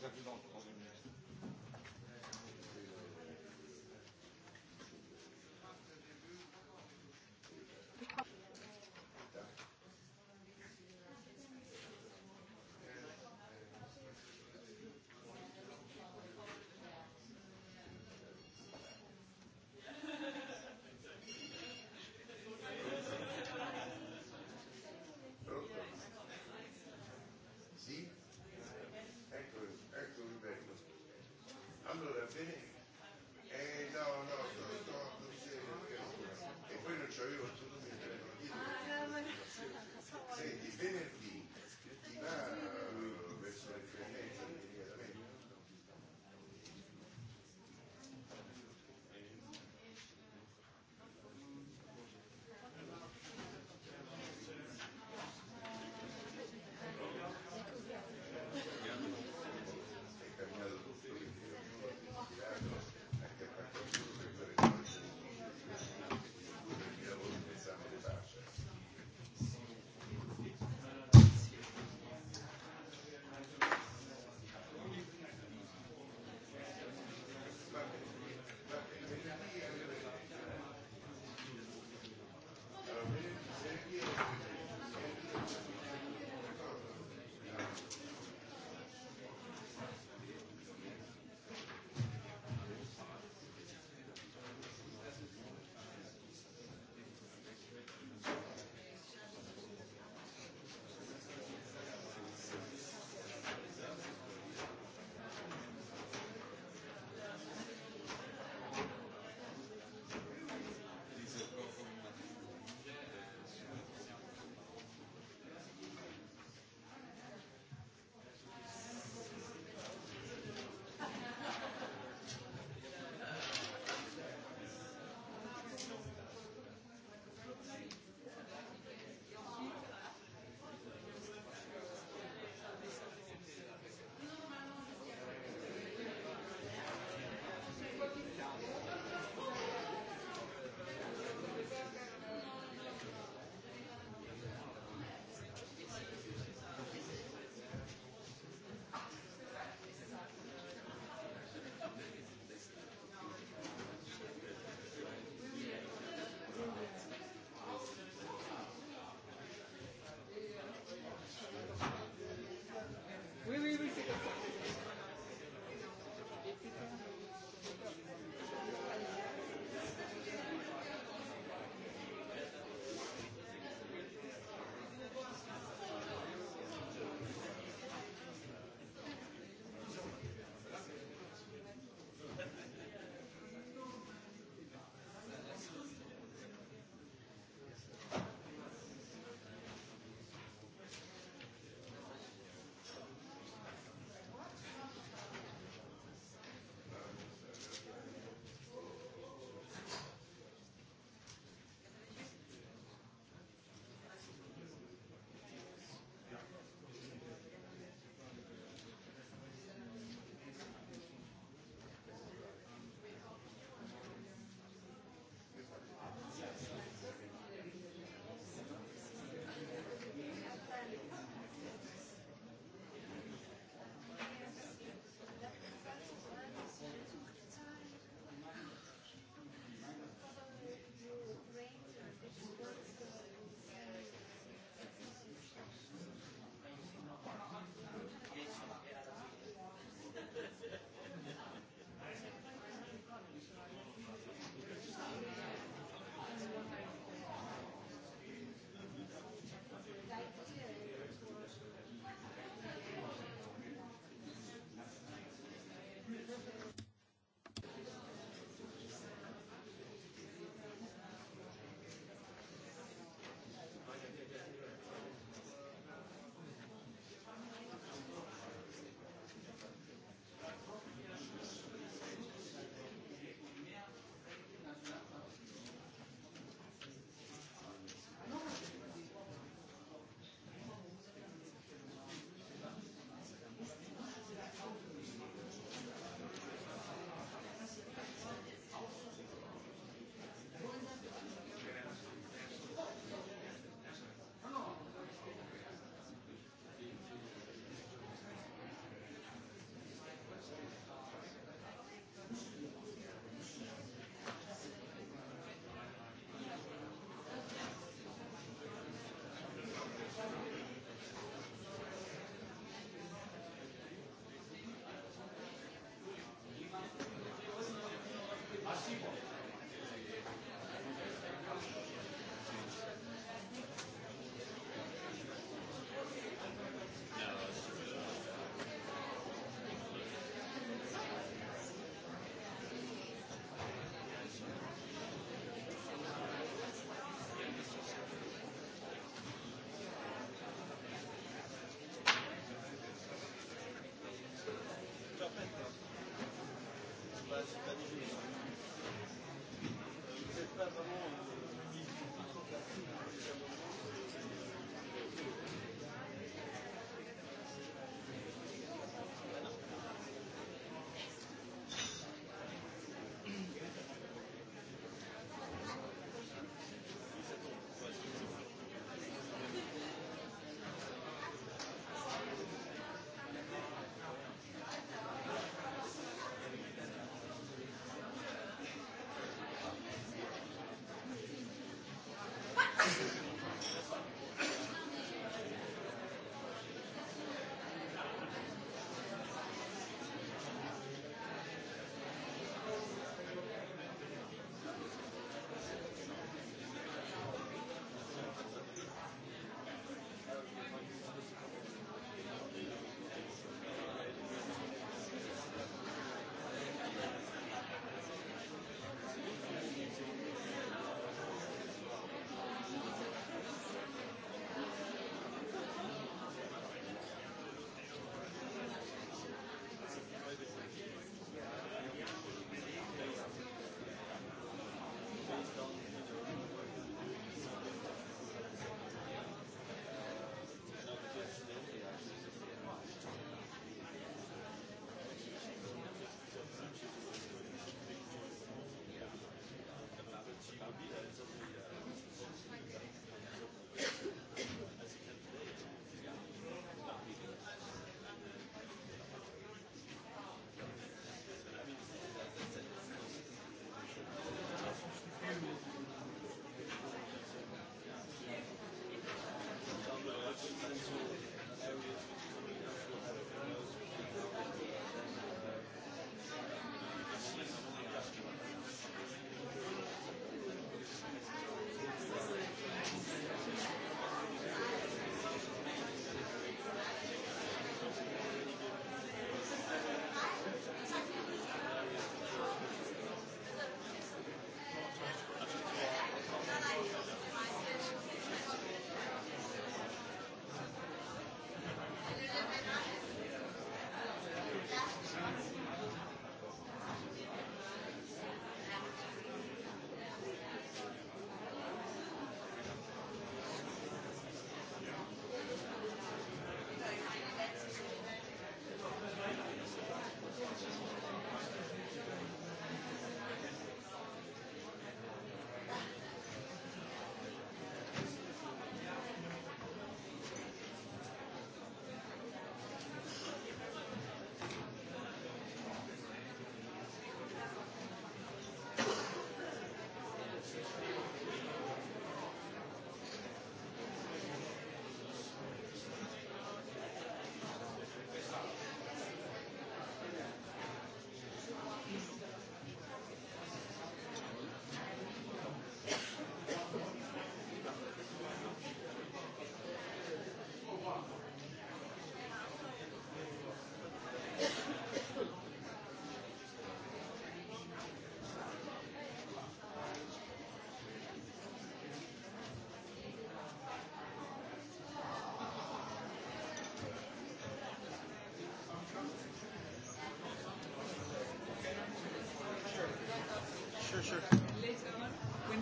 président.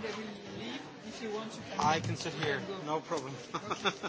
time they will leave, if you want, you can. I can sit here, no problem. Okay.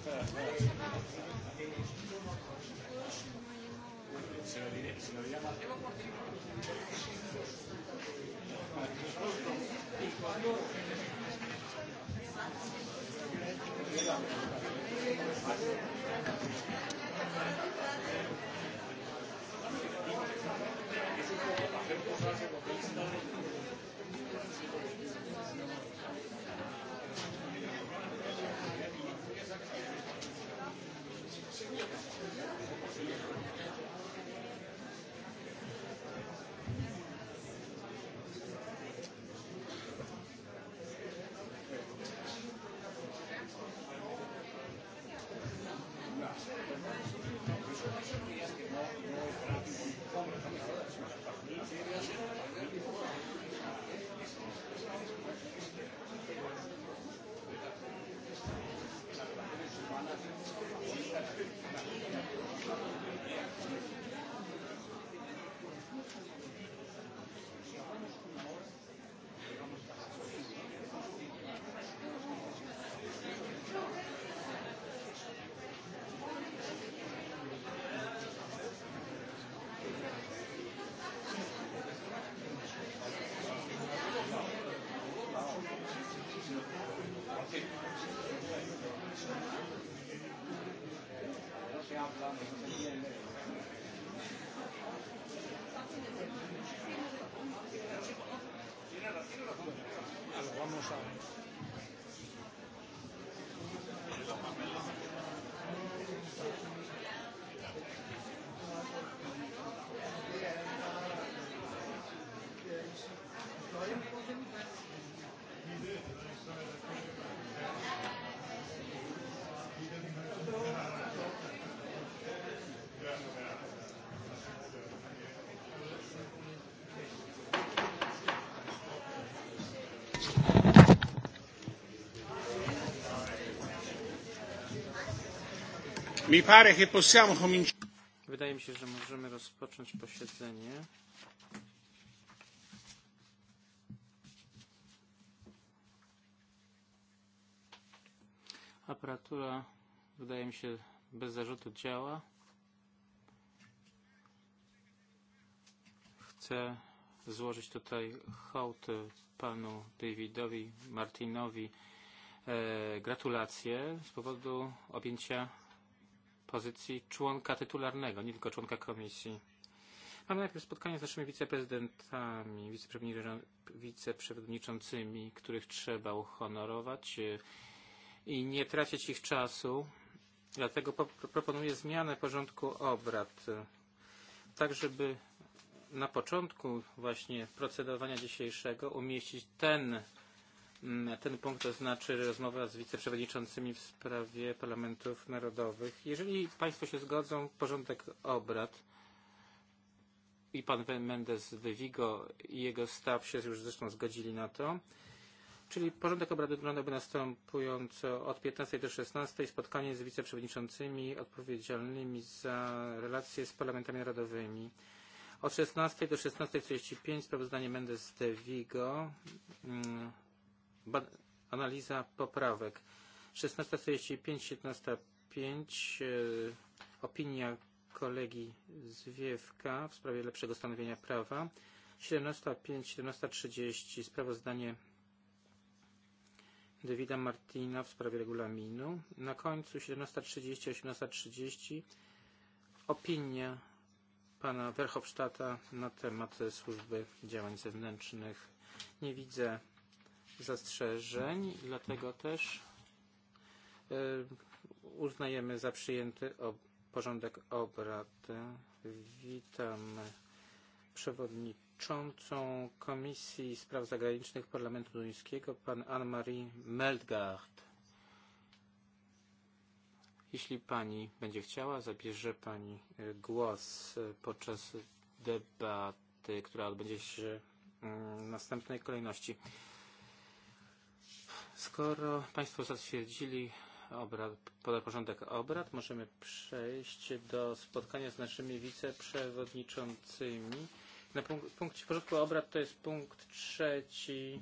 Se lo diré, se lo diré a Mateo porque... Y cuando... Thank you. Mi pare che possiamo cominciare. Wydaje mi się, że możemy rozpocząć posiedzenie. Aparatura, wydaje mi się, bez zarzutu działa. Chcę złożyć tutaj hołd panu Davidowi Martinowi e, gratulacje z powodu objęcia pozycji członka tytularnego, nie tylko członka komisji. Mamy najpierw spotkanie z naszymi wiceprezydentami, wiceprzewodniczącymi, których trzeba uhonorować i nie tracić ich czasu. Dlatego proponuję zmianę porządku obrad, tak żeby na początku właśnie procedowania dzisiejszego umieścić ten ten punkt, to znaczy rozmowa z wiceprzewodniczącymi w sprawie parlamentów narodowych. Jeżeli Państwo się zgodzą, porządek obrad i pan Mendez Vigo i jego staw się już zresztą zgodzili na to. Czyli porządek obrad wyglądałby następująco od 15 do 16 spotkanie z wiceprzewodniczącymi odpowiedzialnymi za relacje z parlamentami narodowymi. Od 16 do 16.35 sprawozdanie Mendes de Vigo. Hmm analiza poprawek. 16.45, 17.5, opinia kolegi Zwiewka w sprawie lepszego stanowienia prawa. 17.5, 17.30, sprawozdanie Davida Martina w sprawie regulaminu. Na końcu 17.30, 18.30 opinia pana Verhofstadta na temat służby działań zewnętrznych. Nie widzę zastrzeżeń, dlatego też e, uznajemy za przyjęty porządek obrad. Witam przewodniczącą Komisji Spraw Zagranicznych Parlamentu Duńskiego, pan Anne-Marie Meldgaard. Jeśli pani będzie chciała, zabierze pani e, głos e, podczas debaty, która odbędzie się mm, w następnej kolejności. Skoro Państwo zatwierdzili obrad, podaj porządek obrad, możemy przejść do spotkania z naszymi wiceprzewodniczącymi. Na punk punkcie porządku obrad to jest punkt trzeci.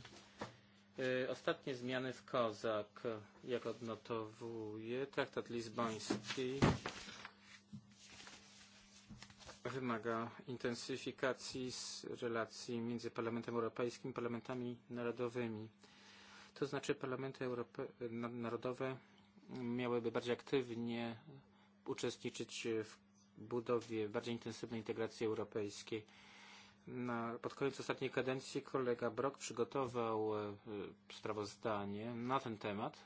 Yy, ostatnie zmiany w Kozak, jak odnotowuje traktat lizboński, wymaga intensyfikacji z relacji między Parlamentem Europejskim i parlamentami narodowymi. To znaczy parlamenty Europy, narodowe miałyby bardziej aktywnie uczestniczyć w budowie bardziej intensywnej integracji europejskiej. Na, pod koniec ostatniej kadencji kolega Brok przygotował e, sprawozdanie na ten temat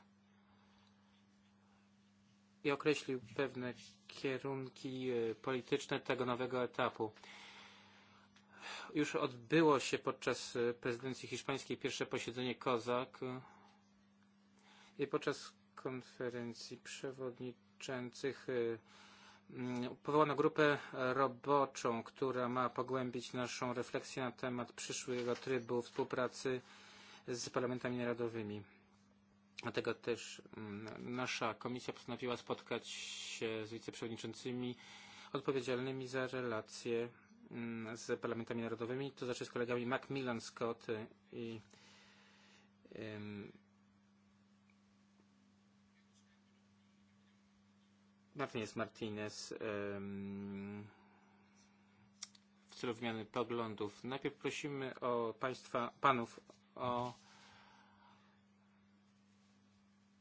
i określił pewne kierunki e, polityczne tego nowego etapu. Już odbyło się podczas e, prezydencji hiszpańskiej pierwsze posiedzenie COSAC i podczas konferencji przewodniczących e, mm, powołano grupę roboczą, która ma pogłębić naszą refleksję na temat przyszłego trybu współpracy z parlamentami narodowymi. Dlatego też mm, nasza komisja postanowiła spotkać się z wiceprzewodniczącymi odpowiedzialnymi za relacje Mm, z parlamentami narodowymi, to znaczy z kolegami Macmillan Scott i um, Martinez Martinez um, w celu wymiany poglądów. Najpierw prosimy o państwa, panów o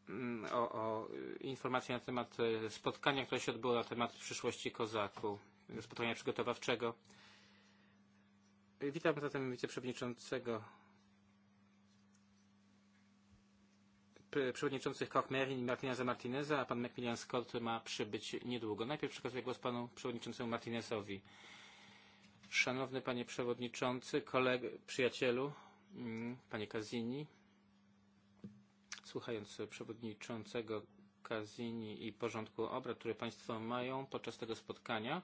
mm, o, o informacje na temat e, spotkania, które się odbyło na temat przyszłości kozaku, spotkania przygotowawczego. Witam zatem wiceprzewodniczącego przewodniczących Kochmerin i Martineza Martineza, a pan Macmillan Scott ma przybyć niedługo. Najpierw przekazuję głos panu przewodniczącemu Martinezowi. Szanowny panie przewodniczący, koleg, przyjacielu, mm, panie Kazini, słuchając przewodniczącego Kazini i porządku obrad, które państwo mają podczas tego spotkania,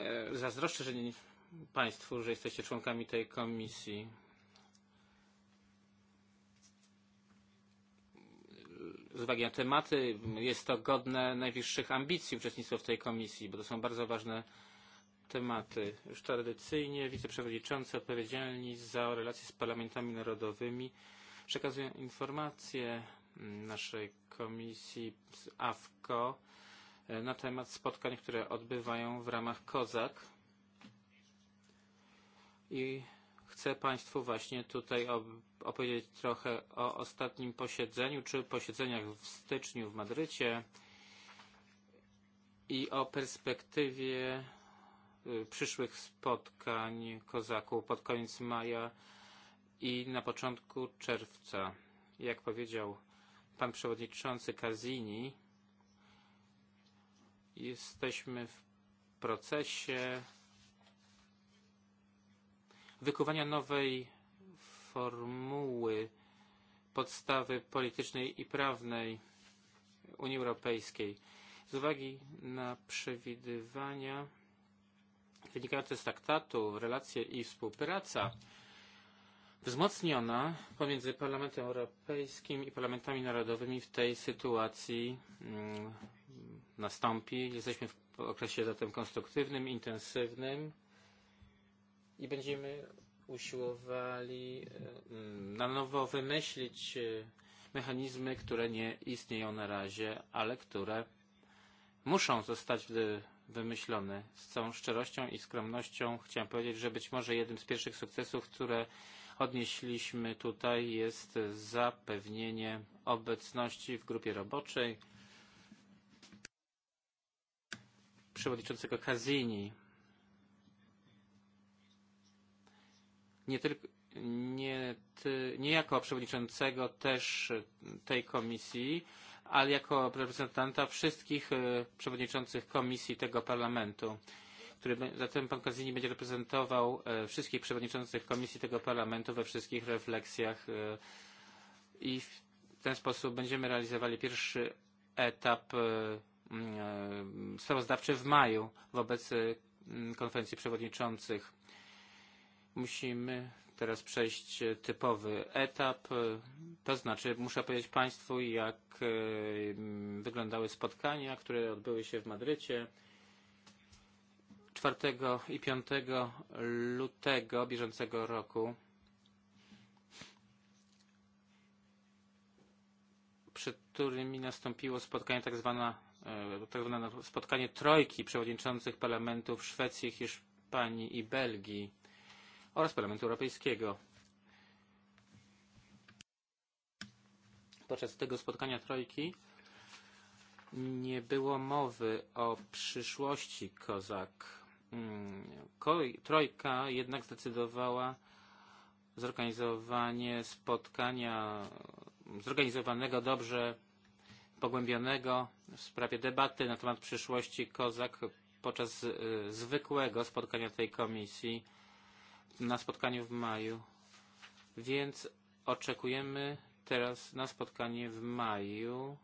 E, zazdroszczę że nie, Państwu, że jesteście członkami tej komisji. Z uwagi na tematy jest to godne najwyższych ambicji uczestnictwo w tej komisji, bo to są bardzo ważne tematy. Już tradycyjnie wiceprzewodniczący odpowiedzialni za relacje z parlamentami narodowymi przekazują informacje mm, naszej komisji z AFKO na temat spotkań, które odbywają w ramach COZAK. I chcę Państwu właśnie tutaj opowiedzieć trochę o ostatnim posiedzeniu, czy posiedzeniach w styczniu w Madrycie i o perspektywie przyszłych spotkań Kozaku pod koniec maja i na początku czerwca. Jak powiedział pan przewodniczący Kazini, Jesteśmy w procesie wykuwania nowej formuły podstawy politycznej i prawnej Unii Europejskiej. Z uwagi na przewidywania wynikające z traktatu, relacje i współpraca wzmocniona pomiędzy Parlamentem Europejskim i parlamentami narodowymi w tej sytuacji mm, nastąpi. Jesteśmy w okresie zatem konstruktywnym, intensywnym i będziemy usiłowali e, na nowo wymyślić e, mechanizmy, które nie istnieją na razie, ale które muszą zostać e, wymyślone. Z całą szczerością i skromnością chciałem powiedzieć, że być może jednym z pierwszych sukcesów, które odnieśliśmy tutaj jest zapewnienie obecności w grupie roboczej przewodniczącego Kazini. Nie tylko nie, ty, nie jako przewodniczącego też tej komisji, ale jako reprezentanta wszystkich e, przewodniczących komisji tego parlamentu. Który, zatem pan Kazini będzie reprezentował e, wszystkich przewodniczących komisji tego parlamentu we wszystkich refleksjach e, i w ten sposób będziemy realizowali pierwszy etap Mm, e, sprawozdawcze w maju wobec e, mm, konferencji przewodniczących. Musimy teraz przejść e, typowy etap, to znaczy muszę powiedzieć Państwu, jak mm, wyglądały spotkania, które odbyły się w Madrycie 4 i 5 lutego bieżącego roku. Przed którymi nastąpiło spotkanie tak zwana E, tak zwane spotkanie trojki przewodniczących parlamentów Szwecji, Hiszpanii i Belgii oraz Parlamentu Europejskiego. Podczas tego spotkania trojki nie było mowy o przyszłości Kozak. Mm, trojka jednak zdecydowała zorganizowanie spotkania zorganizowanego dobrze pogłębionego w sprawie debaty na temat przyszłości Kozak podczas zwykłego spotkania tej komisji na spotkaniu w maju. Więc oczekujemy teraz na spotkanie w maju,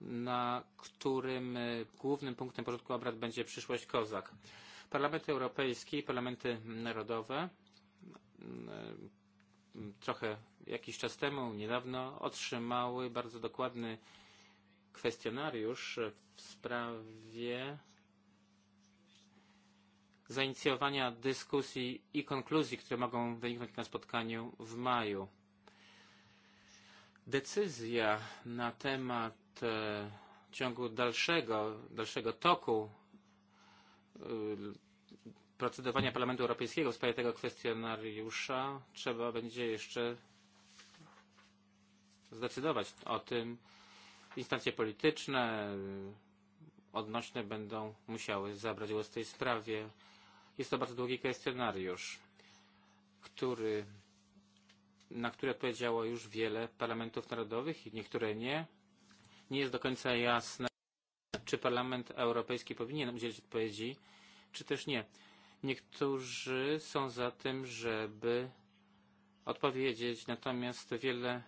na którym głównym punktem porządku obrad będzie przyszłość Kozak. Parlament Europejski, parlamenty narodowe trochę jakiś czas temu, niedawno otrzymały bardzo dokładny kwestionariusz w sprawie zainicjowania dyskusji i konkluzji, które mogą wyniknąć na spotkaniu w maju. Decyzja na temat ciągu e, dalszego, dalszego toku e, procedowania Parlamentu Europejskiego w sprawie tego kwestionariusza trzeba będzie jeszcze zdecydować o tym, instancje polityczne odnośne będą musiały zabrać głos w tej sprawie. Jest to bardzo długi kwestionariusz, który, na który odpowiedziało już wiele parlamentów narodowych i niektóre nie. Nie jest do końca jasne, czy Parlament Europejski powinien udzielić odpowiedzi, czy też nie. Niektórzy są za tym, żeby odpowiedzieć, natomiast wiele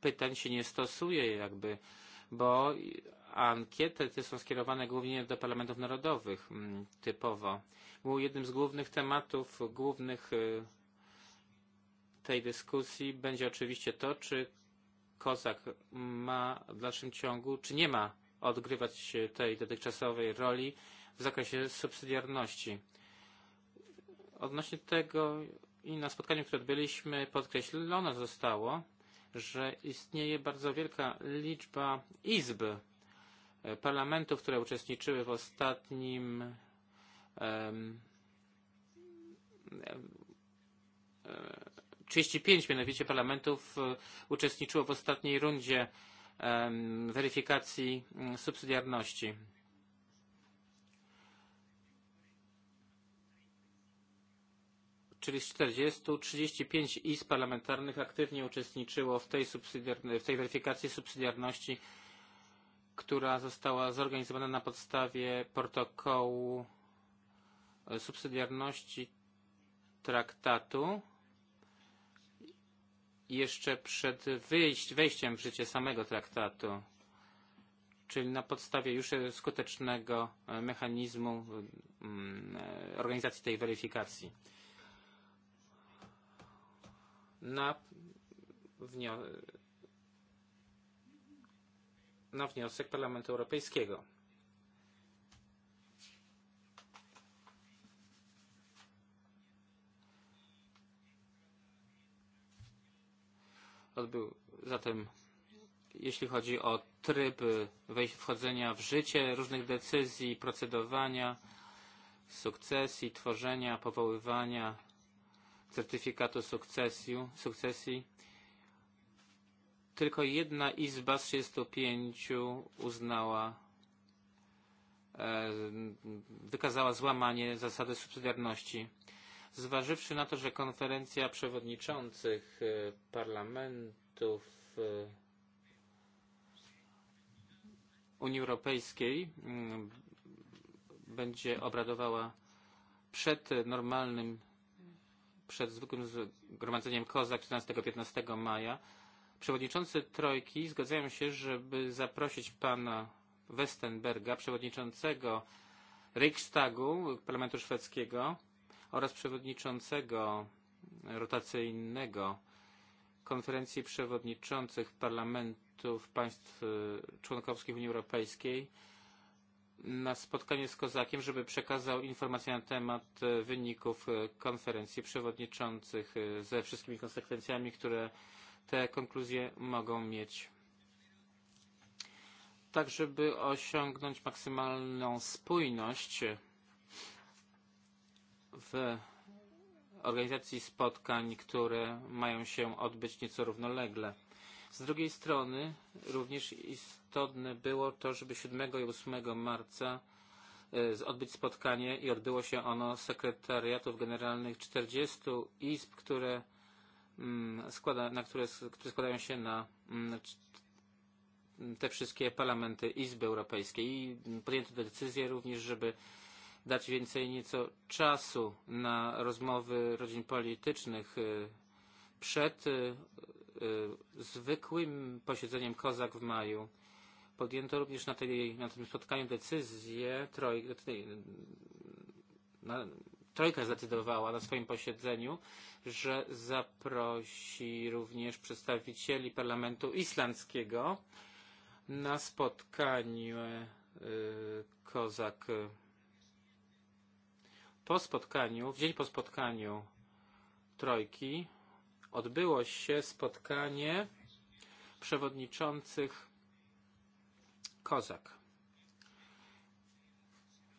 pytań się nie stosuje jakby, bo ankiety te są skierowane głównie do parlamentów narodowych mm, typowo. Był jednym z głównych tematów, głównych tej dyskusji będzie oczywiście to, czy Kozak ma w dalszym ciągu, czy nie ma odgrywać tej dotychczasowej roli w zakresie subsydiarności. Odnośnie tego i na spotkaniu, które odbyliśmy, podkreślone zostało, że istnieje bardzo wielka liczba izb e, parlamentów, które uczestniczyły w ostatnim um, 35 e, mianowicie parlamentów e, uczestniczyło w ostatniej rundzie um, weryfikacji subsydiarności. czyli z 40, 35 izb parlamentarnych aktywnie uczestniczyło w tej, w tej weryfikacji subsydiarności, która została zorganizowana na podstawie protokołu e, subsydiarności traktatu jeszcze przed wyjść, wejściem w życie samego traktatu, czyli na podstawie już skutecznego e, mechanizmu e, organizacji tej weryfikacji na, wnio na wniosek Parlamentu Europejskiego. Odbył zatem jeśli chodzi o tryb wchodzenia w życie różnych decyzji, procedowania, sukcesji, tworzenia, powoływania certyfikatu sukcesji. Tylko jedna izba z 35 uznała, e, wykazała złamanie zasady subsydiarności. Zważywszy na to, że konferencja przewodniczących e, parlamentów e, Unii Europejskiej mm, będzie obradowała przed normalnym przed zwykłym zgromadzeniem Kozak 14-15 maja przewodniczący Trojki zgadzają się, żeby zaprosić pana Westenberga, przewodniczącego Riksdagu Parlamentu Szwedzkiego oraz przewodniczącego rotacyjnego konferencji przewodniczących parlamentów państw członkowskich Unii Europejskiej na spotkanie z Kozakiem, żeby przekazał informacje na temat e, wyników e, konferencji przewodniczących e, ze wszystkimi konsekwencjami, które te konkluzje mogą mieć. Tak, żeby osiągnąć maksymalną spójność w organizacji spotkań, które mają się odbyć nieco równolegle. Z drugiej strony również istotne było to, żeby 7 i 8 marca e, odbyć spotkanie i odbyło się ono sekretariatów generalnych 40 izb, które, mm, składa, na które, które składają się na mm, te wszystkie parlamenty Izby Europejskiej i podjęto decyzję również, żeby dać więcej nieco czasu na rozmowy rodzin politycznych e, przed e, zwykłym posiedzeniem Kozak w maju. Podjęto również na, tej, na tym spotkaniu decyzję, troj, na, Trojka zdecydowała na swoim posiedzeniu, że zaprosi również przedstawicieli parlamentu islandzkiego na spotkanie Kozak. Po spotkaniu, w dzień po spotkaniu Trojki odbyło się spotkanie przewodniczących Kozak.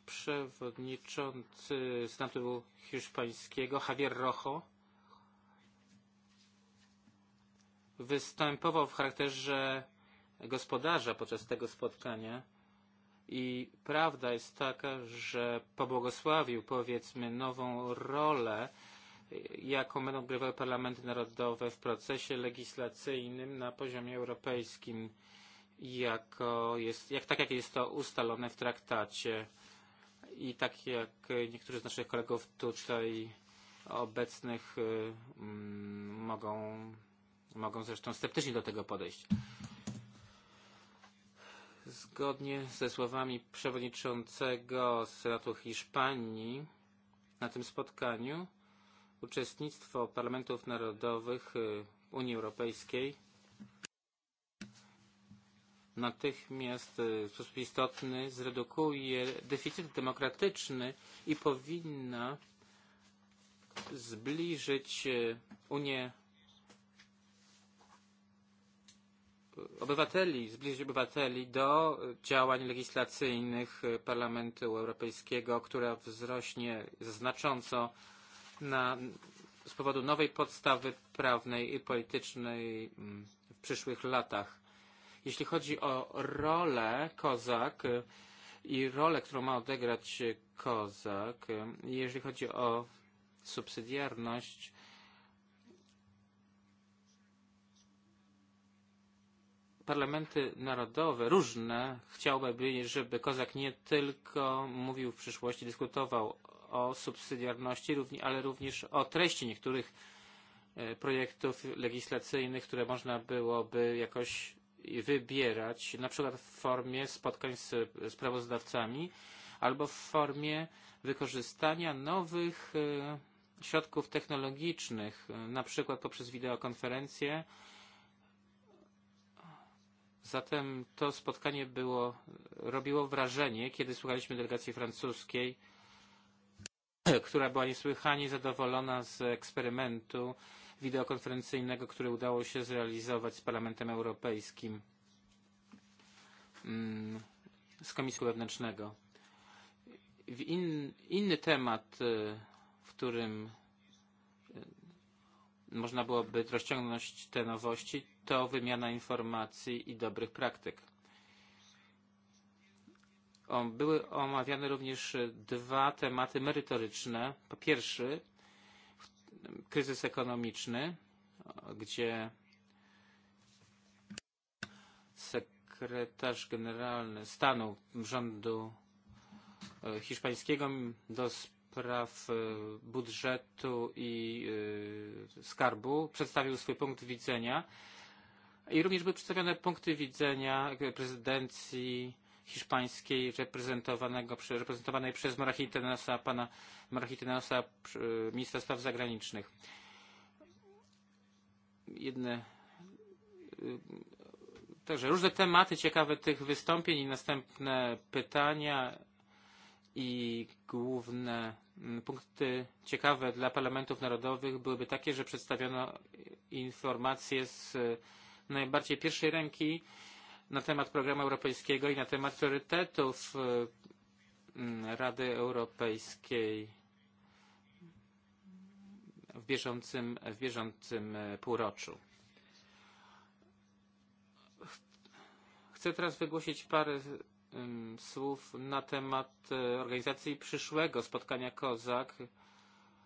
Przewodniczący z napływu hiszpańskiego Javier Rojo występował w charakterze gospodarza podczas tego spotkania i prawda jest taka, że pobłogosławił powiedzmy nową rolę jaką będą odgrywały parlamenty narodowe w procesie legislacyjnym na poziomie europejskim, jako jest, jak, tak jak jest to ustalone w traktacie i tak jak niektórzy z naszych kolegów tutaj obecnych e, mm, mogą, mogą zresztą sceptycznie do tego podejść. Zgodnie ze słowami przewodniczącego Senatu Hiszpanii na tym spotkaniu uczestnictwo parlamentów narodowych Unii Europejskiej natychmiast w sposób istotny zredukuje deficyt demokratyczny i powinna zbliżyć Unię obywateli, zbliżyć obywateli do działań legislacyjnych Parlamentu Europejskiego, która wzrośnie znacząco na, z powodu nowej podstawy prawnej i politycznej mm, w przyszłych latach. Jeśli chodzi o rolę Kozak i rolę, którą ma odegrać Kozak, jeżeli chodzi o subsydiarność, parlamenty narodowe, różne, chciałby, żeby Kozak nie tylko mówił w przyszłości, dyskutował o subsydiarności, ale również o treści niektórych e, projektów legislacyjnych, które można byłoby jakoś wybierać, na przykład w formie spotkań z sprawozdawcami albo w formie wykorzystania nowych e, środków technologicznych, e, na przykład poprzez wideokonferencję. Zatem to spotkanie było, robiło wrażenie, kiedy słuchaliśmy delegacji francuskiej która była niesłychanie zadowolona z eksperymentu wideokonferencyjnego, który udało się zrealizować z Parlamentem Europejskim, mm, z Komisji Wewnętrznego. In, inny temat, w którym można byłoby rozciągnąć te nowości, to wymiana informacji i dobrych praktyk. Um, były omawiane również e, dwa tematy merytoryczne. Po pierwszy, kryzys ekonomiczny, gdzie sekretarz generalny stanu rządu e, hiszpańskiego do spraw e, budżetu i skarbu przedstawił swój punkt widzenia i również były przedstawione punkty widzenia prezydencji hiszpańskiej reprezentowanego, reprezentowanej przez Morachitenasa, pana Morachitenasa, ministra spraw zagranicznych. Jedne, także różne tematy ciekawe tych wystąpień i następne pytania i główne mm, punkty ciekawe dla parlamentów narodowych byłyby takie, że przedstawiono informacje z najbardziej pierwszej ręki na temat programu europejskiego i na temat priorytetów mm, Rady Europejskiej w bieżącym, w bieżącym eh, półroczu. Chcę teraz wygłosić parę eh, mm, słów na temat eh, organizacji przyszłego spotkania Kozak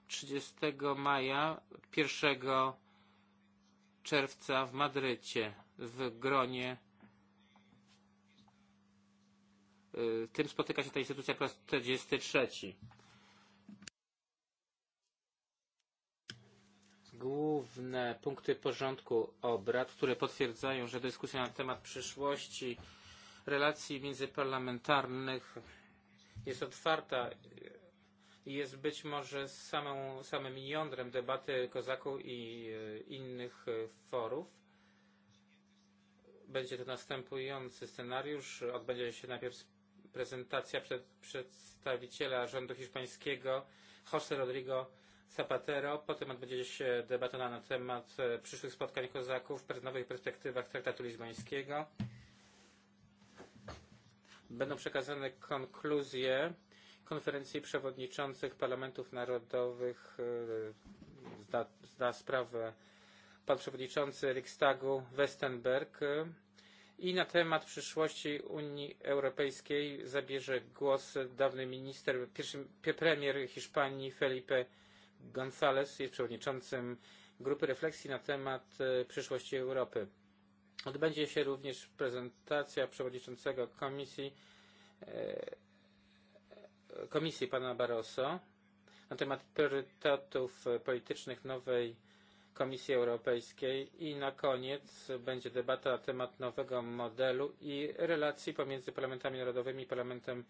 30 maja, 1 czerwca w Madrycie w gronie tym spotyka się ta instytucja po raz 43. Główne punkty porządku obrad, które potwierdzają, że dyskusja na temat przyszłości relacji międzyparlamentarnych jest otwarta i jest być może samą, samym jądrem debaty Kozaku i innych forów będzie to następujący scenariusz. Odbędzie się najpierw prezentacja przed, przedstawiciela rządu hiszpańskiego José Rodrigo Zapatero. Potem odbędzie się debata na temat e, przyszłych spotkań kozaków, w nowych perspektywach traktatu lizbońskiego. Będą przekazane konkluzje konferencji przewodniczących parlamentów narodowych e, zda, zda sprawę pan przewodniczący Riksdagu Westenberg i na temat przyszłości Unii Europejskiej zabierze głos dawny minister, pierwszy premier Hiszpanii Felipe González jest przewodniczącym grupy refleksji na temat e, przyszłości Europy. Odbędzie się również prezentacja przewodniczącego komisji, e, komisji pana Barroso na temat priorytetów politycznych nowej Komisji Europejskiej i na koniec będzie debata na temat nowego modelu i relacji pomiędzy parlamentami narodowymi i Parlamentem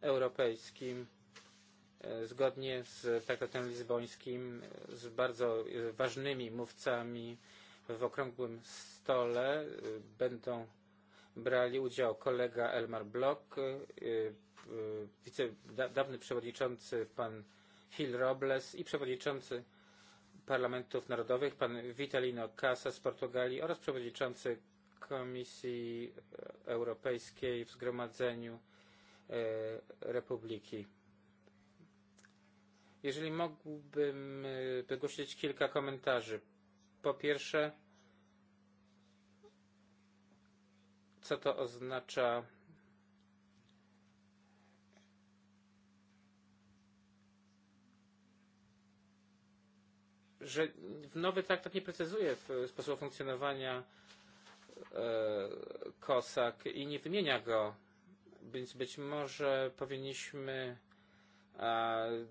Europejskim e, zgodnie z traktatem lizbońskim e, z bardzo e, ważnymi mówcami w okrągłym stole będą brali udział kolega Elmar Blok, wice, da, dawny przewodniczący pan Phil Robles i przewodniczący Parlamentów Narodowych, pan Vitalino Casa z Portugalii oraz przewodniczący Komisji Europejskiej w Zgromadzeniu e, Republiki. Jeżeli mógłbym e, wygłosić kilka komentarzy. Po pierwsze, co to oznacza że nowy traktat nie precyzuje sposobu funkcjonowania COSAC i nie wymienia go, więc być może powinniśmy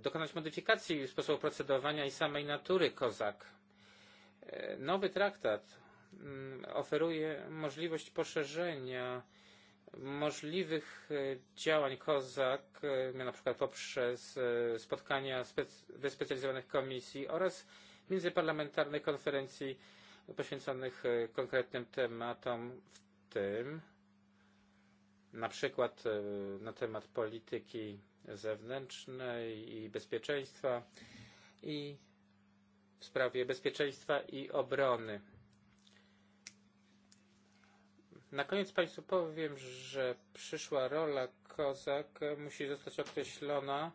dokonać modyfikacji sposobu procedowania i samej natury COSAC. E, nowy traktat mm, oferuje możliwość poszerzenia możliwych e, działań COSAC, e, na przykład poprzez spotkania wyspecjalizowanych komisji oraz międzyparlamentarnych konferencji poświęconych e, konkretnym tematom, w tym na przykład e, na temat polityki zewnętrznej i bezpieczeństwa i w sprawie bezpieczeństwa i obrony. Na koniec Państwu powiem, że przyszła rola kozak e, musi zostać określona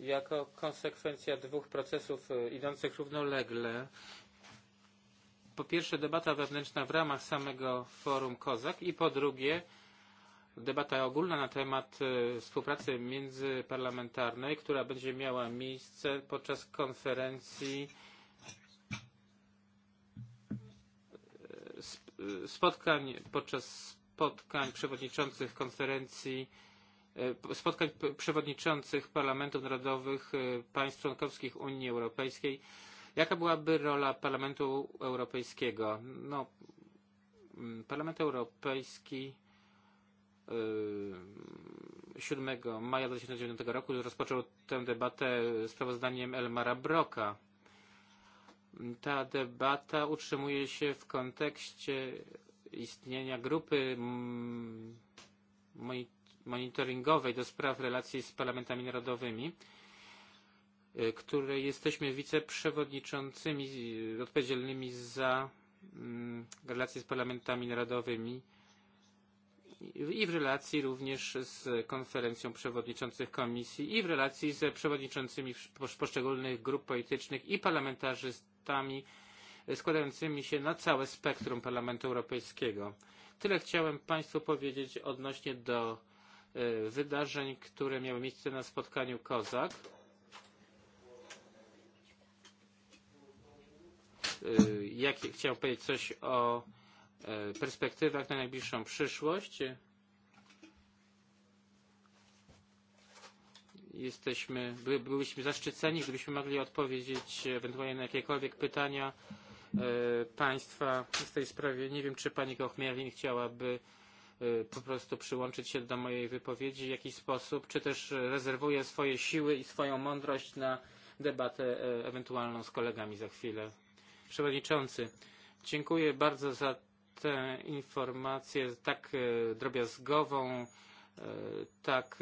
jako konsekwencja dwóch procesów e, idących równolegle. Po pierwsze debata wewnętrzna w ramach samego forum COSAC i po drugie debata ogólna na temat e, współpracy międzyparlamentarnej, która będzie miała miejsce podczas konferencji e, spotkań podczas spotkań przewodniczących konferencji E, spotkań przewodniczących parlamentów narodowych e, państw członkowskich Unii Europejskiej. Jaka byłaby rola Parlamentu Europejskiego? No, mm, Parlament Europejski 7 e, maja 2009 roku rozpoczął tę debatę sprawozdaniem Elmara Broka. Ta debata utrzymuje się w kontekście istnienia grupy monitoringowej do spraw relacji z parlamentami narodowymi, e, której jesteśmy wiceprzewodniczącymi e, odpowiedzialnymi za mm, relacje z parlamentami narodowymi i w relacji również z konferencją przewodniczących komisji i w relacji z przewodniczącymi poszczególnych grup politycznych i parlamentarzystami e, składającymi się na całe spektrum Parlamentu Europejskiego. Tyle chciałem Państwu powiedzieć odnośnie do E, wydarzeń, które miały miejsce na spotkaniu Kozak. E, Jak chciał powiedzieć coś o e, perspektywach na najbliższą przyszłość. Jesteśmy, by, byliśmy zaszczyceni, gdybyśmy mogli odpowiedzieć ewentualnie na jakiekolwiek pytania Państwa w tej sprawie. Nie wiem, czy Pani Kochmierin chciałaby po prostu przyłączyć się do mojej wypowiedzi w jakiś sposób, czy też rezerwuję swoje siły i swoją mądrość na debatę ewentualną z kolegami za chwilę. Przewodniczący, dziękuję bardzo za tę informację tak drobiazgową, tak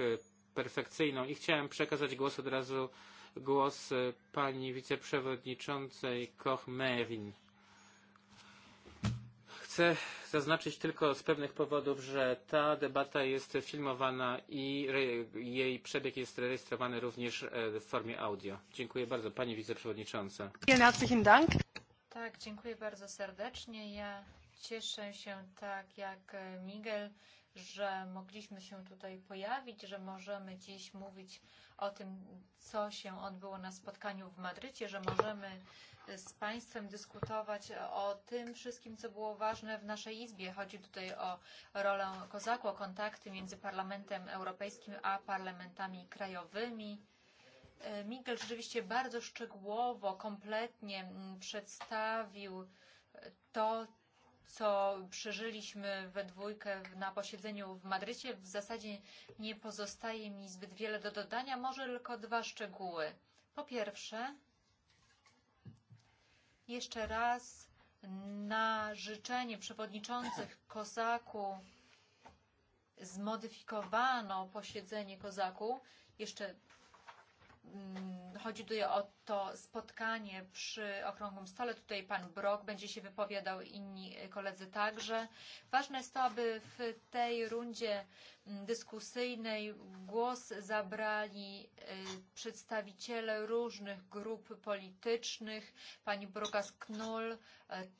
perfekcyjną i chciałem przekazać głos od razu głos pani wiceprzewodniczącej Koch-Merin. Chcę zaznaczyć tylko z pewnych powodów, że ta debata jest filmowana i jej przebieg jest rejestrowany również e, w formie audio. Dziękuję bardzo Pani Wiceprzewodnicząca. Tak, dziękuję bardzo serdecznie. Ja cieszę się tak jak e, Miguel, że mogliśmy się tutaj pojawić, że możemy dziś mówić o tym, co się odbyło na spotkaniu w Madrycie, że możemy z Państwem dyskutować o tym wszystkim, co było ważne w naszej Izbie. Chodzi tutaj o rolę Kozaku, o kontakty między Parlamentem Europejskim a parlamentami krajowymi. Miguel rzeczywiście bardzo szczegółowo, kompletnie przedstawił to, co przeżyliśmy we dwójkę na posiedzeniu w Madrycie, w zasadzie nie pozostaje mi zbyt wiele do dodania, może tylko dwa szczegóły. Po pierwsze, jeszcze raz na życzenie przewodniczących Kozaku zmodyfikowano posiedzenie Kozaku. Jeszcze mm, Chodzi tutaj o to spotkanie przy okrągłym stole. Tutaj pan Brok będzie się wypowiadał, inni koledzy także. Ważne jest to, aby w tej rundzie mm, dyskusyjnej głos zabrali przedstawiciele różnych grup politycznych. Pani Brokas Knoll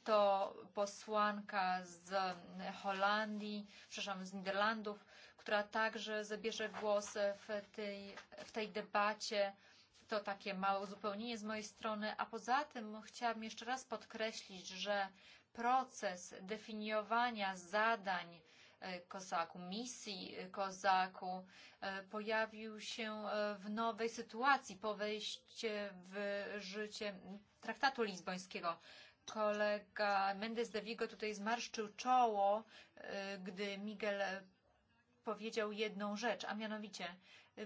to posłanka z mm, Holandii, przepraszam, z Niderlandów, która także zabierze głos w tej, w tej debacie. To takie małe uzupełnienie z mojej strony, a poza tym chciałabym jeszcze raz podkreślić, że proces definiowania zadań e, kozaku, misji e, kozaku e, pojawił się w nowej sytuacji po wejściu w życie traktatu lizbońskiego. Kolega Mendes de Vigo tutaj zmarszczył czoło, gdy Miguel powiedział jedną rzecz, a mianowicie,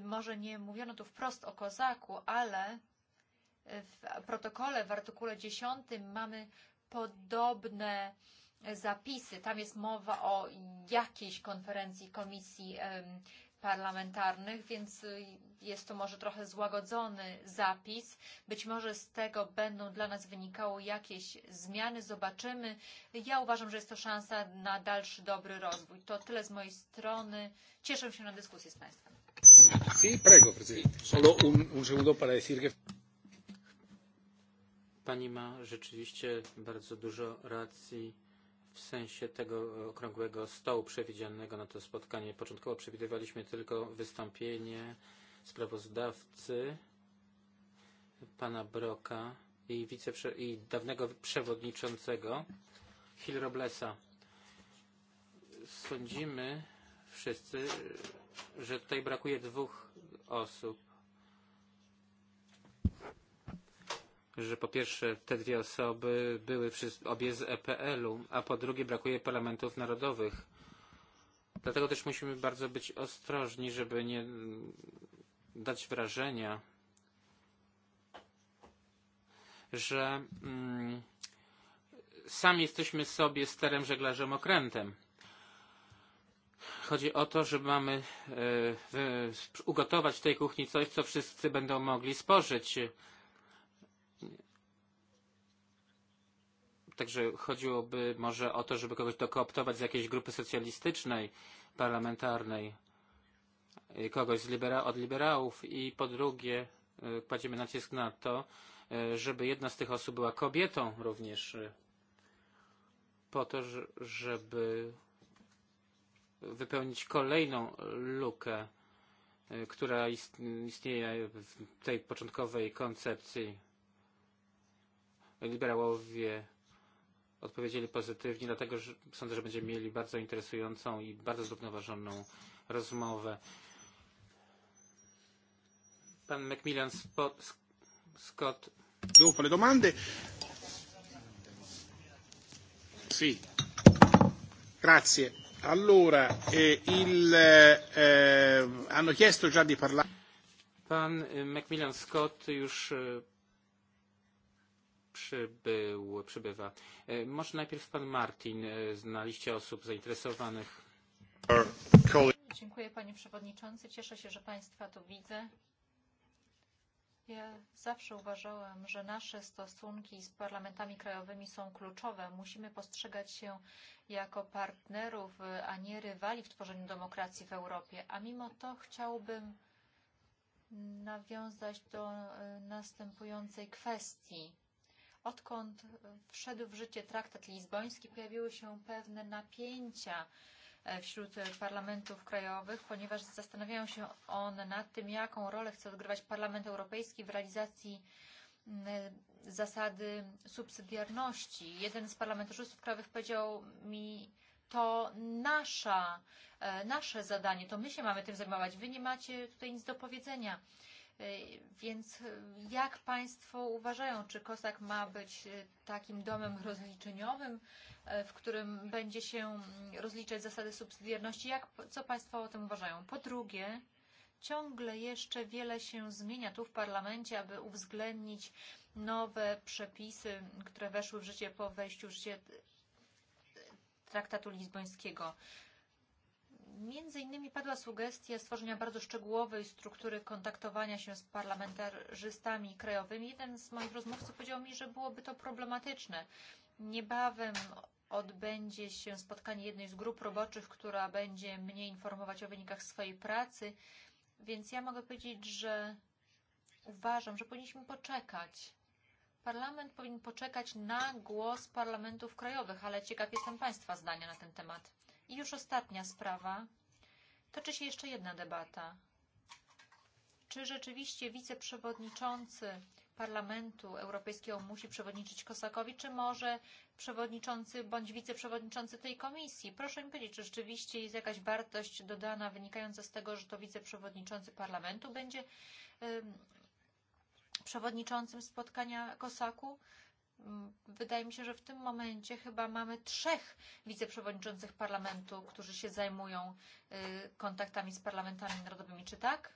może nie mówiono tu wprost o kozaku, ale w protokole w artykule 10 mamy podobne zapisy. Tam jest mowa o jakiejś konferencji komisji parlamentarnych, więc jest to może trochę złagodzony zapis. Być może z tego będą dla nas wynikały jakieś zmiany, zobaczymy. Ja uważam, że jest to szansa na dalszy dobry rozwój. To tyle z mojej strony. Cieszę się na dyskusję z Państwem. Pani ma rzeczywiście bardzo dużo racji w sensie tego okrągłego stołu przewidzianego na to spotkanie. Początkowo przewidywaliśmy tylko wystąpienie sprawozdawcy pana Broka i, wiceprze- i dawnego przewodniczącego Hill Roblesa. Sądzimy wszyscy, że tutaj brakuje dwóch osób że po pierwsze te dwie osoby były obie z EPL-u, a po drugie brakuje parlamentów narodowych. Dlatego też musimy bardzo być ostrożni, żeby nie dać wrażenia, że mm, sami jesteśmy sobie sterem żeglarzem okrętem. Chodzi o to, że mamy y, e, y, ugotować w tej kuchni coś, co wszyscy będą mogli spożyć. Y, Także chodziłoby może o to, żeby kogoś dokooptować z jakiejś grupy socjalistycznej, parlamentarnej, kogoś z libera od liberałów i po drugie kładziemy nacisk na to, żeby jedna z tych osób była kobietą również, po to, żeby wypełnić kolejną lukę, która istnieje w tej początkowej koncepcji. Liberałowie odpowiedzieli pozytywnie, dlatego no że sądzę, że będziemy mieli bardzo interesującą i bardzo zrównoważoną rozmowę. Pan Macmillan Scott. Dopo le domande. Sì. Grazie. Allora, eh, il, eh, hanno chiesto già di parlare. Pan Macmillan Scott już e, przybył, przybywa. E, może najpierw pan Martin e, na liście osób zainteresowanych. Dziękuję panie przewodniczący. Cieszę się, że państwa tu widzę. Ja zawsze uważałam, że nasze stosunki z parlamentami krajowymi są kluczowe. Musimy postrzegać się jako partnerów, a nie rywali w tworzeniu demokracji w Europie. A mimo to chciałbym nawiązać do e, następującej kwestii odkąd wszedł w życie traktat lizboński, pojawiły się pewne napięcia e, wśród parlamentów krajowych, ponieważ zastanawiają się one nad tym, jaką rolę chce odgrywać Parlament Europejski w realizacji mm, e, zasady subsydiarności. Jeden z parlamentarzystów krajowych powiedział mi, to nasza, e, nasze zadanie, to my się mamy tym zajmować, wy nie macie tutaj nic do powiedzenia. E, więc e, jak Państwo uważają, czy Kosak ma być e, takim domem rozliczeniowym, w którym będzie się mm, rozliczać zasady subsydiarności? Jak, co Państwo o tym uważają? Po drugie, ciągle jeszcze wiele się zmienia tu w parlamencie, aby uwzględnić nowe przepisy, które weszły w życie po wejściu w życie traktatu lizbońskiego. Między innymi padła sugestia stworzenia bardzo szczegółowej struktury kontaktowania się z parlamentarzystami krajowymi. Jeden z moich rozmówców powiedział mi, że byłoby to problematyczne. Niebawem odbędzie się spotkanie jednej z grup roboczych, która będzie mnie informować o wynikach swojej pracy, więc ja mogę powiedzieć, że uważam, że powinniśmy poczekać. Parlament powinien poczekać na głos parlamentów krajowych, ale ciekaw jestem Państwa zdania na ten temat. I już ostatnia sprawa. Toczy się jeszcze jedna debata. Czy rzeczywiście wiceprzewodniczący Parlamentu Europejskiego musi przewodniczyć Kosakowi, czy może przewodniczący bądź wiceprzewodniczący tej komisji? Proszę mi powiedzieć, czy rzeczywiście jest jakaś wartość dodana wynikająca z tego, że to wiceprzewodniczący Parlamentu będzie ym, przewodniczącym spotkania Kosaku? Wydaje mi się, że w tym momencie chyba mamy trzech wiceprzewodniczących parlamentu, którzy się zajmują kontaktami z parlamentami narodowymi, czy tak?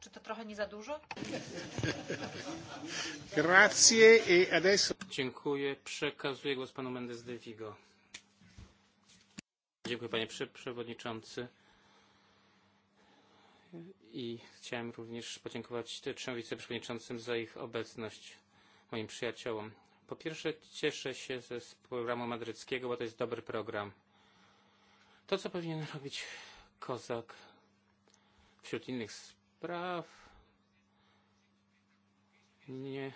Czy to trochę nie za dużo? Grazie e adesso... Dziękuję. Przekazuję głos panu Mendes de Vigo. Dziękuję panie przewodniczący. I chciałem również podziękować trzem wiceprzewodniczącym za ich obecność, moim przyjaciołom. Po pierwsze, cieszę się ze programu madryckiego, bo to jest dobry program. To, co powinien robić Kozak wśród innych spraw, nie,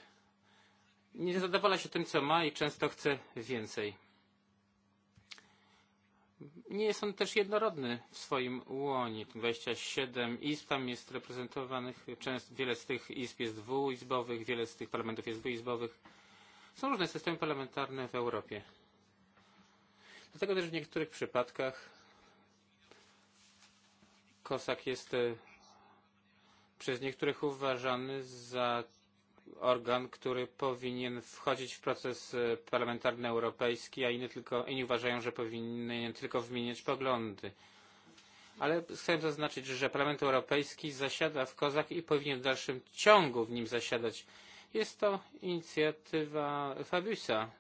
nie zadowala się tym, co ma i często chce więcej. Nie jest on też jednorodny w swoim łonie. 27 izb tam jest reprezentowanych. Często wiele z tych izb jest dwuizbowych, wiele z tych parlamentów jest dwuizbowych Są różne systemy parlamentarne w Europie. Dlatego też w niektórych przypadkach Kosak jest e, przez niektórych uważany za organ, który powinien wchodzić w proces e, parlamentarny europejski, a inni, tylko, inni uważają, że powinien tylko wymieniać poglądy. Ale chcę zaznaczyć, że Parlament Europejski zasiada w Kozak i powinien w dalszym ciągu w nim zasiadać. Jest to inicjatywa Fabiusa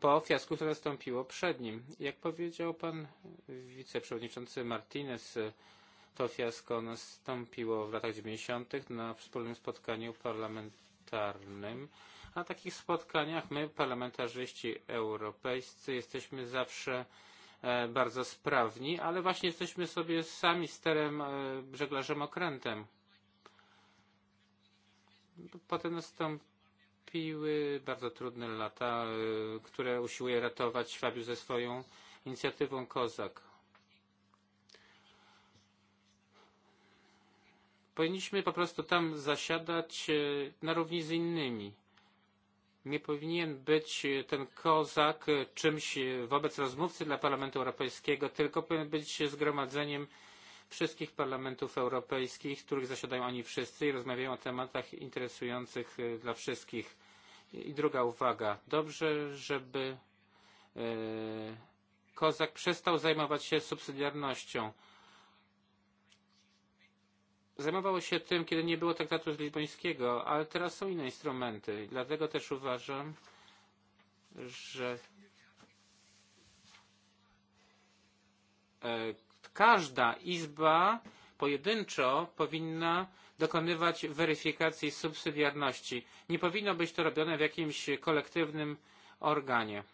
po fiasku, które nastąpiło przed nim. Jak powiedział pan wiceprzewodniczący Martinez, to fiasko nastąpiło w latach 90. na wspólnym spotkaniu parlamentarnym. Na takich spotkaniach my, parlamentarzyści europejscy, jesteśmy zawsze e, bardzo sprawni, ale właśnie jesteśmy sobie sami sterem, e, żeglarzem okrętem. Potem nastąpi topiły. Bardzo trudne lata, e, które usiłuje ratować Fabiusz ze swoją inicjatywą Kozak. Powinniśmy po prostu tam zasiadać e, na równi z innymi. Nie powinien być e, ten kozak czymś wobec rozmówcy dla Parlamentu Europejskiego, tylko powinien być zgromadzeniem wszystkich parlamentów europejskich, w których zasiadają oni wszyscy i rozmawiają o tematach interesujących dla wszystkich. I druga uwaga. Dobrze, żeby e, Kozak przestał zajmować się subsydiarnością. Zajmowało się tym, kiedy nie było traktatu z lizbońskiego, ale teraz są inne instrumenty. Dlatego też uważam, że e, każda izba pojedynczo powinna dokonywać weryfikacji subsydiarności. Nie powinno być to robione w jakimś kolektywnym organie.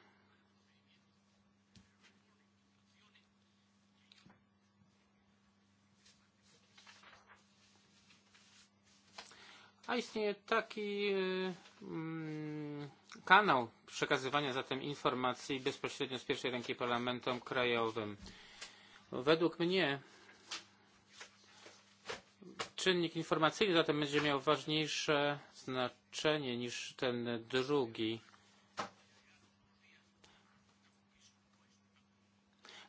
A istnieje taki mm, kanał przekazywania zatem informacji bezpośrednio z pierwszej ręki parlamentom krajowym. Według mnie czynnik informacyjny zatem będzie miał ważniejsze znaczenie niż ten drugi.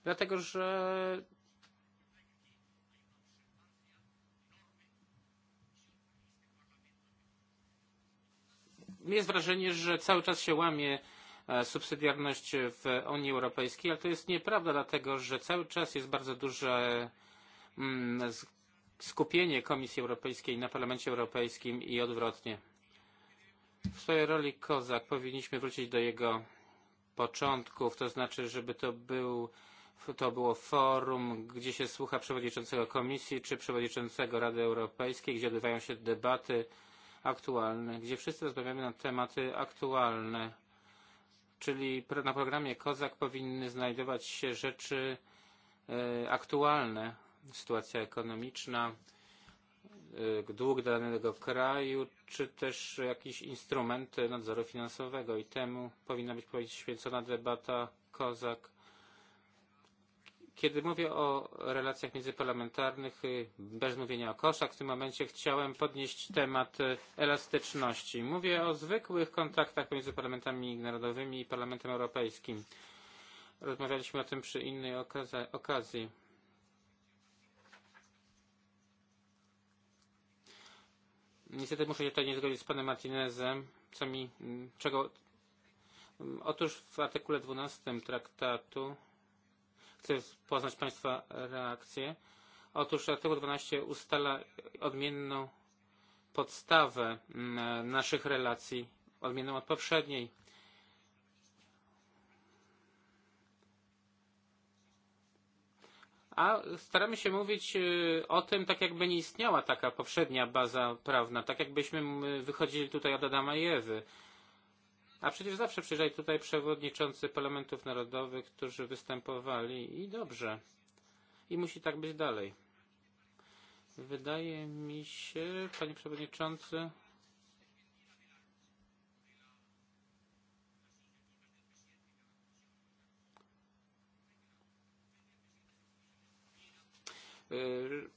Dlatego, że jest wrażenie, że cały czas się łamie e, subsydiarność w Unii Europejskiej, ale to jest nieprawda, dlatego że cały czas jest bardzo duże mm, skupienie Komisji Europejskiej na Parlamencie Europejskim i odwrotnie. W swojej roli Kozak powinniśmy wrócić do jego początków, to znaczy, żeby to był to było forum, gdzie się słucha przewodniczącego komisji czy przewodniczącego Rady Europejskiej, gdzie odbywają się debaty aktualne, gdzie wszyscy rozmawiamy na tematy aktualne. Czyli na programie Kozak powinny znajdować się rzeczy e, aktualne, sytuacja ekonomiczna, dług danego kraju, czy też jakieś instrumenty nadzoru finansowego i temu powinna być poświęcona debata Kozak. Kiedy mówię o relacjach międzyparlamentarnych, bez mówienia o koszach, w tym momencie chciałem podnieść temat elastyczności. Mówię o zwykłych kontaktach między parlamentami narodowymi i Parlamentem Europejskim. Rozmawialiśmy o tym przy innej okazji Niestety muszę się tutaj nie zgodzić z panem Martinezem, co mi, czego... Otóż w artykule 12 traktatu chcę poznać państwa reakcję. Otóż artykuł 12 ustala odmienną podstawę mm, naszych relacji, odmienną od poprzedniej. a staramy się mówić o tym tak, jakby nie istniała taka poprzednia baza prawna, tak jakbyśmy wychodzili tutaj od Adama i Ewy. A przecież zawsze przyjeżdżali tutaj przewodniczący parlamentów narodowych, którzy występowali i dobrze. I musi tak być dalej. Wydaje mi się, panie przewodniczący,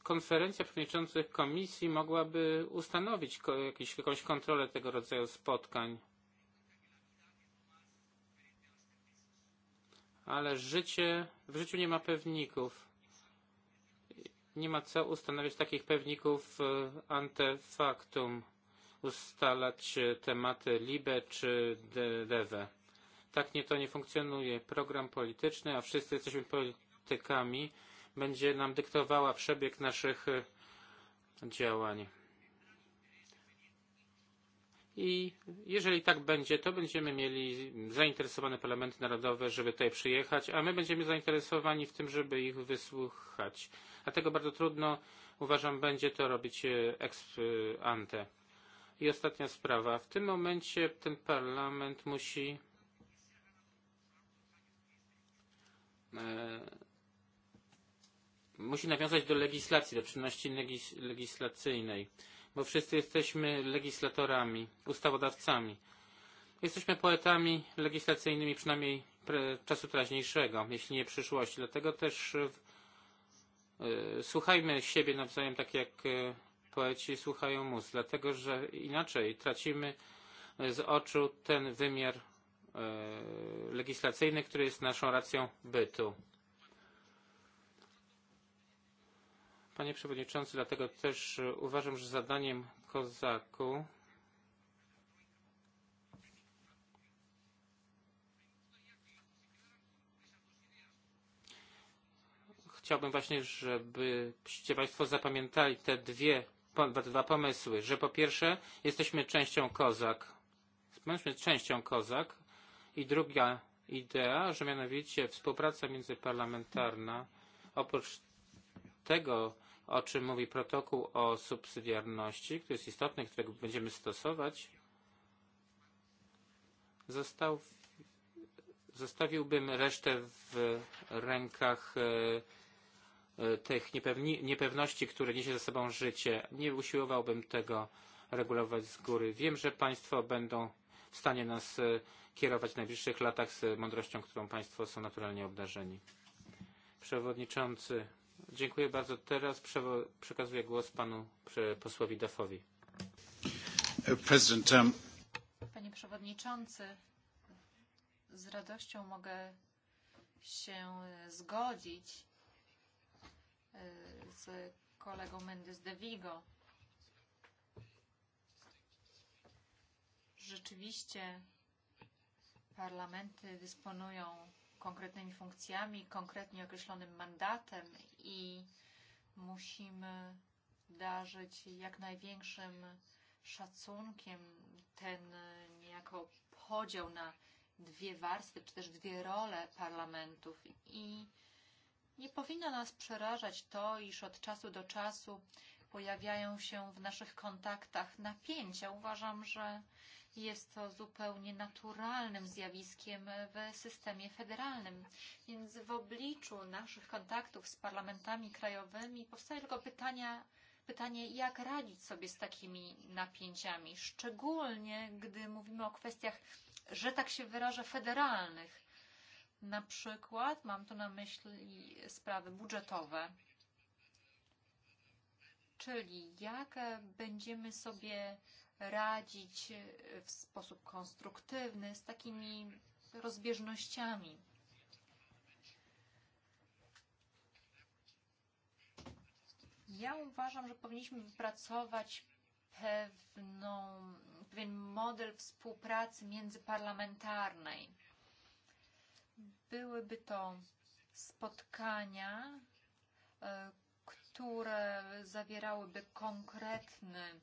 konferencja przewodniczących komisji mogłaby ustanowić jakiś, jakąś kontrolę tego rodzaju spotkań. Ale życie, w życiu nie ma pewników. Nie ma co ustanawiać takich pewników ante factum, ustalać tematy libe czy dewe. Tak nie to nie funkcjonuje. Program polityczny, a wszyscy jesteśmy politykami, będzie nam dyktowała przebieg naszych e, działań. I jeżeli tak będzie, to będziemy mieli zainteresowane parlamenty narodowe, żeby tutaj przyjechać, a my będziemy zainteresowani w tym, żeby ich wysłuchać. Dlatego bardzo trudno, uważam, będzie to robić e, ex e, ante. I ostatnia sprawa. W tym momencie ten parlament musi musi nawiązać do legislacji, do czynności legis legislacyjnej, bo wszyscy jesteśmy legislatorami, ustawodawcami. Jesteśmy poetami legislacyjnymi przynajmniej czasu teraźniejszego, jeśli nie przyszłości. Dlatego też y, e, słuchajmy siebie nawzajem tak jak y, e, poeci słuchają mus, dlatego że inaczej tracimy z oczu ten wymiar e, legislacyjny, który jest naszą racją bytu. panie przewodniczący, dlatego też e, uważam, że zadaniem Kozaku chciałbym właśnie, żebyście Państwo zapamiętali te dwie, dwa pomysły, że po pierwsze jesteśmy częścią Kozak, jesteśmy częścią Kozak i druga idea, że mianowicie współpraca międzyparlamentarna oprócz tego, o czym mówi protokół o subsydiarności, który jest istotny, którego będziemy stosować, został, zostawiłbym resztę w rękach e, e, tych niepewni, niepewności, które niesie ze sobą życie. Nie usiłowałbym tego regulować z góry. Wiem, że Państwo będą w stanie nas e, kierować w najbliższych latach z mądrością, którą Państwo są naturalnie obdarzeni. Przewodniczący Dziękuję bardzo. Teraz przekazuję głos panu posłowi Dafowi. Um, Panie przewodniczący, z radością mogę się e, zgodzić e, z kolegą Mendes de Vigo. Rzeczywiście parlamenty dysponują konkretnymi funkcjami, konkretnie określonym mandatem i musimy darzyć jak największym szacunkiem ten niejako podział na dwie warstwy, czy też dwie role parlamentów i nie powinno nas przerażać to, iż od czasu do czasu pojawiają się w naszych kontaktach napięcia. Uważam, że jest to zupełnie naturalnym zjawiskiem w systemie federalnym. Więc w obliczu naszych kontaktów z parlamentami krajowymi powstaje tylko pytania, pytanie, jak radzić sobie z takimi napięciami, szczególnie gdy mówimy o kwestiach, że tak się wyraża, federalnych. Na przykład mam tu na myśli sprawy budżetowe, czyli jak będziemy sobie radzić w sposób konstruktywny z takimi rozbieżnościami. Ja uważam, że powinniśmy wypracować pewną, pewien model współpracy międzyparlamentarnej. Byłyby to spotkania, e, które zawierałyby konkretny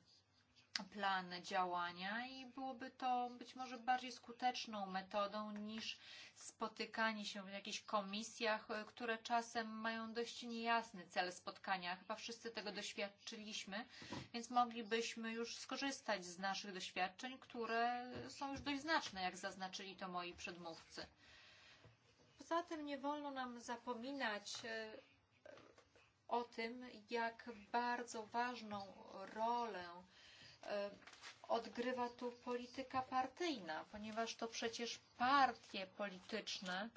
plan działania i byłoby to być może bardziej skuteczną metodą niż spotykanie się w jakichś komisjach, e, które czasem mają dość niejasny cel spotkania. Chyba wszyscy tego doświadczyliśmy, więc moglibyśmy już skorzystać z naszych doświadczeń, które są już dość znaczne, jak zaznaczyli to moi przedmówcy. Poza tym nie wolno nam zapominać e, o tym, jak bardzo ważną rolę E, odgrywa tu polityka partyjna, ponieważ to przecież partie polityczne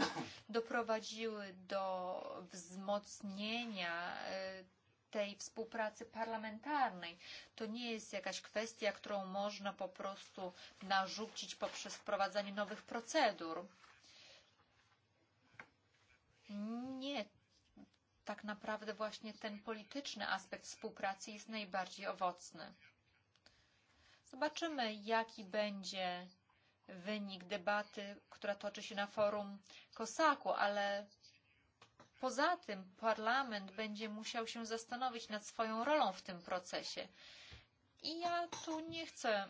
doprowadziły do wzmocnienia e, tej współpracy parlamentarnej. To nie jest jakaś kwestia, którą można po prostu narzucić poprzez wprowadzanie nowych procedur. Nie. Tak naprawdę właśnie ten polityczny aspekt współpracy jest najbardziej owocny. Zobaczymy, jaki będzie wynik debaty, która toczy się na forum Kosaku, ale poza tym parlament będzie musiał się zastanowić nad swoją rolą w tym procesie. I ja tu nie chcę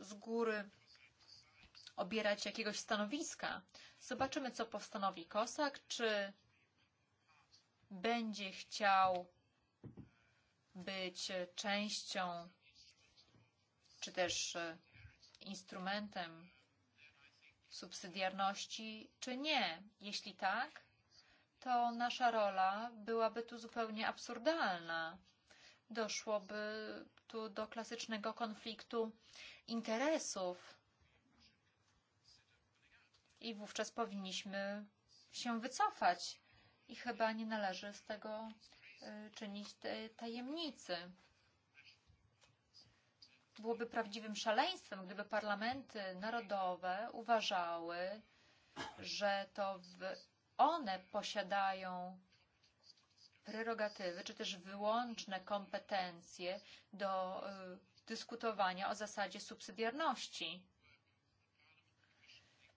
z góry obierać jakiegoś stanowiska. Zobaczymy, co postanowi Kosak, czy będzie chciał być częścią czy też e, instrumentem subsydiarności, czy nie. Jeśli tak, to nasza rola byłaby tu zupełnie absurdalna. Doszłoby tu do klasycznego konfliktu interesów. I wówczas powinniśmy się wycofać. I chyba nie należy z tego e, czynić tajemnicy byłoby prawdziwym szaleństwem, gdyby parlamenty narodowe uważały, że to one posiadają prerogatywy, czy też wyłączne kompetencje do dyskutowania o zasadzie subsydiarności.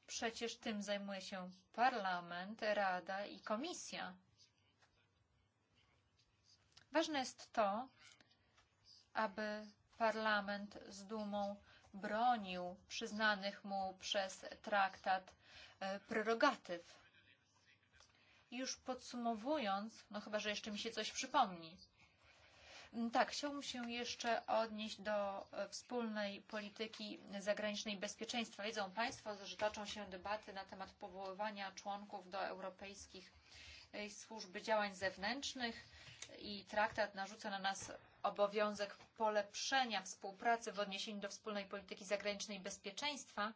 Przecież tym zajmuje się parlament, rada i komisja. Ważne jest to, aby Parlament z dumą bronił przyznanych mu przez traktat e, prerogatyw. już podsumowując, no chyba, że jeszcze mi się coś przypomni. Mm, tak, chciałbym się jeszcze odnieść do e, wspólnej polityki zagranicznej bezpieczeństwa. Wiedzą Państwo, że toczą się debaty na temat powoływania członków do europejskich służby działań zewnętrznych i traktat narzuca na nas obowiązek polepszenia współpracy w odniesieniu do wspólnej polityki zagranicznej i bezpieczeństwa,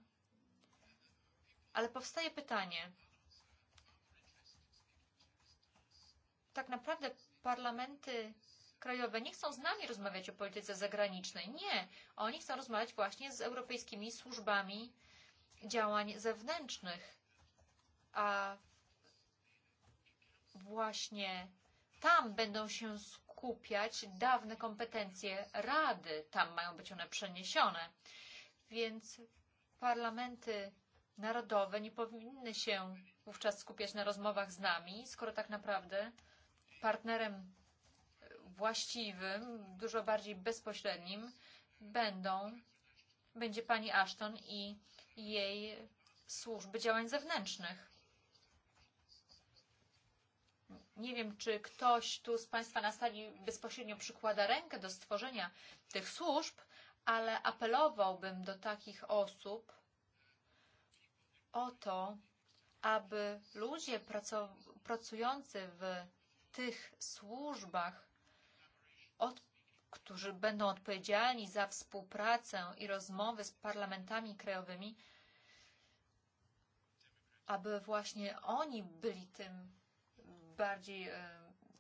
ale powstaje pytanie, tak naprawdę parlamenty krajowe nie chcą z nami rozmawiać o polityce zagranicznej. Nie, oni chcą rozmawiać właśnie z europejskimi służbami działań zewnętrznych. A właśnie tam będą się skupiać dawne kompetencje Rady. Tam mają być one przeniesione. Więc parlamenty narodowe nie powinny się wówczas skupiać na rozmowach z nami, skoro tak naprawdę partnerem właściwym, dużo bardziej bezpośrednim będą, będzie pani Ashton i jej służby działań zewnętrznych. Nie wiem, czy ktoś tu z Państwa na sali bezpośrednio przykłada rękę do stworzenia tych służb, ale apelowałbym do takich osób o to, aby ludzie pracujący w tych służbach, od, którzy będą odpowiedzialni za współpracę i rozmowy z parlamentami krajowymi, aby właśnie oni byli tym bardziej e,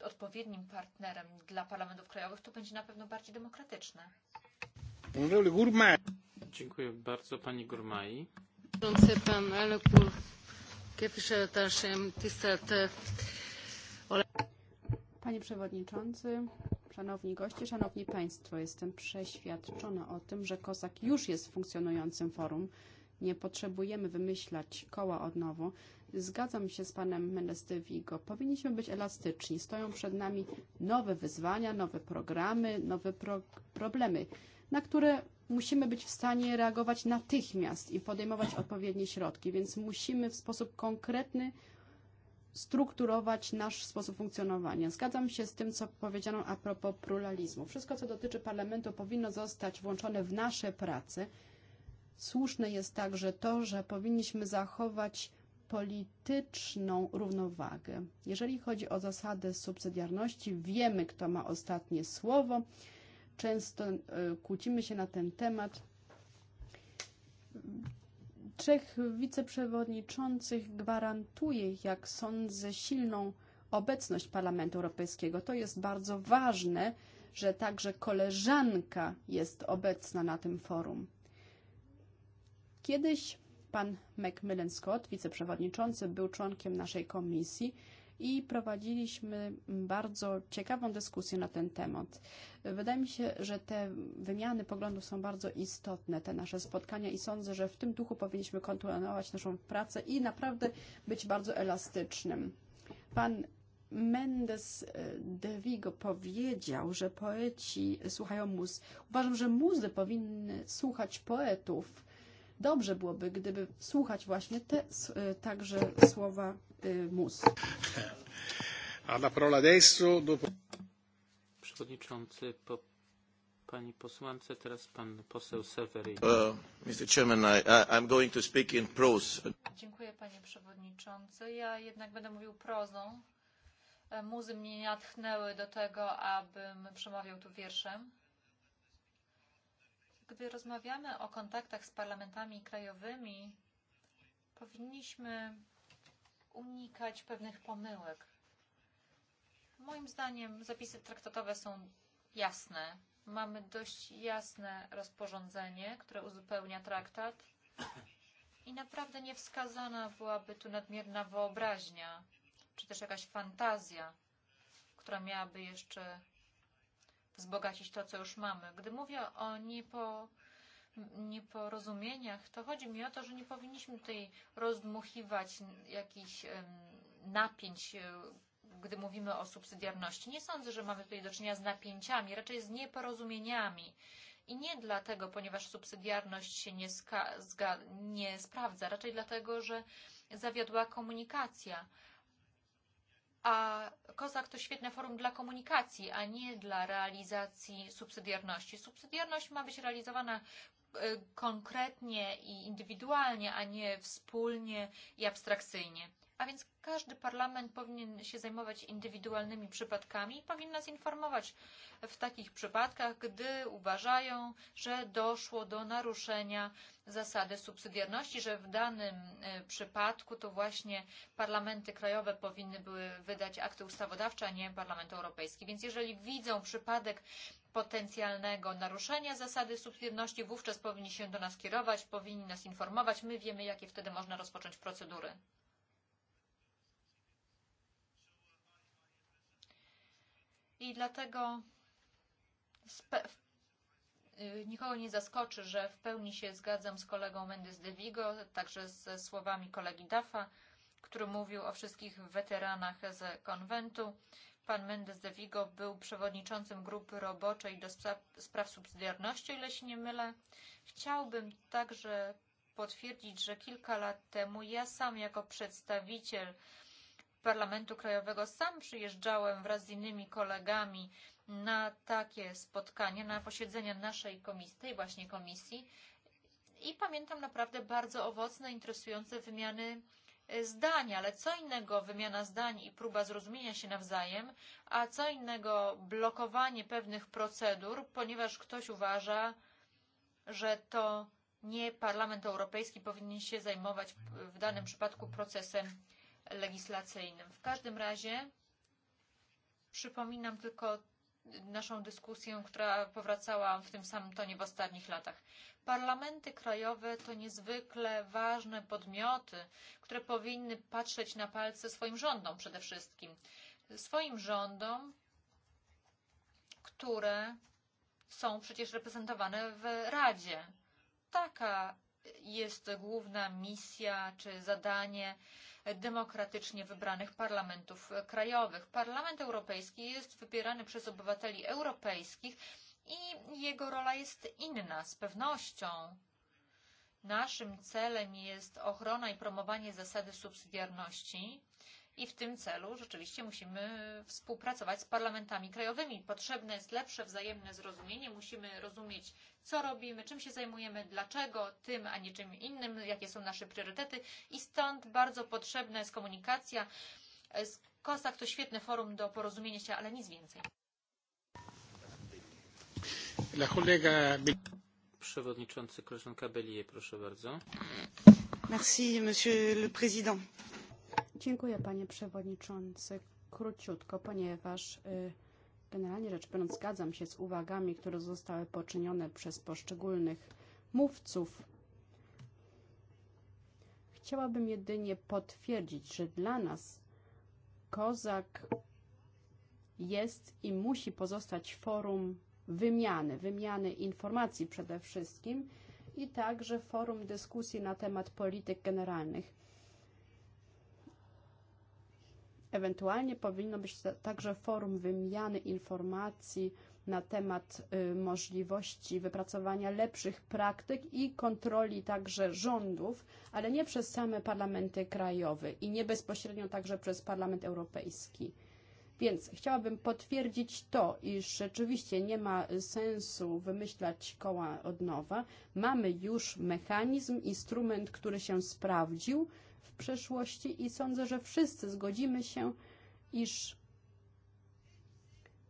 odpowiednim partnerem dla parlamentów krajowych, to będzie na pewno bardziej demokratyczne. Dziękuję bardzo Pani Gurmai. Panie Przewodniczący, Szanowni goście, Szanowni Państwo, jestem przeświadczona o tym, że COSAC już jest funkcjonującym forum. Nie potrzebujemy wymyślać koła od nowo. Zgadzam się z panem Mendes de Vigo. Powinniśmy być elastyczni. Stoją przed nami nowe wyzwania, nowe programy, nowe pro problemy, na które musimy być w stanie reagować natychmiast i podejmować odpowiednie środki, więc musimy w sposób konkretny strukturować nasz sposób funkcjonowania. Zgadzam się z tym, co powiedziano a propos pluralizmu. Wszystko, co dotyczy parlamentu, powinno zostać włączone w nasze prace. Słuszne jest także to, że powinniśmy zachować polityczną równowagę. Jeżeli chodzi o zasadę subsydiarności, wiemy, kto ma ostatnie słowo. Często e, kłócimy się na ten temat. Trzech wiceprzewodniczących gwarantuje, jak sądzę, silną obecność Parlamentu Europejskiego. To jest bardzo ważne, że także koleżanka jest obecna na tym forum. Kiedyś Pan Macmillan Scott, wiceprzewodniczący, był członkiem naszej komisji i prowadziliśmy bardzo ciekawą dyskusję na ten temat. Wydaje mi się, że te wymiany poglądów są bardzo istotne, te nasze spotkania i sądzę, że w tym duchu powinniśmy kontynuować naszą pracę i naprawdę być bardzo elastycznym. Pan Mendes de Vigo powiedział, że poeci słuchają muz. Uważam, że muzy powinny słuchać poetów Dobrze byłoby, gdyby słuchać właśnie te e, także słowa e, MUS. Przewodniczący, po pani posłance, teraz pan poseł Severin. Uh, Mr. Chairman, I, I, I'm going to speak in prose. Dziękuję panie przewodniczący. Ja jednak będę mówił prozą. E, muzy mnie natchnęły do tego, abym przemawiał tu wierszem. Gdy rozmawiamy o kontaktach z parlamentami krajowymi, powinniśmy unikać pewnych pomyłek. Moim zdaniem zapisy traktatowe są jasne. Mamy dość jasne rozporządzenie, które uzupełnia traktat i naprawdę nie wskazana byłaby tu nadmierna wyobraźnia, czy też jakaś fantazja, która miałaby jeszcze wzbogacić to, co już mamy. Gdy mówię o niepo, nieporozumieniach, to chodzi mi o to, że nie powinniśmy tutaj rozdmuchiwać jakichś napięć, e, gdy mówimy o subsydiarności. Nie sądzę, że mamy tutaj do czynienia z napięciami, raczej z nieporozumieniami. I nie dlatego, ponieważ subsydiarność się nie, nie sprawdza, raczej dlatego, że zawiodła komunikacja. A Kozak to świetne forum dla komunikacji, a nie dla realizacji subsydiarności. Subsydiarność ma być realizowana e, konkretnie i indywidualnie, a nie wspólnie i abstrakcyjnie. A więc każdy parlament powinien się zajmować indywidualnymi przypadkami i powinien nas informować w takich przypadkach, gdy uważają, że doszło do naruszenia zasady subsydiarności, że w danym e, przypadku to właśnie parlamenty krajowe powinny były wydać akty ustawodawcze, a nie Parlament Europejski. Więc jeżeli widzą przypadek potencjalnego naruszenia zasady subsydiarności, wówczas powinni się do nas kierować, powinni nas informować. My wiemy, jakie wtedy można rozpocząć procedury. I dlatego nikogo nie zaskoczy, że w pełni się zgadzam z kolegą Mendes de Vigo, także ze słowami kolegi Dafa, który mówił o wszystkich weteranach z konwentu. Pan Mendes de Vigo był przewodniczącym grupy roboczej do spraw subsydiarności, o ile się nie mylę. Chciałbym także potwierdzić, że kilka lat temu ja sam jako przedstawiciel Parlamentu Krajowego. Sam przyjeżdżałem wraz z innymi kolegami na takie spotkanie, na posiedzenia naszej komisji, tej właśnie komisji i pamiętam naprawdę bardzo owocne, interesujące wymiany e, zdania, ale co innego wymiana zdań i próba zrozumienia się nawzajem, a co innego blokowanie pewnych procedur, ponieważ ktoś uważa, że to nie Parlament Europejski powinien się zajmować w danym przypadku procesem legislacyjnym. W każdym razie przypominam tylko naszą dyskusję, która powracała w tym samym tonie w ostatnich latach. Parlamenty krajowe to niezwykle ważne podmioty, które powinny patrzeć na palce swoim rządom przede wszystkim. Swoim rządom, które są przecież reprezentowane w Radzie. Taka jest główna misja czy zadanie demokratycznie wybranych parlamentów krajowych. Parlament Europejski jest wybierany przez obywateli europejskich i jego rola jest inna z pewnością. Naszym celem jest ochrona i promowanie zasady subsydiarności i w tym celu rzeczywiście musimy współpracować z parlamentami krajowymi. Potrzebne jest lepsze wzajemne zrozumienie. Musimy rozumieć, co robimy, czym się zajmujemy, dlaczego tym, a nie czym innym, jakie są nasze priorytety. I stąd bardzo potrzebna jest komunikacja. Kosak to świetne forum do porozumienia się, ale nic więcej. La kolega... Przewodniczący, koleżanka Bellier, proszę bardzo. Merci, monsieur le président Dziękuję panie przewodniczący. Króciutko, ponieważ generalnie rzecz biorąc zgadzam się z uwagami, które zostały poczynione przez poszczególnych mówców. Chciałabym jedynie potwierdzić, że dla nas Kozak jest i musi pozostać forum wymiany, wymiany informacji przede wszystkim i także forum dyskusji na temat polityk generalnych. Ewentualnie powinno być także forum wymiany informacji na temat y, możliwości wypracowania lepszych praktyk i kontroli także rządów, ale nie przez same parlamenty krajowe i nie bezpośrednio także przez Parlament Europejski. Więc chciałabym potwierdzić to, iż rzeczywiście nie ma sensu wymyślać koła od nowa. Mamy już mechanizm, instrument, który się sprawdził w przeszłości i sądzę, że wszyscy zgodzimy się, iż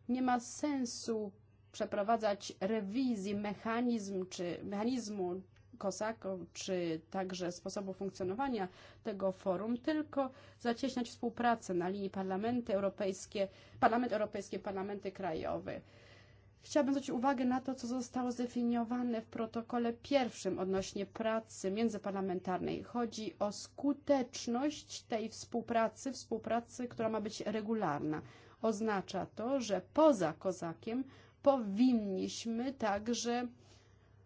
nie ma sensu przeprowadzać rewizji mechanizm czy mechanizmu kosako, czy także sposobu funkcjonowania tego forum, tylko zacieśniać współpracę na linii Parlamenty Europejskie, Parlament Europejski, Parlamenty Krajowe. Chciałabym zwrócić uwagę na to, co zostało zdefiniowane w protokole pierwszym odnośnie pracy międzyparlamentarnej. Chodzi o skuteczność tej współpracy, współpracy, która ma być regularna. Oznacza to, że poza kozakiem powinniśmy także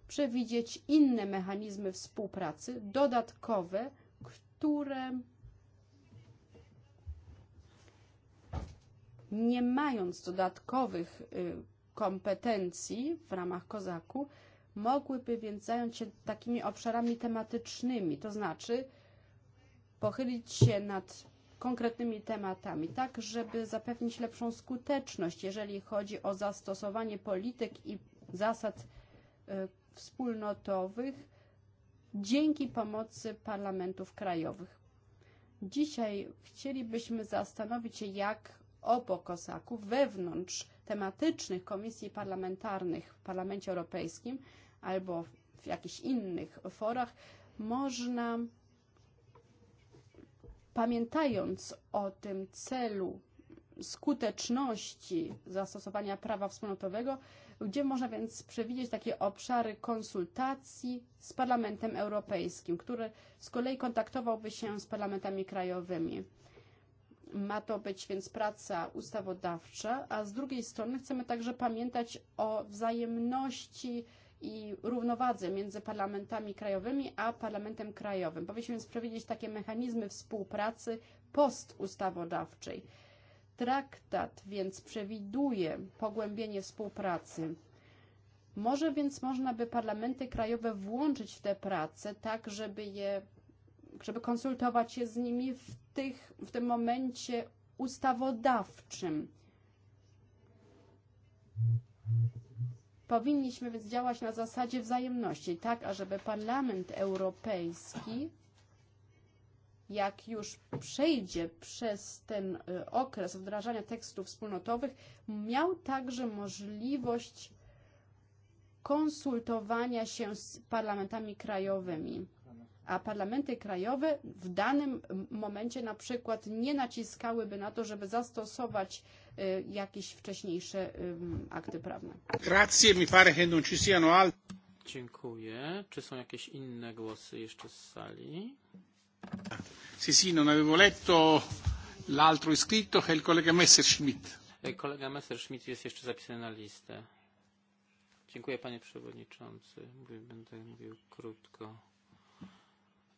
przewidzieć inne mechanizmy współpracy, dodatkowe, które nie mając dodatkowych y, kompetencji w ramach Kozaku mogłyby więc zająć się takimi obszarami tematycznymi, to znaczy pochylić się nad konkretnymi tematami, tak żeby zapewnić lepszą skuteczność, jeżeli chodzi o zastosowanie polityk i zasad wspólnotowych dzięki pomocy parlamentów krajowych. Dzisiaj chcielibyśmy zastanowić się, jak obok kosaków, wewnątrz tematycznych komisji parlamentarnych w Parlamencie Europejskim albo w jakichś innych forach, można, pamiętając o tym celu skuteczności zastosowania prawa wspólnotowego, gdzie można więc przewidzieć takie obszary konsultacji z Parlamentem Europejskim, który z kolei kontaktowałby się z parlamentami krajowymi. Ma to być więc praca ustawodawcza, a z drugiej strony chcemy także pamiętać o wzajemności i równowadze między parlamentami krajowymi a parlamentem krajowym. Powinniśmy więc przewidzieć takie mechanizmy współpracy postustawodawczej. Traktat więc przewiduje pogłębienie współpracy. Może więc można by parlamenty krajowe włączyć w te prace, tak żeby je żeby konsultować się z nimi w tych, w tym momencie ustawodawczym. Powinniśmy więc działać na zasadzie wzajemności, tak ażeby Parlament Europejski, jak już przejdzie przez ten okres wdrażania tekstów wspólnotowych, miał także możliwość konsultowania się z parlamentami krajowymi a parlamenty krajowe w danym momencie na przykład nie naciskałyby na to, żeby zastosować jakieś wcześniejsze akty prawne. mi Dziękuję. Czy są jakieś inne głosy jeszcze z sali? Sì, sì, non avevo letto l'altro iscritto che è il collega Messerschmidt. collega e Messerschmidt jest jeszcze zapisany na listę. Dziękuję panie przewodniczący. Mówię, będę mówił krótko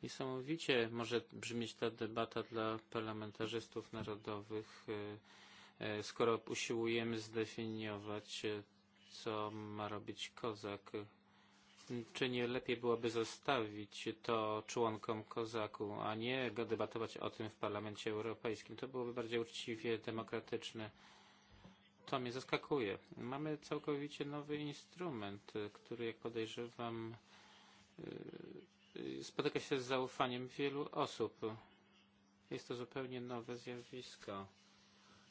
niesamowicie może brzmieć ta debata dla parlamentarzystów narodowych, e, e, skoro usiłujemy zdefiniować, e, co ma robić kozak. Czy nie lepiej byłoby zostawić to członkom kozaku, a nie go debatować o tym w Parlamencie Europejskim? To byłoby bardziej uczciwie demokratyczne. To mnie zaskakuje. Mamy całkowicie nowy instrument, który, jak podejrzewam, spotyka się z zaufaniem wielu osób. Jest to zupełnie nowe zjawisko.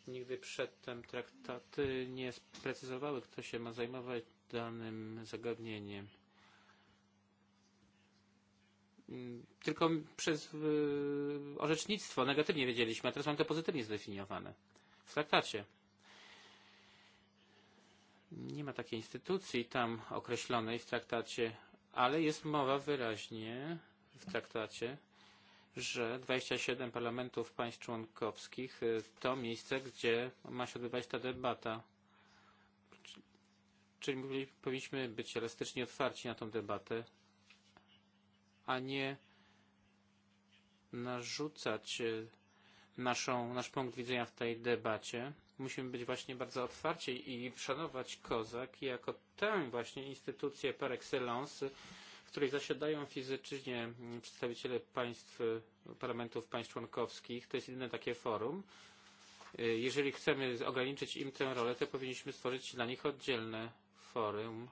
Nigdy przedtem traktaty nie sprecyzowały, kto się ma zajmować danym zagadnieniem. Tylko przez orzecznictwo negatywnie wiedzieliśmy, a teraz mamy to pozytywnie zdefiniowane w traktacie. Nie ma takiej instytucji tam określonej w traktacie ale jest mowa wyraźnie w traktacie, że 27 parlamentów państw członkowskich to miejsce, gdzie ma się odbywać ta debata. Czyli mówili, powinniśmy być elastycznie otwarci na tę debatę, a nie narzucać naszą, nasz punkt widzenia w tej debacie Musimy być właśnie bardzo otwarci i szanować Kozak jako tę właśnie instytucję par excellence, w której zasiadają fizycznie przedstawiciele państw, parlamentów państw członkowskich. To jest jedyne takie forum. Jeżeli chcemy ograniczyć im tę rolę, to powinniśmy stworzyć dla nich oddzielne forum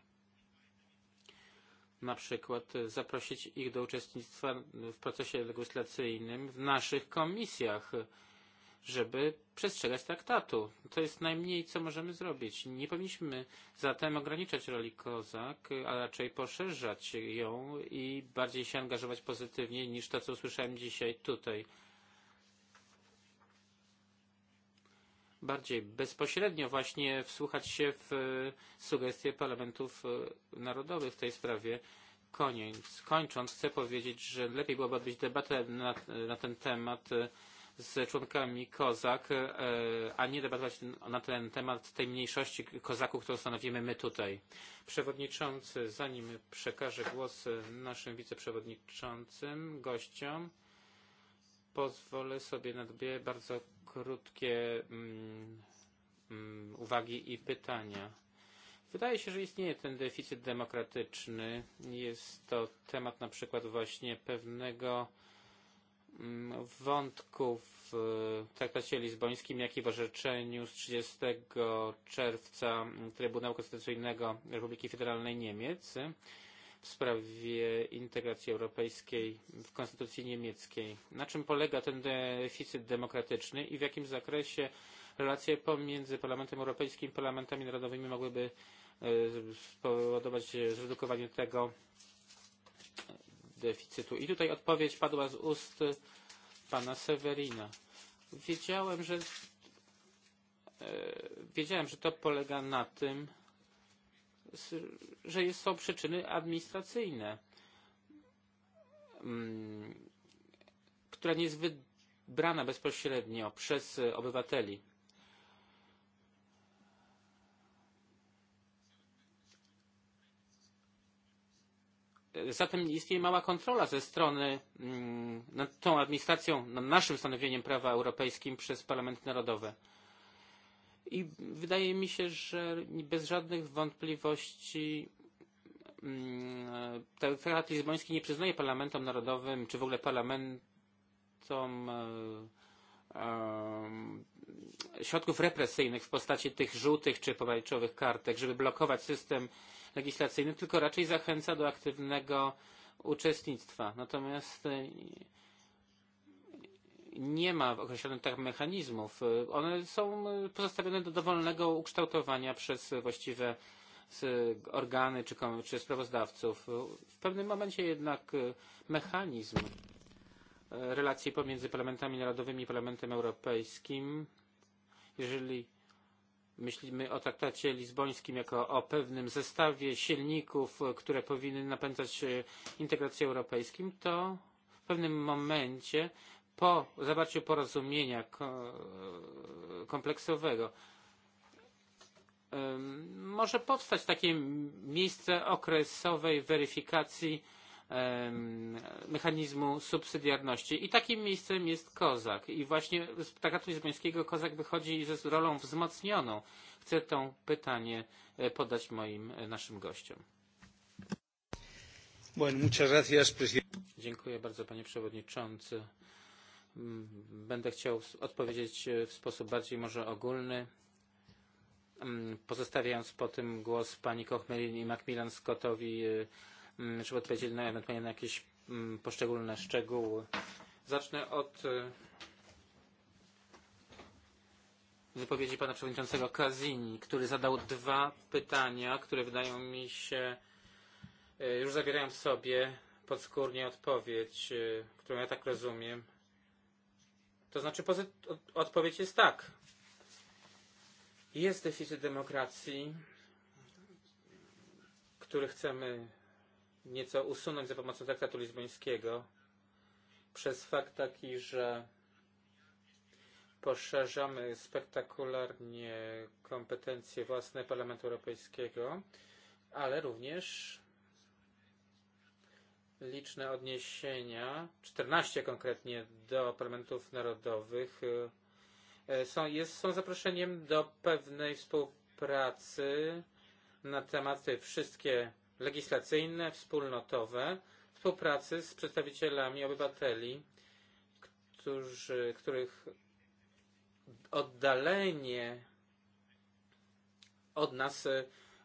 na przykład zaprosić ich do uczestnictwa w procesie legislacyjnym w naszych komisjach żeby przestrzegać traktatu. To jest najmniej, co możemy zrobić. Nie powinniśmy zatem ograniczać roli Kozak, a raczej poszerzać ją i bardziej się angażować pozytywnie niż to, co usłyszałem dzisiaj tutaj. Bardziej bezpośrednio właśnie wsłuchać się w e, sugestie parlamentów e, narodowych w tej sprawie koniec, kończąc chcę powiedzieć, że lepiej byłoby odbyć debatę na, na ten temat e, z członkami Kozak, e, a nie debatować na ten temat tej mniejszości Kozaków, którą stanowimy my tutaj. Przewodniczący, zanim przekażę głos naszym wiceprzewodniczącym, gościom, pozwolę sobie na dwie bardzo krótkie mm, mm, uwagi i pytania. Wydaje się, że istnieje ten deficyt demokratyczny. Jest to temat na przykład właśnie pewnego Mm, wątków e, w traktacie lizbońskim, jak i w orzeczeniu z 30 czerwca Trybunału Konstytucyjnego Republiki Federalnej Niemiec w sprawie integracji europejskiej w konstytucji niemieckiej. Na czym polega ten deficyt demokratyczny i w jakim zakresie relacje pomiędzy Parlamentem Europejskim i parlamentami narodowymi mogłyby e, spowodować zredukowanie tego deficytu. I tutaj odpowiedź padła z ust pana Sewerina. Wiedziałem, że e, wiedziałem, że to polega na tym, że są przyczyny administracyjne, mm, która nie jest wybrana bezpośrednio przez obywateli. Zatem istnieje mała kontrola ze strony mm, nad tą administracją, nad naszym stanowieniem prawa europejskim przez Parlament Narodowy. I wydaje mi się, że bez żadnych wątpliwości mm, traktat lizboński nie przyznaje parlamentom narodowym, czy w ogóle parlamentom e, e, środków represyjnych w postaci tych żółtych czy pomarańczowych kartek, żeby blokować system legislacyjny, tylko raczej zachęca do aktywnego uczestnictwa. Natomiast e, nie ma określonych tak mechanizmów. One są pozostawione do dowolnego ukształtowania przez właściwe organy czy, czy sprawozdawców. W pewnym momencie jednak e, mechanizm e, relacji pomiędzy parlamentami narodowymi i Parlamentem Europejskim, jeżeli Myślimy o traktacie lizbońskim jako o pewnym zestawie silników, które powinny napędzać e, integrację europejską, to w pewnym momencie po zawarciu porozumienia kompleksowego może powstać takie miejsce okresowej weryfikacji mechanizmu subsydiarności. I takim miejscem jest kozak. I właśnie z traktatu lizbońskiego kozak wychodzi ze rolą wzmocnioną. Chcę to pytanie e, podać moim e, naszym gościom. Bueno, muchas gracias, Dziękuję bardzo, panie przewodniczący. Mm, będę chciał odpowiedzieć e, w sposób bardziej może ogólny, mm, pozostawiając po tym głos pani Kochmelin i Macmillan Scottowi Mm, żeby odpowiedzieć na, ewentualnie na jakieś mm, poszczególne szczegóły. Zacznę od e, wypowiedzi pana przewodniczącego Kazini, który zadał dwa pytania, które wydają mi się e, już zawierają w sobie podskórnie odpowiedź, e, którą ja tak rozumiem. To znaczy odpowiedź jest tak. Jest deficyt demokracji, który chcemy nieco usunąć za pomocą traktatu lizbońskiego przez fakt taki, że poszerzamy spektakularnie kompetencje własne Parlamentu Europejskiego, ale również liczne odniesienia, 14 konkretnie, do parlamentów narodowych e, są, jest, są zaproszeniem do pewnej współpracy na tematy wszystkie legislacyjne, wspólnotowe, współpracy z przedstawicielami obywateli, którzy, których oddalenie od nas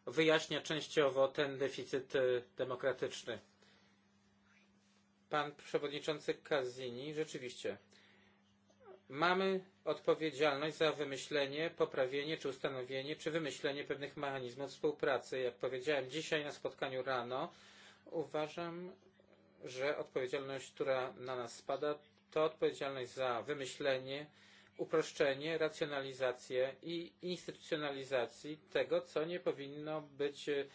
wyjaśnia częściowo ten deficyt demokratyczny. Pan przewodniczący Kazini, rzeczywiście, mamy odpowiedzialność za wymyślenie, poprawienie czy ustanowienie, czy wymyślenie pewnych mechanizmów współpracy. Jak powiedziałem dzisiaj na spotkaniu rano, uważam, że odpowiedzialność, która na nas spada, to odpowiedzialność za wymyślenie, uproszczenie, racjonalizację i instytucjonalizację tego, co nie powinno być e,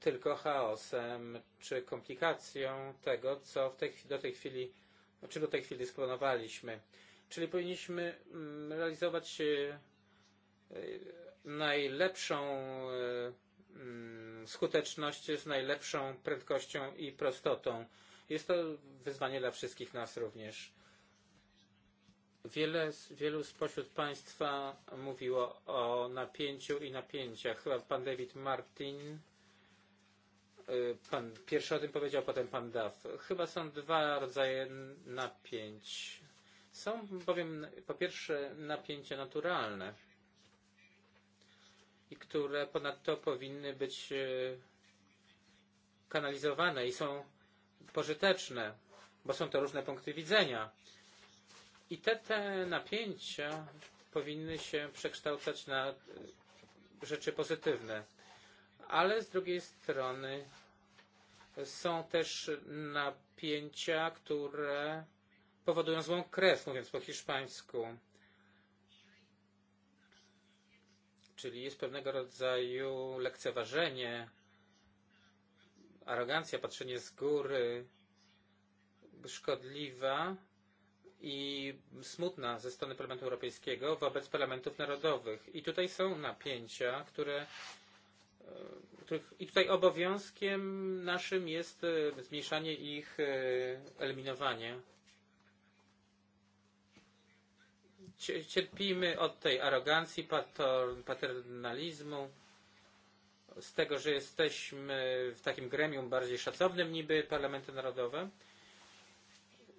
tylko chaosem czy komplikacją tego, co w tej, do tej chwili, czy do tej chwili sklonowaliśmy. Czyli powinniśmy mm, realizować e, najlepszą e, mm, skuteczność z najlepszą prędkością i prostotą. Jest to wyzwanie dla wszystkich nas również. Wiele, wielu spośród Państwa mówiło o napięciu i napięciach. Chyba pan David Martin, e, pan pierwszy o tym powiedział, potem pan Duff. Chyba są dwa rodzaje napięć. Są bowiem po pierwsze napięcia naturalne, i które ponadto powinny być e, kanalizowane i są pożyteczne, bo są to różne punkty widzenia. I te, te napięcia powinny się przekształcać na e, rzeczy pozytywne. Ale z drugiej strony są też napięcia, które powodują złą krew, mówiąc po hiszpańsku. Czyli jest pewnego rodzaju lekceważenie, arogancja, patrzenie z góry, szkodliwa i smutna ze strony Parlamentu Europejskiego wobec parlamentów narodowych. I tutaj są napięcia, które e, których, i tutaj obowiązkiem naszym jest e, zmniejszanie ich, e, eliminowanie. Cierpimy od tej arogancji, paternalizmu, z tego, że jesteśmy w takim gremium bardziej szacownym niby parlamenty narodowe.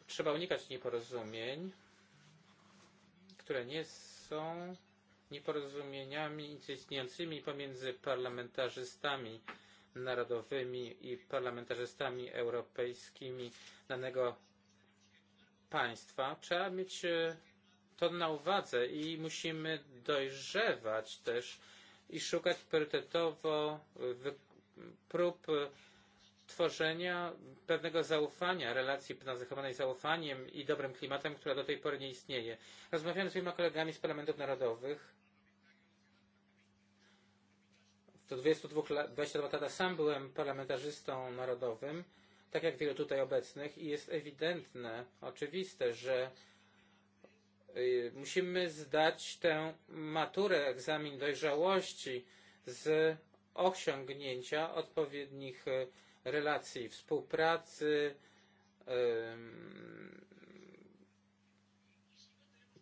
Trzeba unikać nieporozumień, które nie są nieporozumieniami istniejącymi pomiędzy parlamentarzystami narodowymi i parlamentarzystami europejskimi danego państwa. Trzeba mieć e, to na uwadze i musimy dojrzewać też i szukać priorytetowo prób tworzenia pewnego zaufania, relacji nacechowanej zaufaniem i dobrym klimatem, która do tej pory nie istnieje. Rozmawiałem z wieloma kolegami z parlamentów narodowych. Do 22 22 lata sam byłem parlamentarzystą narodowym, tak jak wielu tutaj obecnych i jest ewidentne, oczywiste, że E, musimy zdać tę maturę, egzamin dojrzałości z osiągnięcia odpowiednich e, relacji współpracy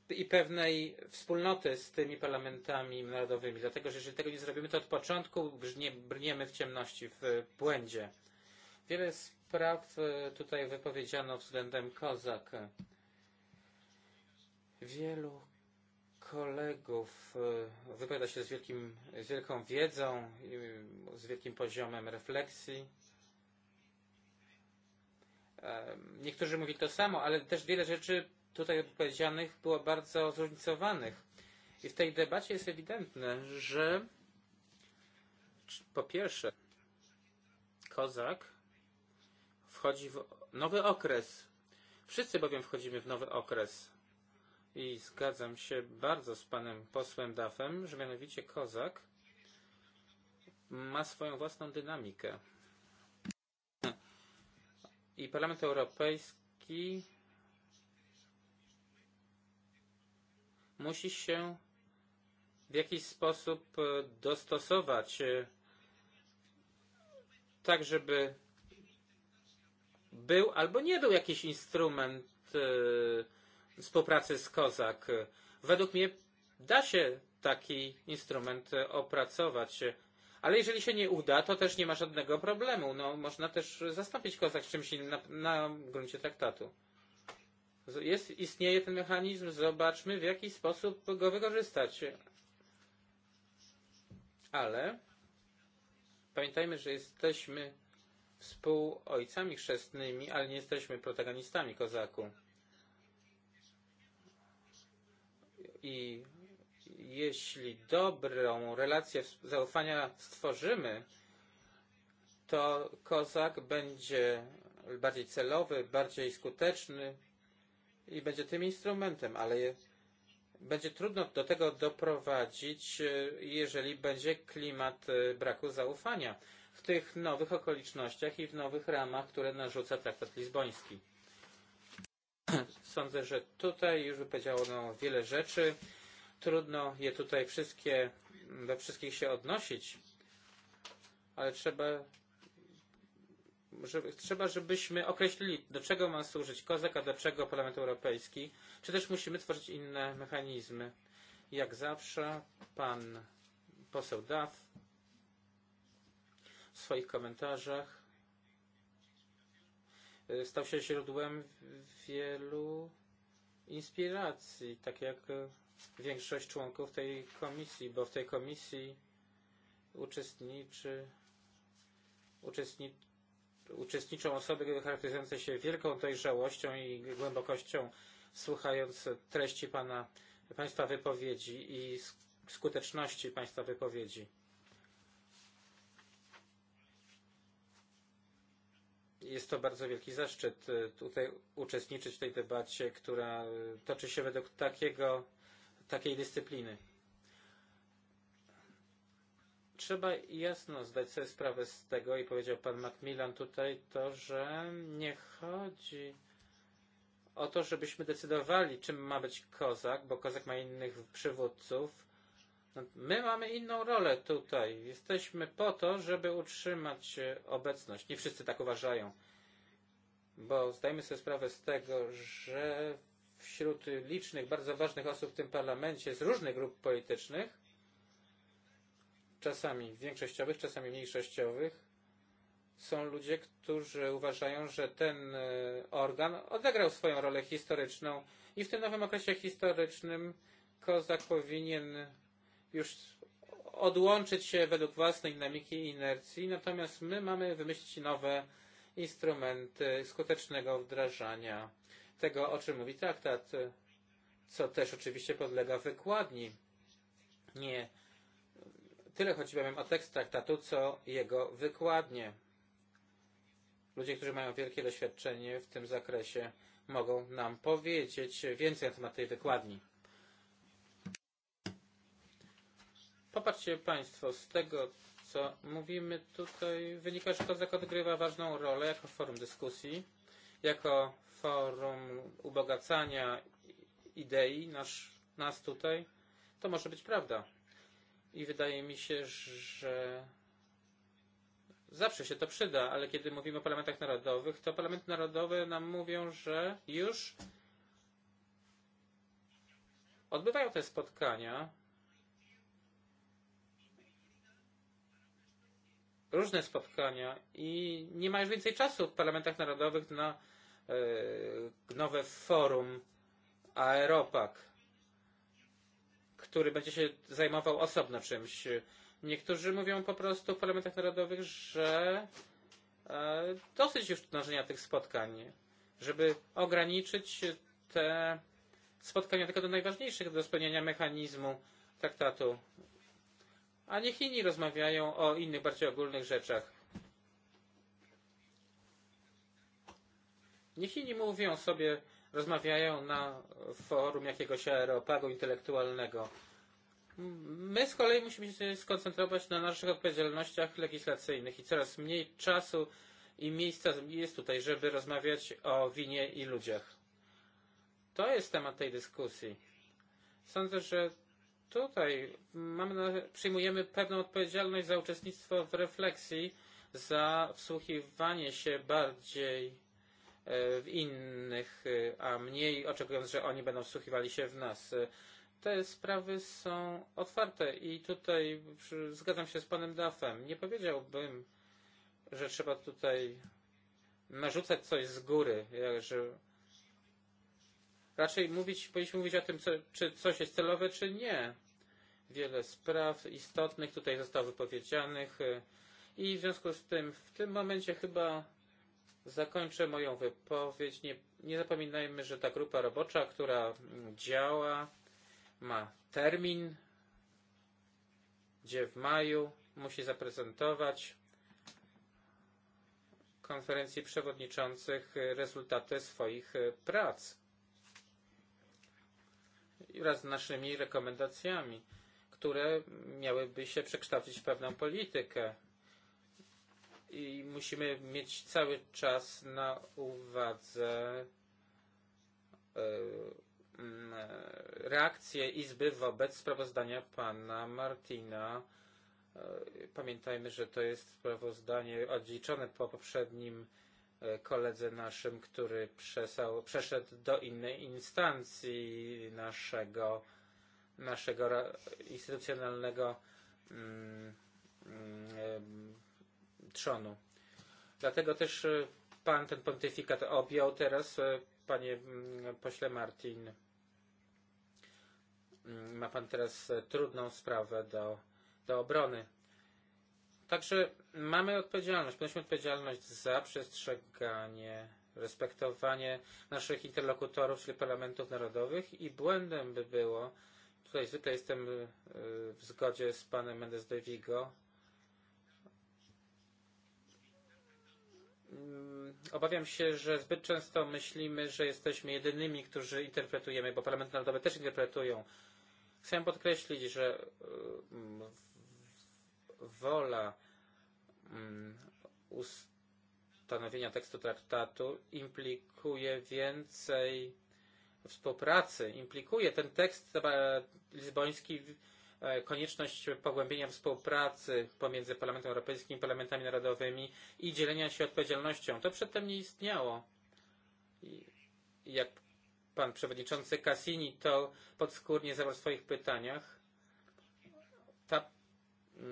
i pewnej wspólnoty z tymi parlamentami narodowymi. Dlatego, że jeżeli tego nie zrobimy, to od początku brniemy w ciemności, w błędzie. Wiele spraw e, tutaj wypowiedziano względem Kozak. Wielu kolegów e, wypowiada się z, wielkim, z wielką wiedzą, e, z wielkim poziomem refleksji. E, niektórzy mówili to samo, ale też wiele rzeczy tutaj powiedzianych było bardzo zróżnicowanych. I w tej debacie jest ewidentne, że po pierwsze Kozak wchodzi w nowy okres. Wszyscy bowiem wchodzimy w nowy okres i zgadzam się bardzo z panem posłem Dafem, że mianowicie Kozak ma swoją własną dynamikę. I Parlament Europejski musi się w jakiś sposób e, dostosować e, tak, żeby był albo nie był jakiś instrument yy, e, współpracy z COSAC. Według mnie da się taki instrument eh, opracować, ale jeżeli się nie uda, to też nie ma żadnego problemu. No, można też zastąpić COSAC czymś innym na, na gruncie traktatu. Jest, istnieje ten mechanizm, zobaczmy w jaki sposób go wykorzystać. Ale pamiętajmy, że jesteśmy współojcami chrzestnymi, ale nie jesteśmy protagonistami kozaku. i jeśli dobrą relację zaufania stworzymy, to kozak będzie bardziej celowy, bardziej skuteczny i będzie tym instrumentem, ale będzie trudno do tego doprowadzić, e, jeżeli będzie klimat e, braku zaufania w tych nowych okolicznościach i w nowych ramach, które narzuca traktat lizboński. Sądzę, że tutaj już wypowiedziano wiele rzeczy. Trudno je tutaj wszystkie, do wszystkich się odnosić, ale trzeba, że, trzeba, żebyśmy określili, do czego ma służyć COSAC, a do czego Parlament Europejski, czy też musimy tworzyć inne mechanizmy. Jak zawsze pan poseł Duff w swoich komentarzach Eh, stał się źródłem wielu inspiracji, tak jak eh, większość członków tej komisji, bo w tej komisji uczestniczy, uczestniczy uczestniczą osoby charakteryzujące się wielką dojrzałością i głębokością, słuchając treści pana, państwa wypowiedzi i skuteczności państwa wypowiedzi. Jest to bardzo wielki zaszczyt e, tutaj uczestniczyć w tej debacie, która e, toczy się według takiego, takiej dyscypliny. Trzeba jasno zdać sobie sprawę z tego, i powiedział pan Macmillan tutaj, to, że nie chodzi o to, żebyśmy decydowali, czym ma być kozak, bo kozak ma innych przywódców, my mamy inną rolę tutaj. Jesteśmy po to, żeby utrzymać e, obecność. Nie wszyscy tak uważają, bo zdajemy sobie sprawę z tego, że wśród licznych, bardzo ważnych osób w tym parlamencie z różnych grup politycznych, czasami większościowych, czasami mniejszościowych, są ludzie, którzy uważają, że ten e, organ odegrał swoją rolę historyczną i w tym nowym okresie historycznym Kozak powinien już odłączyć się według własnej dynamiki i inercji, natomiast my mamy wymyślić nowe instrumenty skutecznego wdrażania tego, o czym mówi traktat, co też oczywiście podlega wykładni. Nie tyle chodzi bowiem o tekst traktatu, co jego wykładnie. Ludzie, którzy mają wielkie doświadczenie w tym zakresie, mogą nam powiedzieć więcej na temat tej wykładni. Popatrzcie Państwo, z tego co mówimy tutaj, wynika, że Kozak odgrywa ważną rolę jako forum dyskusji, jako forum ubogacania idei nasz, nas tutaj. To może być prawda. I wydaje mi się, że zawsze się to przyda, ale kiedy mówimy o parlamentach narodowych, to parlamenty narodowe nam mówią, że już odbywają te spotkania różne spotkania i nie ma już więcej czasu w parlamentach narodowych na e, nowe forum Aeropak, który będzie się zajmował osobno czymś. Niektórzy mówią po prostu w parlamentach narodowych, że e, dosyć już tnożenia tych spotkań, żeby ograniczyć te spotkania tylko do najważniejszych, do spełnienia mechanizmu traktatu a niech inni rozmawiają o innych, bardziej ogólnych rzeczach. Niech inni mówią sobie, rozmawiają na forum jakiegoś aeropagu intelektualnego. My z kolei musimy się skoncentrować na naszych odpowiedzialnościach legislacyjnych i coraz mniej czasu i miejsca jest tutaj, żeby rozmawiać o winie i ludziach. To jest temat tej dyskusji. Sądzę, że Tutaj mamy, przyjmujemy pewną odpowiedzialność za uczestnictwo w refleksji, za wsłuchiwanie się bardziej e, w innych, e, a mniej oczekując, że oni będą wsłuchiwali się w nas. Te sprawy są otwarte i tutaj zgadzam się z panem Dafem. Nie powiedziałbym, że trzeba tutaj narzucać coś z góry, że raczej mówić, powinniśmy mówić o tym, co, czy coś jest celowe, czy nie wiele spraw istotnych tutaj zostało wypowiedzianych i w związku z tym w tym momencie chyba zakończę moją wypowiedź. Nie, nie zapominajmy, że ta grupa robocza, która działa, ma termin, gdzie w maju musi zaprezentować konferencji przewodniczących rezultaty swoich prac wraz z naszymi rekomendacjami które miałyby się przekształcić w pewną politykę. I musimy mieć cały czas na uwadze e, reakcję Izby wobec sprawozdania pana Martina. E, pamiętajmy, że to jest sprawozdanie odliczone po poprzednim e, koledze naszym, który przesał, przeszedł do innej instancji naszego naszego instytucjonalnego trzonu. Mm, mm, e, Dlatego też e, pan ten pontyfikat objął teraz, e, panie mm, pośle Martin. Ma pan teraz trudną sprawę do, do obrony. Także mamy odpowiedzialność, ponosimy odpowiedzialność za przestrzeganie, respektowanie naszych interlokutorów, czyli parlamentów narodowych i błędem by było, Tutaj zwykle jestem e, w zgodzie z panem Mendes de Vigo. Mm, obawiam się, że zbyt często myślimy, że jesteśmy jedynymi, którzy interpretujemy, bo parlamenty narodowe też interpretują. Chcę podkreślić, że e, wola mm, ustanowienia tekstu traktatu implikuje więcej współpracy. Implikuje ten tekst e, lizboński e, konieczność pogłębienia współpracy pomiędzy Parlamentem Europejskim, parlamentami narodowymi i dzielenia się odpowiedzialnością. To przedtem nie istniało. Jak pan przewodniczący Cassini to podskórnie zawarł w swoich pytaniach,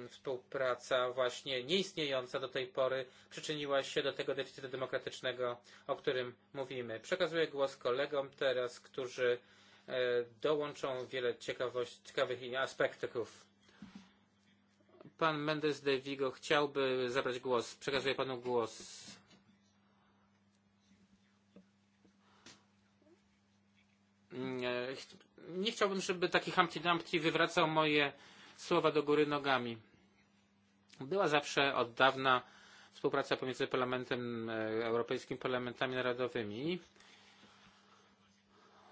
współpraca mm, właśnie vlastně nieistniejąca do tej pory przyczyniła się do tego deficytu demokratycznego, o którym mówimy. Przekazuję głos kolegom teraz, którzy eh, dołączą wiele ciekawych aspektów. Pan Mendes de Vigo chciałby zabrać głos. Przekazuję panu głos. Mm, e, nie chciałbym, żeby taki Humpty Dumpty wywracał moje słowa do góry nogami. Była zawsze od dawna współpraca pomiędzy Parlamentem e, Europejskim, parlamentami narodowymi.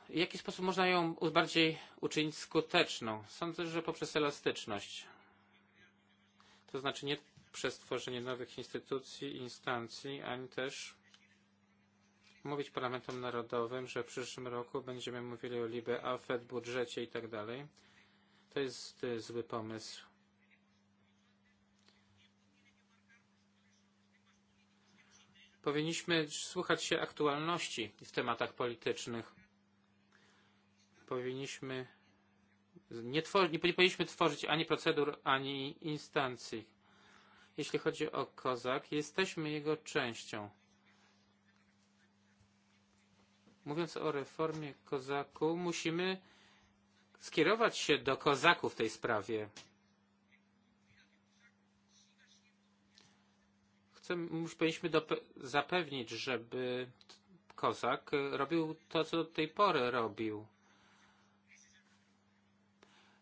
W jaki sposób można ją bardziej uczynić skuteczną? Sądzę, że poprzez elastyczność. To znaczy nie przez tworzenie nowych instytucji, instancji, ani też mówić parlamentom narodowym, że w przyszłym roku będziemy mówili o LIBE, AFET, budżecie i tak dalej to jest zły pomysł. Powinniśmy słuchać się aktualności w tematach politycznych. Powinniśmy nie, twor- nie powinniśmy tworzyć ani procedur, ani instancji. Jeśli chodzi o Kozak, jesteśmy jego częścią. Mówiąc o reformie Kozaku, musimy skierować się do kozaku w tej sprawie. powinniśmy zapewnić, żeby kozak robił to, co do tej pory robił.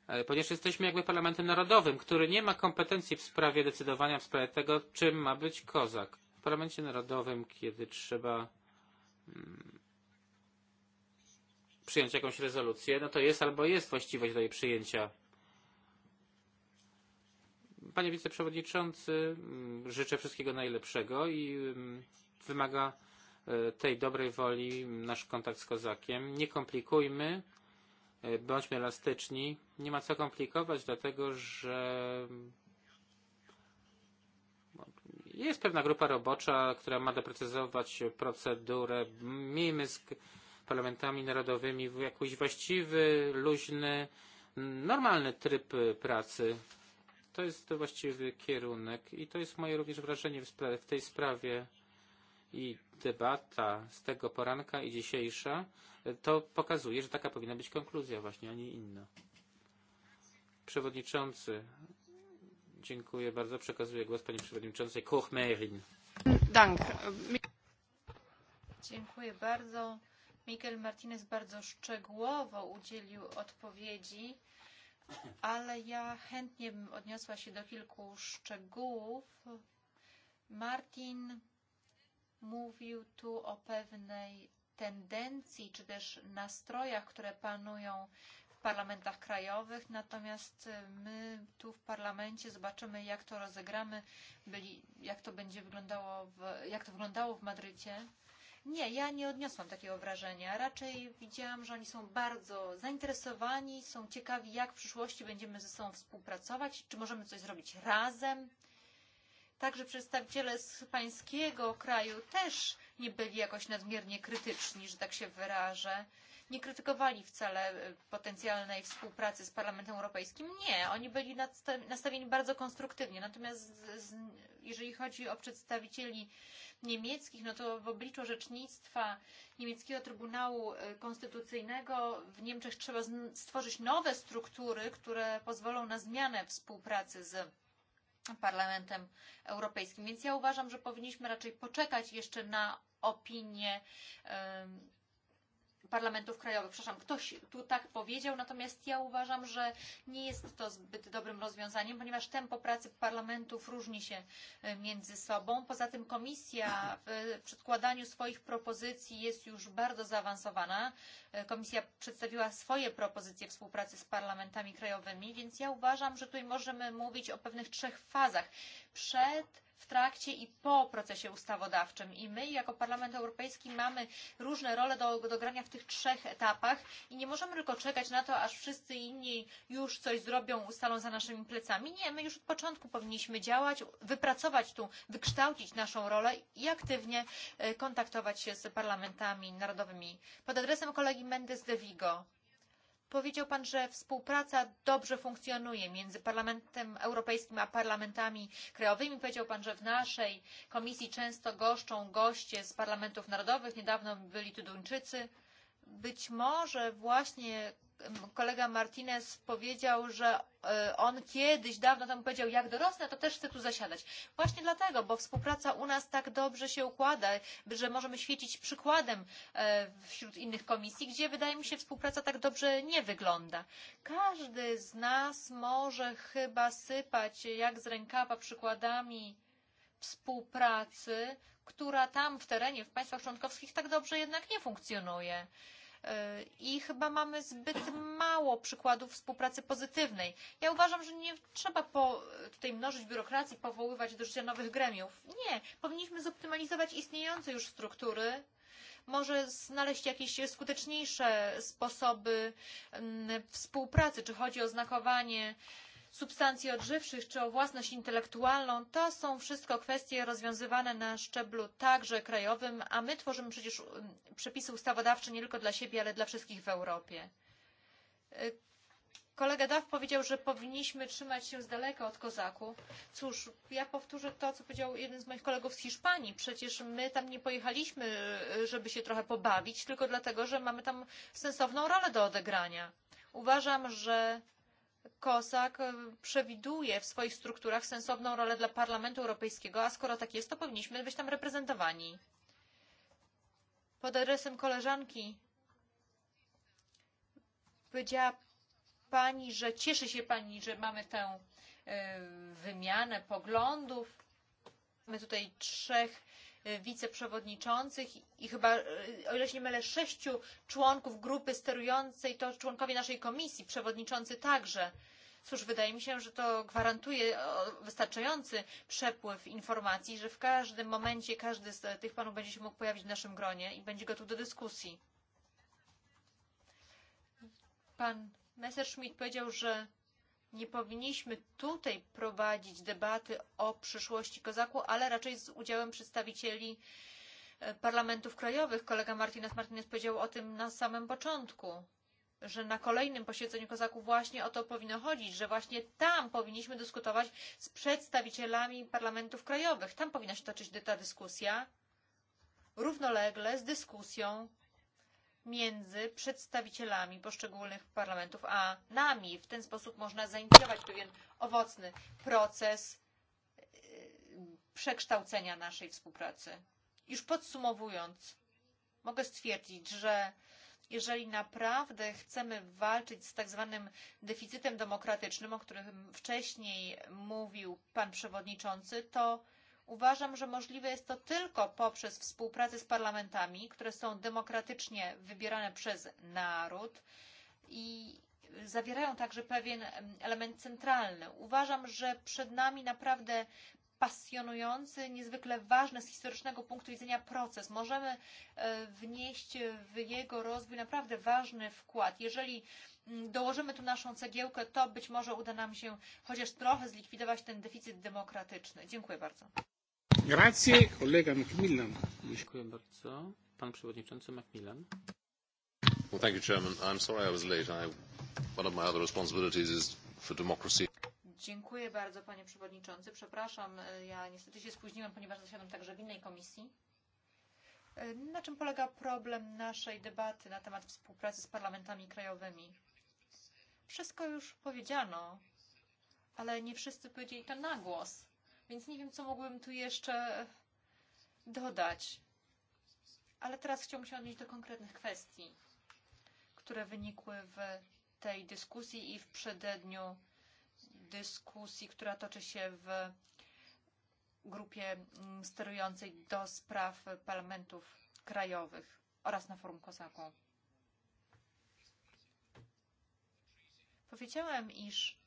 E, ponieważ jesteśmy jakby parlamentem narodowym, który nie ma kompetencji w sprawie decydowania w sprawie tego, czym ma być kozak. W parlamencie narodowym, kiedy trzeba mm, przyjąć jakąś rezolucję, no to jest albo jest właściwość do jej przyjęcia. Panie wiceprzewodniczący, mm, życzę wszystkiego najlepszego i mm, wymaga e, tej dobrej woli nasz kontakt z Kozakiem. Nie komplikujmy, e, bądźmy elastyczni. Nie ma co komplikować, dlatego że mm, jest pewna grupa robocza, która ma doprecyzować procedurę. Miejmy parlamentami narodowymi w jakiś właściwy, luźny, normalny tryb pracy. To jest to właściwy kierunek i to jest moje również wrażenie w, spra- w tej sprawie i debata z tego poranka i dzisiejsza e, to pokazuje, że taka powinna być konkluzja właśnie, a nie inna. Przewodniczący, dziękuję bardzo. Przekazuję głos pani przewodniczącej Koch-Mehrin. Dziękuję bardzo. Miguel Martinez bardzo szczegółowo udzielił odpowiedzi, ale ja chętnie bym odniosła się do kilku szczegółów. Martin mówił tu o pewnej tendencji czy też nastrojach, które panują w parlamentach krajowych, natomiast my tu w parlamencie zobaczymy, jak to rozegramy, byli, jak to będzie wyglądało, w, jak to wyglądało w Madrycie. Nie, ja nie odniosłam takiego wrażenia. Raczej widziałam, że oni są bardzo zainteresowani, są ciekawi, jak w przyszłości będziemy ze sobą współpracować, czy możemy coś zrobić razem. Także przedstawiciele z pańskiego kraju też nie byli jakoś nadmiernie krytyczni, że tak się wyrażę nie krytykowali wcale eh, potencjalnej współpracy z Parlamentem Europejskim. Nie, oni byli nastawieni bardzo konstruktywnie. Natomiast z, jeżeli chodzi o przedstawicieli niemieckich, no to w obliczu orzecznictwa niemieckiego Trybunału e, Konstytucyjnego w Niemczech trzeba stworzyć nowe struktury, które pozwolą na zmianę współpracy z Parlamentem Europejskim. Więc ja uważam, że powinniśmy raczej poczekać jeszcze na opinię um, parlamentów krajowych. Przepraszam, ktoś tu tak powiedział, natomiast ja uważam, że nie jest to zbyt dobrym rozwiązaniem, ponieważ tempo pracy parlamentów różni się e, między sobą. Poza tym komisja e, w przedkładaniu swoich propozycji jest już bardzo zaawansowana. E, komisja przedstawiła swoje propozycje współpracy z parlamentami krajowymi, więc ja uważam, że tutaj możemy mówić o pewnych trzech fazach. Przed w trakcie i po procesie ustawodawczym. I my jako Parlament Europejski mamy różne role do, do grania w tych trzech etapach i nie możemy tylko czekać na to, aż wszyscy inni już coś zrobią, ustalą za naszymi plecami. Nie, my już od początku powinniśmy działać, wypracować tu, wykształcić naszą rolę i aktywnie e, kontaktować się z parlamentami narodowymi. Pod adresem kolegi Mendes de Vigo Powiedział Pan, że współpraca dobrze funkcjonuje między Parlamentem Europejskim a parlamentami krajowymi. Powiedział Pan, że w naszej komisji często goszczą goście z parlamentów narodowych. Niedawno byli tu Duńczycy. Być może właśnie kolega Martinez powiedział, że e, on kiedyś, dawno temu powiedział, jak dorosnę, to też chcę tu zasiadać. Właśnie dlatego, bo współpraca u nas tak dobrze się układa, że możemy świecić przykładem e, wśród innych komisji, gdzie wydaje mi się współpraca tak dobrze nie wygląda. Każdy z nas może chyba sypać jak z rękawa przykładami współpracy, która tam w terenie, w państwach członkowskich tak dobrze jednak nie funkcjonuje. I chyba mamy zbyt mało przykładów współpracy pozytywnej. Ja uważam, że nie trzeba po, tutaj mnożyć biurokracji, powoływać do życia nowych gremiów. Nie, powinniśmy zoptymalizować istniejące już struktury, może znaleźć jakieś skuteczniejsze sposoby mm, współpracy, czy chodzi o znakowanie, substancji odżywczych czy o własność intelektualną, to są wszystko kwestie rozwiązywane na szczeblu także krajowym, a my tworzymy przecież um, przepisy ustawodawcze nie tylko dla siebie, ale dla wszystkich w Europie. E, kolega Daw powiedział, że powinniśmy trzymać się z daleka od kozaku. Cóż, ja powtórzę to, co powiedział jeden z moich kolegów z Hiszpanii. Przecież my tam nie pojechaliśmy, e, żeby się trochę pobawić, tylko dlatego, że mamy tam sensowną rolę do odegrania. Uważam, że Kosak e, przewiduje w swoich strukturach sensowną rolę dla Parlamentu Europejskiego, a skoro tak jest, to powinniśmy być tam reprezentowani. Pod adresem koleżanki powiedziała Pani, że cieszy się Pani, że mamy tę y, e, wymianę poglądów. Mamy tutaj trzech wiceprzewodniczących i chyba, e, o ile się nie mylę, sześciu członków grupy sterującej, to członkowie naszej komisji, przewodniczący także. Cóż, wydaje mi się, że to gwarantuje e, wystarczający przepływ informacji, że w każdym momencie każdy z tych panów będzie się mógł pojawić w naszym gronie i będzie gotów do dyskusji. Pan Messerschmidt powiedział, że nie powinniśmy tutaj prowadzić debaty o przyszłości kozaku, ale raczej z udziałem przedstawicieli e, parlamentów krajowych. Kolega Martinez Martinez powiedział o tym na samym początku że na kolejnym posiedzeniu kozaków właśnie o to powinno chodzić, że właśnie tam powinniśmy dyskutować z przedstawicielami parlamentów krajowych. Tam powinna się toczyć ta dyskusja równolegle z dyskusją między przedstawicielami poszczególnych parlamentów a nami. W ten sposób można zainicjować pewien owocny proces przekształcenia naszej współpracy. Już podsumowując, mogę stwierdzić, że jeżeli naprawdę chcemy walczyć z tak zwanym deficytem demokratycznym, o którym wcześniej mówił pan przewodniczący, to Uważam, że możliwe jest to tylko poprzez współpracę z parlamentami, które są demokratycznie wybierane przez naród i zawierają także pewien element centralny. Uważam, że przed nami naprawdę pasjonujący, niezwykle ważny z historycznego punktu widzenia proces. Możemy e, wnieść w jego rozwój naprawdę ważny wkład. Jeżeli mm, dołożymy tu naszą cegiełkę, to być może uda nam się chociaż trochę zlikwidować ten deficyt demokratyczny. Dziękuję bardzo. Grazie, kolega Macmillan. Dziękuję bardzo. Pan przewodniczący Macmillan. Well, thank you, Chairman. I'm sorry I was late. I, one of my other responsibilities is for democracy. Dziękuję bardzo, panie przewodniczący. Przepraszam, e, ja niestety się spóźniłam, ponieważ zasiadam także w innej komisji. E, na czym polega problem naszej debaty na temat współpracy z parlamentami krajowymi? Wszystko już powiedziano, ale nie wszyscy powiedzieli to na głos. Więc nie wiem, co mogłem tu jeszcze dodać. Ale teraz chciałbym się odnieść do konkretnych kwestii, które wynikły w tej dyskusji i w przededniu dyskusji, która toczy się w grupie sterującej do spraw parlamentów krajowych oraz na forum Kozaku. Powiedziałem, iż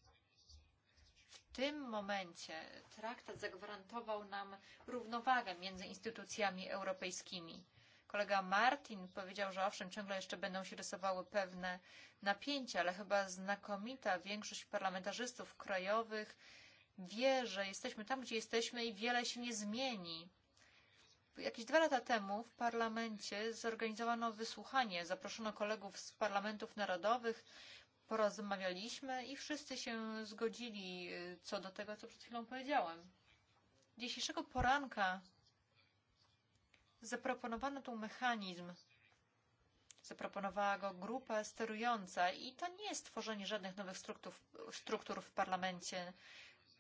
tym momencie traktat zagwarantował nam równowagę między instytucjami europejskimi. Kolega Martin powiedział, że owszem, ciągle jeszcze będą się rysowały pewne napięcia, ale chyba znakomita większość parlamentarzystów krajowych wie, że jesteśmy tam, gdzie jesteśmy i wiele się nie zmieni. Jakieś dwa lata temu w parlamencie zorganizowano wysłuchanie. Zaproszono kolegów z parlamentów narodowych porozmawialiśmy i wszyscy się zgodzili co do tego, co przed chwilą powiedziałem. Dzisiejszego poranka zaproponowano tu mechanizm. Zaproponowała go grupa sterująca i to nie jest tworzenie żadnych nowych struktur, struktur w parlamencie.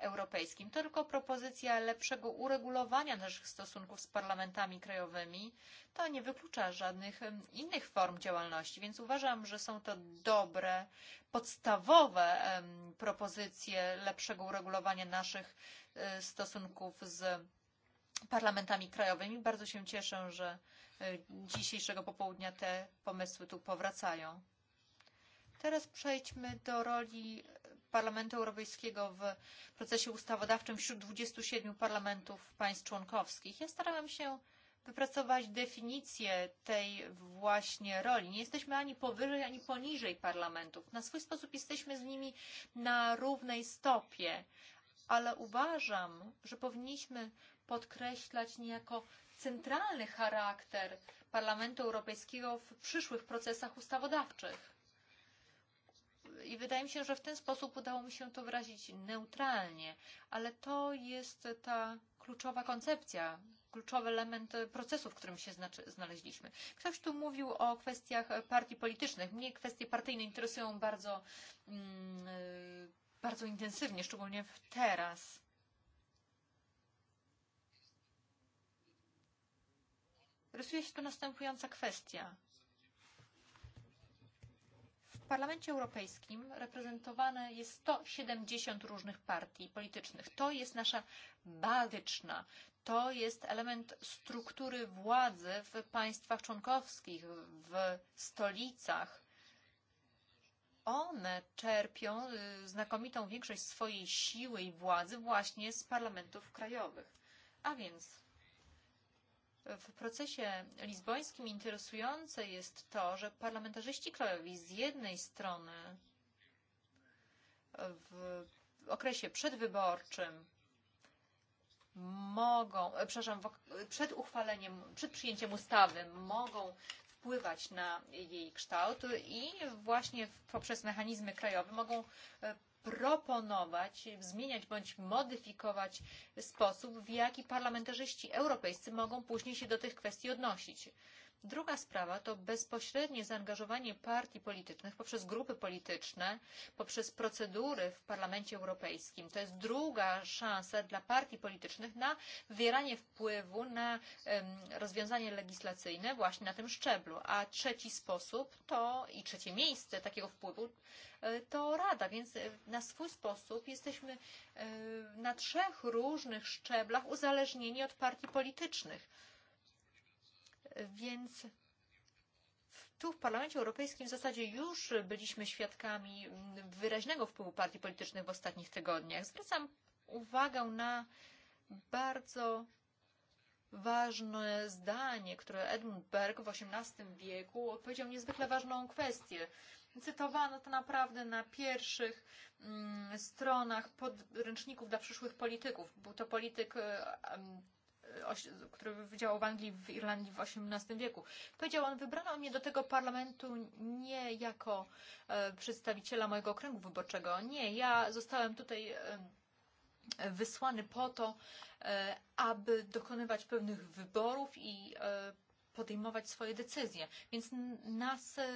Europejskim. To tylko propozycja lepszego uregulowania naszych stosunków z parlamentami krajowymi. To nie wyklucza żadnych innych form działalności, więc uważam, że są to dobre, podstawowe propozycje lepszego uregulowania naszych e, stosunków z parlamentami krajowymi. Bardzo się cieszę, że e, dzisiejszego popołudnia te pomysły tu powracają. Teraz przejdźmy do roli Parlamentu Europejskiego w procesie ustawodawczym wśród 27 parlamentów państw członkowskich. Ja starałam się wypracować definicję tej właśnie roli. Nie jesteśmy ani powyżej, ani poniżej parlamentów. Na swój sposób jesteśmy z nimi na równej stopie, ale uważam, że powinniśmy podkreślać niejako centralny charakter Parlamentu Europejskiego w przyszłych procesach ustawodawczych. I wydaje mi się, że w ten sposób udało mi się to wyrazić neutralnie, ale to jest ta kluczowa koncepcja, kluczowy element procesu, w którym się znaleźliśmy. Ktoś tu mówił o kwestiach partii politycznych. Mnie kwestie partyjne interesują bardzo, mm, bardzo intensywnie, szczególnie teraz. Rysuje się tu następująca kwestia. Parlamencie Europejskim reprezentowane jest 170 różnych partii politycznych. To jest nasza bazyczna, to jest element struktury władzy w państwach członkowskich, w stolicach. One czerpią znakomitą większość swojej siły i władzy właśnie z parlamentów krajowych. A więc w procesie lizbońskim interesujące jest to, że parlamentarzyści krajowi z jednej strony w okresie przedwyborczym mogą, e, przepraszam, e, przed uchwaleniem, przed przyjęciem ustawy mogą wpływać na jej kształt i właśnie poprzez mechanizmy krajowe mogą e, proponować, zmieniać bądź modyfikować sposób, w jaki parlamentarzyści europejscy mogą później się do tych kwestii odnosić. Druga sprawa to bezpośrednie zaangażowanie partii politycznych poprzez grupy polityczne, poprzez procedury w Parlamencie Europejskim. To jest druga szansa dla partii politycznych na wywieranie wpływu na um, rozwiązanie legislacyjne właśnie na tym szczeblu. A trzeci sposób to i trzecie miejsce takiego wpływu e, to Rada, więc e, na swój sposób jesteśmy e, na trzech różnych szczeblach uzależnieni od partii politycznych Więc tu w Parlamencie Europejskim w zasadzie już byliśmy świadkami wyraźnego wpływu partii politycznych w ostatnich tygodniach. Zwracam uwagę na bardzo ważne zdanie, które Edmund Berg w XVIII wieku odpowiedział niezwykle ważną kwestię. Cytowano to naprawdę na pierwszych mm, stronach podręczników dla przyszłych polityków. Był to polityk który działał w Anglii, w Irlandii w XVIII wieku. Powiedział on, wybrano mnie do tego parlamentu nie jako e, przedstawiciela mojego okręgu wyborczego. Nie, ja zostałem tutaj e, wysłany po to, e, aby dokonywać pewnych wyborów i e, podejmować swoje decyzje. Więc nas e,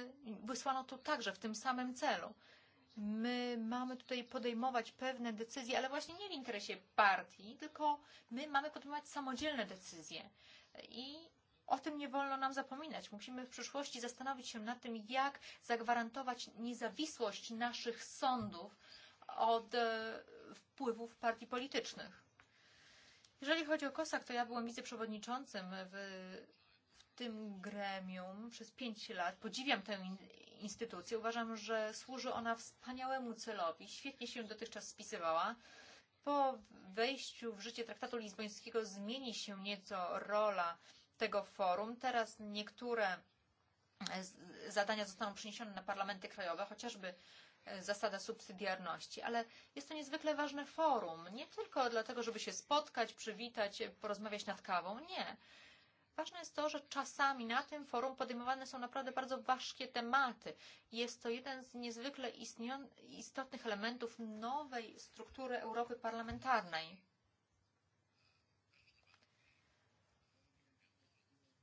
wysłano tu także w tym samym celu. E, my mamy tutaj podejmować pewne decyzje, ale właśnie nie w interesie partii, tylko my mamy podejmować samodzielne decyzje. I o tym nie wolno nam zapominać. Musimy w przyszłości zastanowić się nad tym, jak zagwarantować niezawisłość naszych sądów od e, wpływów partii politycznych. Jeżeli chodzi o Kosak, to ja byłam wiceprzewodniczącym w, w tym gremium przez pięć lat. Podziwiam tę instytucji. Uważam, że służy ona wspaniałemu celowi. Świetnie się dotychczas spisywała. Po wejściu w życie traktatu lizbońskiego zmieni się nieco rola tego forum. Teraz niektóre zadania zostaną przeniesione na parlamenty krajowe, chociażby e, zasada subsydiarności, ale jest to niezwykle ważne forum, nie tylko dlatego, żeby się spotkać, przywitać, e, porozmawiać nad kawą, nie. Ważne jest to, że czasami na tym forum podejmowane są naprawdę bardzo ważkie tematy. Jest to jeden z niezwykle istotnych elementów nowej struktury Europy parlamentarnej.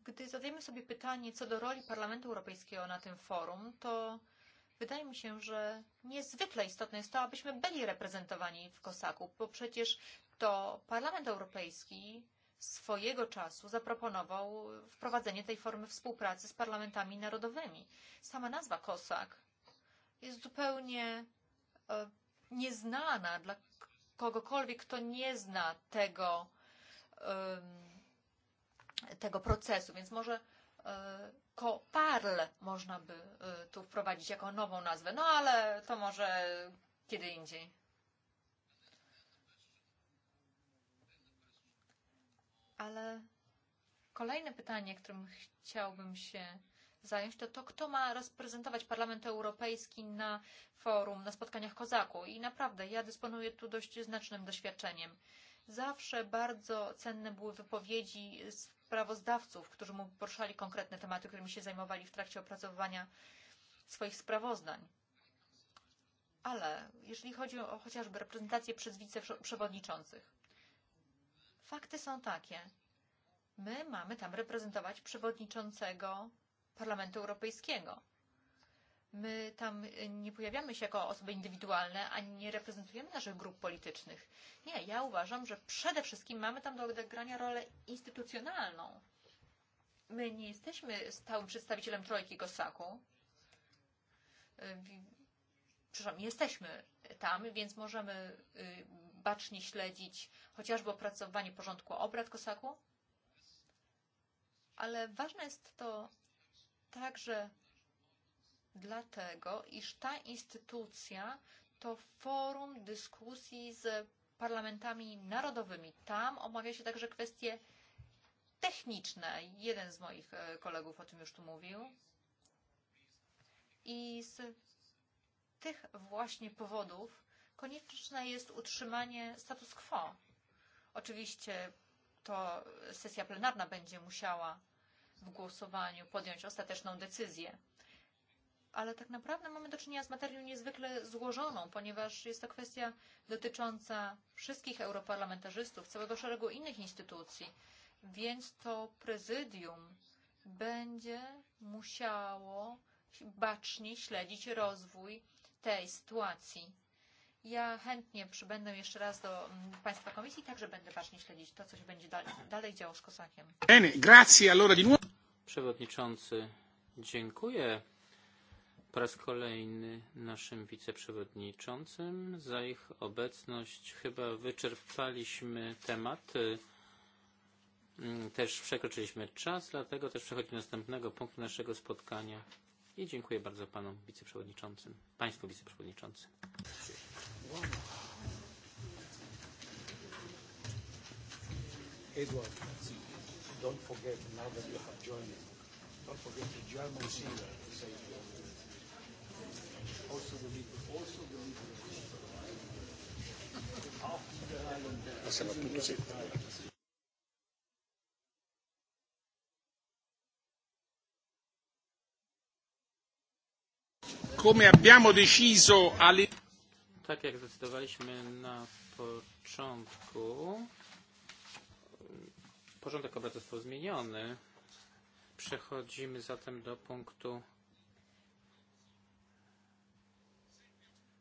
Gdy zadajemy sobie pytanie co do roli Parlamentu Europejskiego na tym forum, to wydaje mi się, że niezwykle istotne jest to, abyśmy byli reprezentowani w Kosaku, bo przecież to Parlament Europejski swojego czasu zaproponował wprowadzenie tej formy współpracy z parlamentami narodowymi. Sama nazwa COSAC jest zupełnie e, nieznana dla kogokolwiek, kto nie zna tego, e, tego procesu, więc może e, COPARL można by e, tu wprowadzić jako nową nazwę, no ale to może kiedy indziej. Ale kolejne pytanie, którym chciałbym się zająć, to to, kto ma reprezentować Parlament Europejski na forum, na spotkaniach Kozaku. I naprawdę, ja dysponuję tu dość znacznym doświadczeniem. Zawsze bardzo cenne były wypowiedzi sprawozdawców, którzy mu poruszali konkretne tematy, którymi się zajmowali w trakcie opracowywania swoich sprawozdań. Ale jeżeli chodzi o chociażby reprezentację przez wiceprzewodniczących, Fakty są takie. My mamy tam reprezentować przewodniczącego Parlamentu Europejskiego. My tam nie pojawiamy się jako osoby indywidualne, ani nie reprezentujemy naszych grup politycznych. Nie, ja uważam, że przede wszystkim mamy tam do odegrania rolę instytucjonalną. My nie jesteśmy stałym przedstawicielem Trojki Gosaku. Przepraszam, jesteśmy tam, więc możemy bacznie śledzić chociażby opracowanie porządku obrad Kosaku, ale ważne jest to także dlatego, iż ta instytucja to forum dyskusji z parlamentami narodowymi. Tam omawia się także kwestie techniczne. Jeden z moich e, kolegów o tym już tu mówił. I z tych właśnie powodów konieczne jest utrzymanie status quo. Oczywiście to sesja plenarna będzie musiała w głosowaniu podjąć ostateczną decyzję. Ale tak naprawdę mamy do czynienia z materią niezwykle złożoną, ponieważ jest to kwestia dotycząca wszystkich europarlamentarzystów, całego szeregu innych instytucji, więc to prezydium będzie musiało bacznie śledzić rozwój tej sytuacji. Ja chętnie przybędę jeszcze raz do mm, Państwa komisji, także będę bacznie śledzić to, co się będzie dalej, dalej działo z Kosakiem. Bene, grazie allora di nuovo. Przewodniczący, dziękuję po raz kolejny naszym wiceprzewodniczącym za ich obecność. Chyba wyczerpaliśmy temat. Mm, też przekroczyliśmy czas, dlatego też przechodzimy do następnego punktu naszego spotkania. I dziękuję bardzo panom wiceprzewodniczącym, państwu wiceprzewodniczącym. Edward, don't forget now that you have joined us. Don't forget the German singer who says also the leader, also the leader After the island, the come abbiamo deciso all'interno. Tak jak zdecydowaliśmy na początku, porządek obrad został zmieniony. Przechodzimy zatem do punktu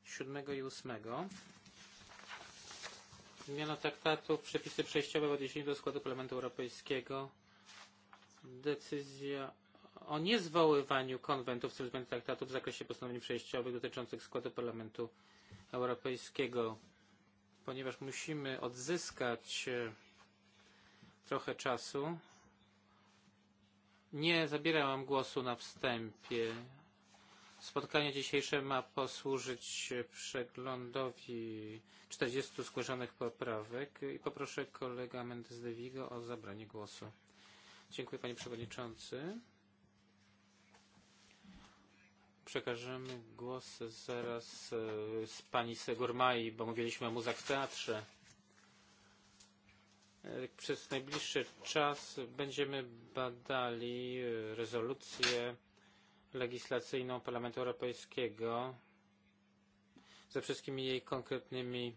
siódmego i ósmego. Zmiana traktatu, przepisy przejściowe w odniesieniu do składu Parlamentu Europejskiego, decyzja o niezwoływaniu konwentów w celu zmiany traktatu w zakresie postanowień przejściowych dotyczących składu Parlamentu Europejskiego Europejskiego, ponieważ musimy odzyskać e, trochę czasu. Nie zabierałam głosu na wstępie. Spotkanie dzisiejsze ma posłużyć e, przeglądowi 40 zgłoszonych poprawek i poproszę kolega Mendes de Vigo o zabranie głosu. Dziękuję panie przewodniczący. Przekażemy głos zaraz e, z pani Segurmai, bo mówiliśmy o muzach w teatrze. E, przez najbliższy czas będziemy badali e, rezolucję legislacyjną Parlamentu Europejskiego ze wszystkimi jej konkretnymi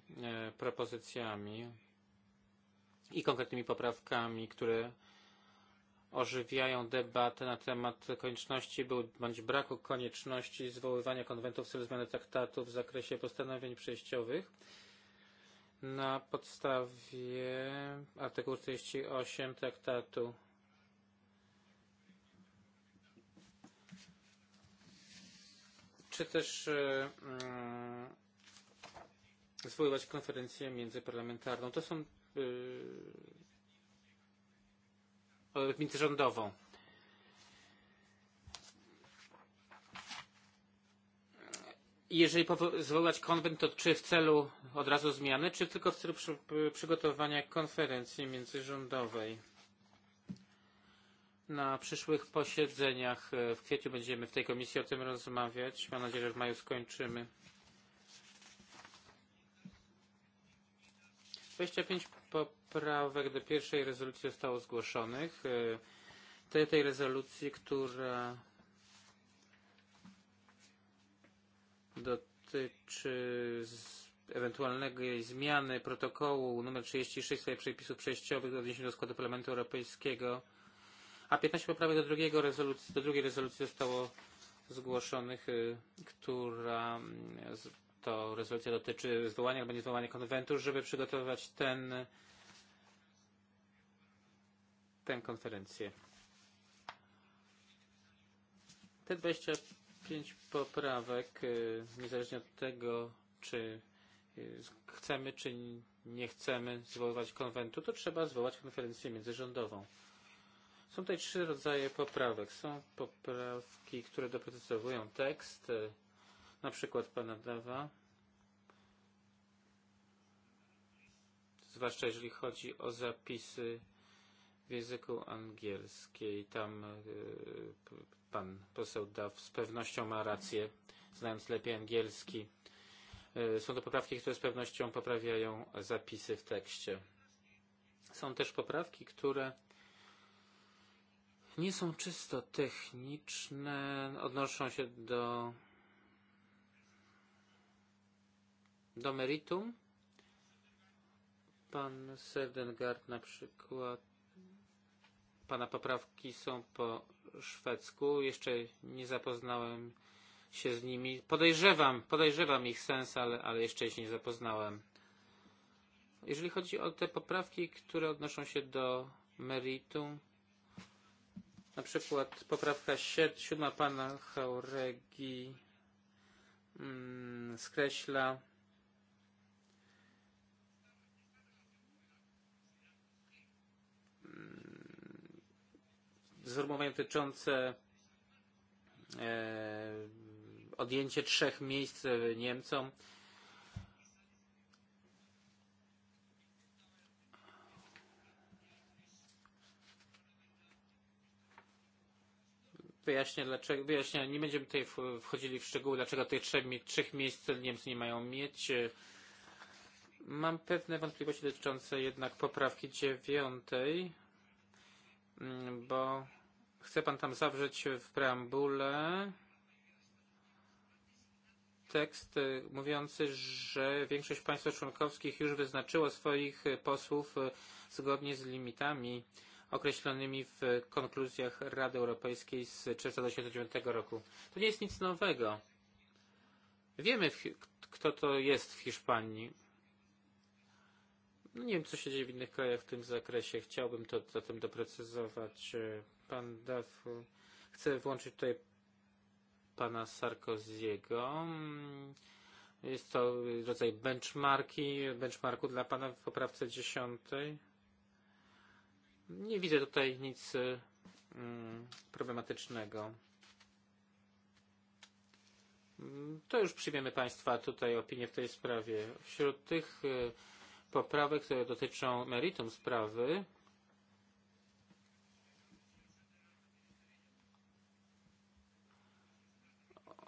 propozycjami i konkretnymi poprawkami, które ożywiają debatę na temat konieczności bądź braku konieczności zwoływania konwentów w celu zmiany traktatu w zakresie postanowień przejściowych na podstawie artykułu 48 traktatu. Czy też hmm, zwoływać konferencję międzyparlamentarną. To są międzyrządową. jeżeli zwołać konwent, to czy w celu od razu zmiany, czy tylko w celu przy, przygotowania konferencji międzyrządowej? Na przyszłych posiedzeniach w kwietniu będziemy w tej komisji o tym rozmawiać. Mam nadzieję, że w maju skończymy 25 poprawek do pierwszej rezolucji zostało zgłoszonych. E, tej, tej rezolucji, która dotyczy ewentualnej zmiany protokołu nr 36 w sprawie przepisów przejściowych w odniesieniu do składu Parlamentu Europejskiego, a 15 poprawek do, drugiego rezolucji, do drugiej rezolucji zostało zgłoszonych, e, która to rezolucja dotyczy zwołania albo niezwołania konwentu, żeby przygotowywać ten, tę konferencję. Te 25 poprawek, niezależnie od tego, czy chcemy, czy nie chcemy zwoływać konwentu, to trzeba zwołać konferencję międzyrządową. Są tutaj trzy rodzaje poprawek. Są poprawki, które doprecyzowują tekst, na przykład pana Dawa, zwłaszcza jeżeli chodzi o zapisy w języku angielskim. Tam e, pan poseł Daw z pewnością ma rację, znając lepiej angielski. E, są to poprawki, które z pewnością poprawiają zapisy w tekście. Są też poprawki, które nie są czysto techniczne, odnoszą się do do meritum. Pan Serdengard na przykład, pana poprawki są po szwedzku. Jeszcze nie zapoznałem się z nimi. Podejrzewam, podejrzewam ich sens, ale, ale jeszcze się nie zapoznałem. Jeżeli chodzi o te poprawki, które odnoszą się do meritum, na przykład poprawka 7 pana Hauregi hmm, skreśla zformułowanie dotyczące e, odjęcie trzech miejsc e, Niemcom. Wyjaśnię, dlaczego, wyjaśnię, nie będziemy tutaj wchodzili w szczegóły, dlaczego tych trzech, trzech miejsc Niemcy nie mają mieć. Mam pewne wątpliwości dotyczące jednak poprawki dziewiątej Mm, bo chce Pan tam zawrzeć w preambule tekst mówiący, że większość państw członkowskich już wyznaczyło swoich posłów zgodnie z limitami określonymi w konkluzjach Rady Europejskiej z czerwca 2009 roku. To nie jest nic nowego. Wiemy, kto to jest w Hiszpanii. No nie wiem, co się dzieje w innych krajach w tym zakresie. Chciałbym to zatem doprecyzować. Pan Daw chce włączyć tutaj pana Sarkoziego. Jest to rodzaj benchmarki, benchmarku dla pana w poprawce dziesiątej. Nie widzę tutaj nic mm, problematycznego. Mm, to już przyjmiemy państwa tutaj opinię w tej sprawie. Wśród tych poprawek, które dotyczą meritum sprawy.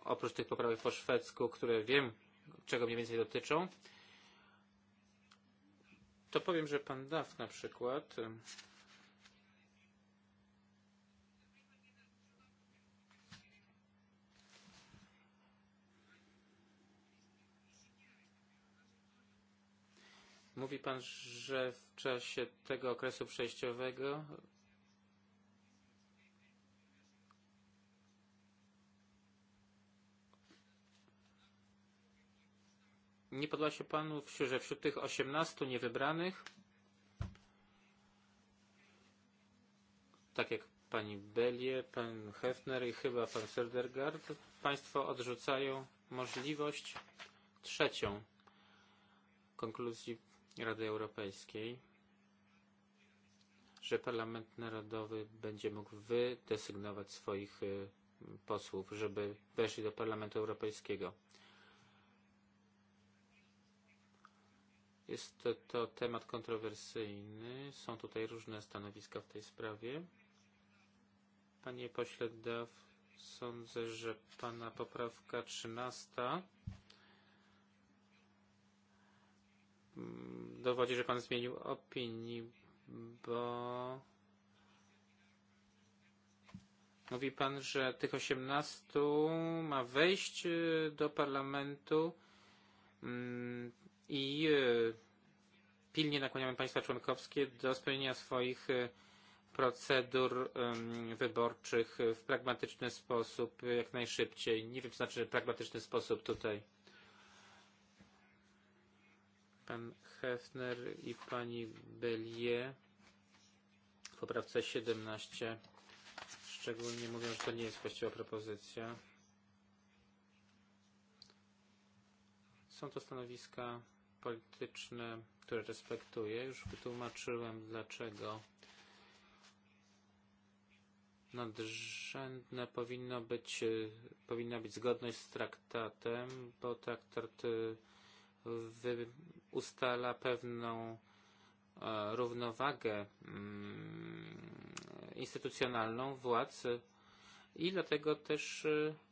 Oprócz tych poprawek po szwedzku, które wiem, czego mniej więcej dotyczą, to powiem, że pan Daf na przykład Mówi Pan, że w czasie tego okresu przejściowego nie podoba się Panu, że wśród tych 18 niewybranych, tak jak Pani Belie, Pan Hefner i chyba Pan Serdergard, Państwo odrzucają możliwość trzecią konkluzji Rady Europejskiej, że Parlament Narodowy będzie mógł wydesygnować swoich posłów, żeby weszli do Parlamentu Europejskiego. Jest to, to temat kontrowersyjny. Są tutaj różne stanowiska w tej sprawie. Panie pośle Daw, sądzę, że Pana poprawka 13 dowodzi, że pan zmienił opinii, bo mówi pan, że tych 18 ma wejść e, do parlamentu mm, i e, pilnie nakłaniamy państwa członkowskie do spełnienia swoich e, procedur wyborczych w pragmatyczny sposób, jak najszybciej. Nie wiem, co znaczy pragmatyczny sposób tutaj. Pan Hefner i pani Belie w poprawce 17 szczególnie mówią, że to nie jest właściwa propozycja. Są to stanowiska polityczne, które respektuję. Już wytłumaczyłem, dlaczego nadrzędne powinno być, powinna być zgodność z traktatem, bo traktat ustala pewną e, równowagę mm, instytucjonalną władz i dlatego też e,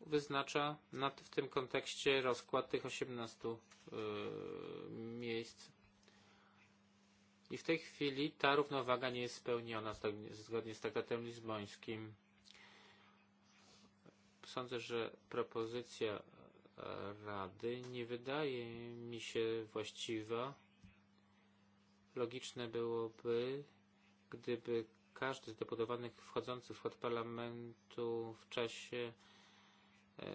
wyznacza w tym kontekście rozkład tych 18 e, miejsc. I w tej chwili ta równowaga nie jest spełniona zgodnie z traktatem lizbońskim. Sądzę, że propozycja Rady nie wydaje mi się właściwa. Logiczne byłoby, gdyby każdy z deputowanych wchodzący w skład parlamentu w czasie e,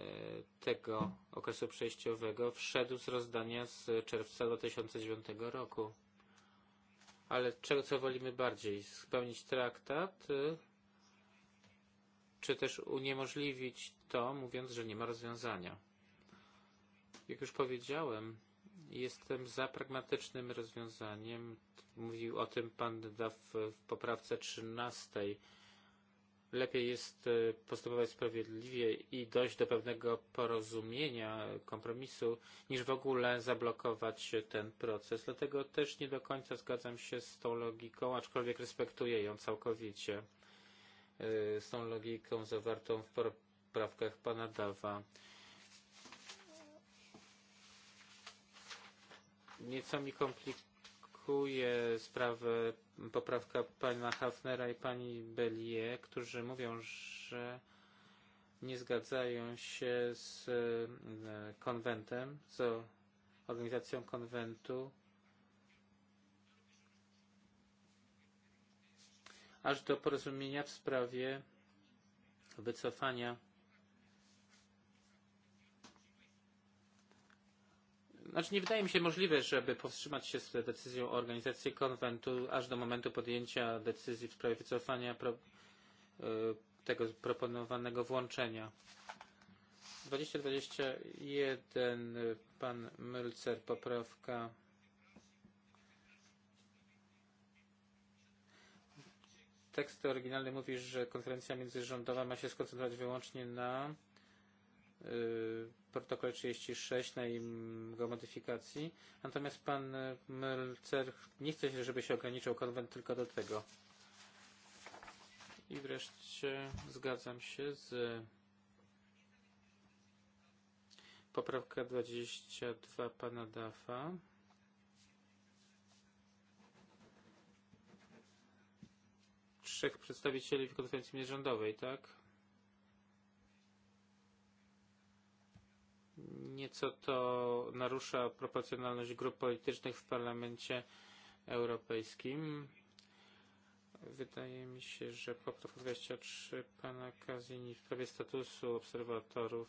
tego okresu przejściowego wszedł z rozdania z czerwca 2009 roku. Ale czego co wolimy bardziej? Spełnić traktat, e, czy też uniemożliwić to, mówiąc, że nie ma rozwiązania? Jak już powiedziałem, jestem za pragmatycznym rozwiązaniem. Mówił o tym pan Daw w poprawce 13. Lepiej jest e, postępować sprawiedliwie i dojść do pewnego porozumienia, kompromisu, niż w ogóle zablokować ten proces. Dlatego też nie do końca zgadzam się z tą logiką, aczkolwiek respektuję ją całkowicie, e, z tą logiką zawartą w poprawkach pana Dawa. Nieco mi komplikuje sprawę poprawka pana Hafnera i pani Bellier, którzy mówią, że nie zgadzają się z e, konwentem, z organizacją konwentu, aż do porozumienia w sprawie wycofania Znaczy nie wydaje mi się możliwe, żeby powstrzymać się z decyzją o organizacji konwentu aż do momentu podjęcia decyzji w sprawie wycofania pro, e, tego proponowanego włączenia. 2021 pan Mylcer poprawka. Tekst oryginalny mówi, że konferencja międzyrządowa ma się skoncentrować wyłącznie na protokole 36 na jego modyfikacji. Natomiast pan Mylcer nie chce, żeby się ograniczał konwent tylko do tego. I wreszcie zgadzam się z poprawka 22 pana Dafa. Trzech przedstawicieli w konferencji międzyrządowej, tak? co to narusza proporcjonalność grup politycznych w Parlamencie Europejskim. Wydaje mi się, że poprawka 23 pana Kazini w sprawie statusu obserwatorów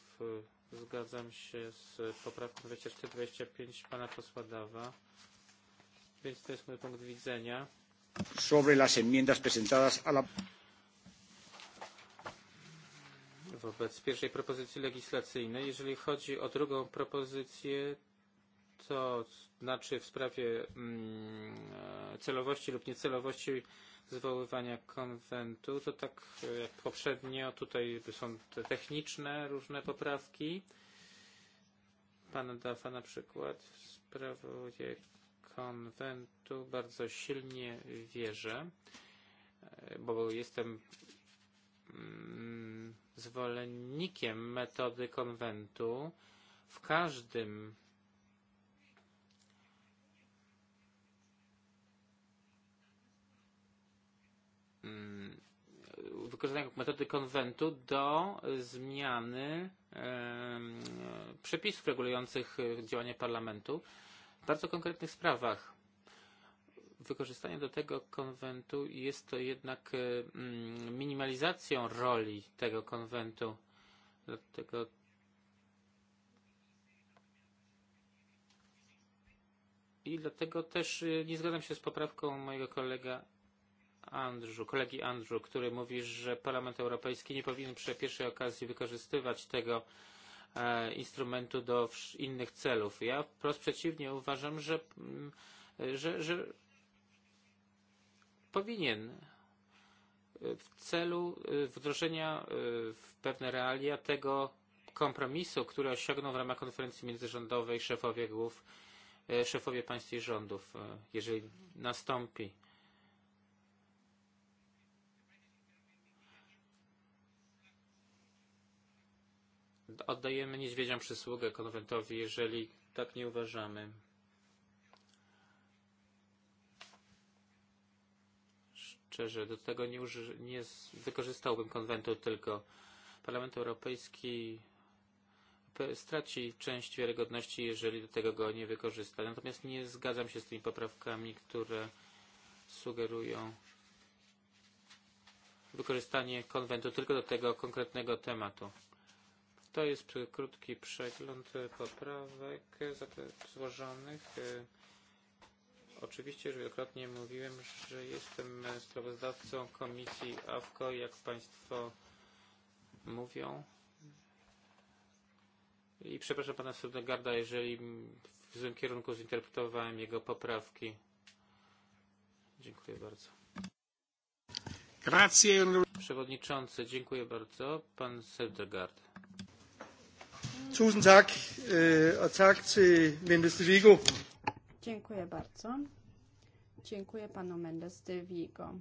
zgadzam się z poprawką 24-25 pana posła Dawa, więc to jest mój punkt widzenia. Sobre las enmiendas presentadas a la wobec pierwszej propozycji legislacyjnej. Jeżeli chodzi o drugą propozycję, to znaczy w sprawie mm, celowości lub niecelowości zwoływania konwentu, to tak jak poprzednio, tutaj są te techniczne różne poprawki. Pan Dafa na przykład w sprawie konwentu bardzo silnie wierzę, bo jestem Mm, zwolennikiem metody konwentu w każdym mm, wykorzystania metody konwentu do zmiany przepisów regulujących działanie parlamentu w bardzo konkretnych sprawach wykorzystanie do tego konwentu jest to jednak e, mm, minimalizacją roli tego konwentu. Dlatego I dlatego też e, nie zgadzam się z poprawką mojego kolega Andrzu, kolegi Andrzu, który mówi, że Parlament Europejski nie powinien przy pierwszej okazji wykorzystywać tego e, instrumentu do innych celów. Ja wprost przeciwnie uważam, że, mm, że, że powinien e, w celu e, wdrożenia e, w pewne realia tego kompromisu, który osiągnął w ramach konferencji międzyrządowej szefowie głów, szefowie państw i rządów, jeżeli nastąpi. Oddajemy niedźwiedziom przysługę konwentowi, jeżeli tak nie uważamy. szczerze, do tego nie, uży, nie wykorzystałbym konwentu, tylko Parlament Europejski straci część wiarygodności, jeżeli do tego go nie wykorzysta. Natomiast nie zgadzam się z tymi poprawkami, które sugerują wykorzystanie konwentu tylko do tego konkretnego tematu. To jest krótki przegląd poprawek e, złożonych. E, Oczywiście już wielokrotnie mówiłem, że jestem sprawozdawcą komisji AFKO, jak Państwo mówią. I przepraszam pana Sudegarda, jeżeli w złym kierunku zinterpretowałem jego poprawki. Dziękuję bardzo. Grazie. Przewodniczący, dziękuję bardzo. Pan Sudegard. Tusind tak, e, tak til Mendes de Vigo Dziękuję bardzo. Dziękuję panu Mendes de Vigo.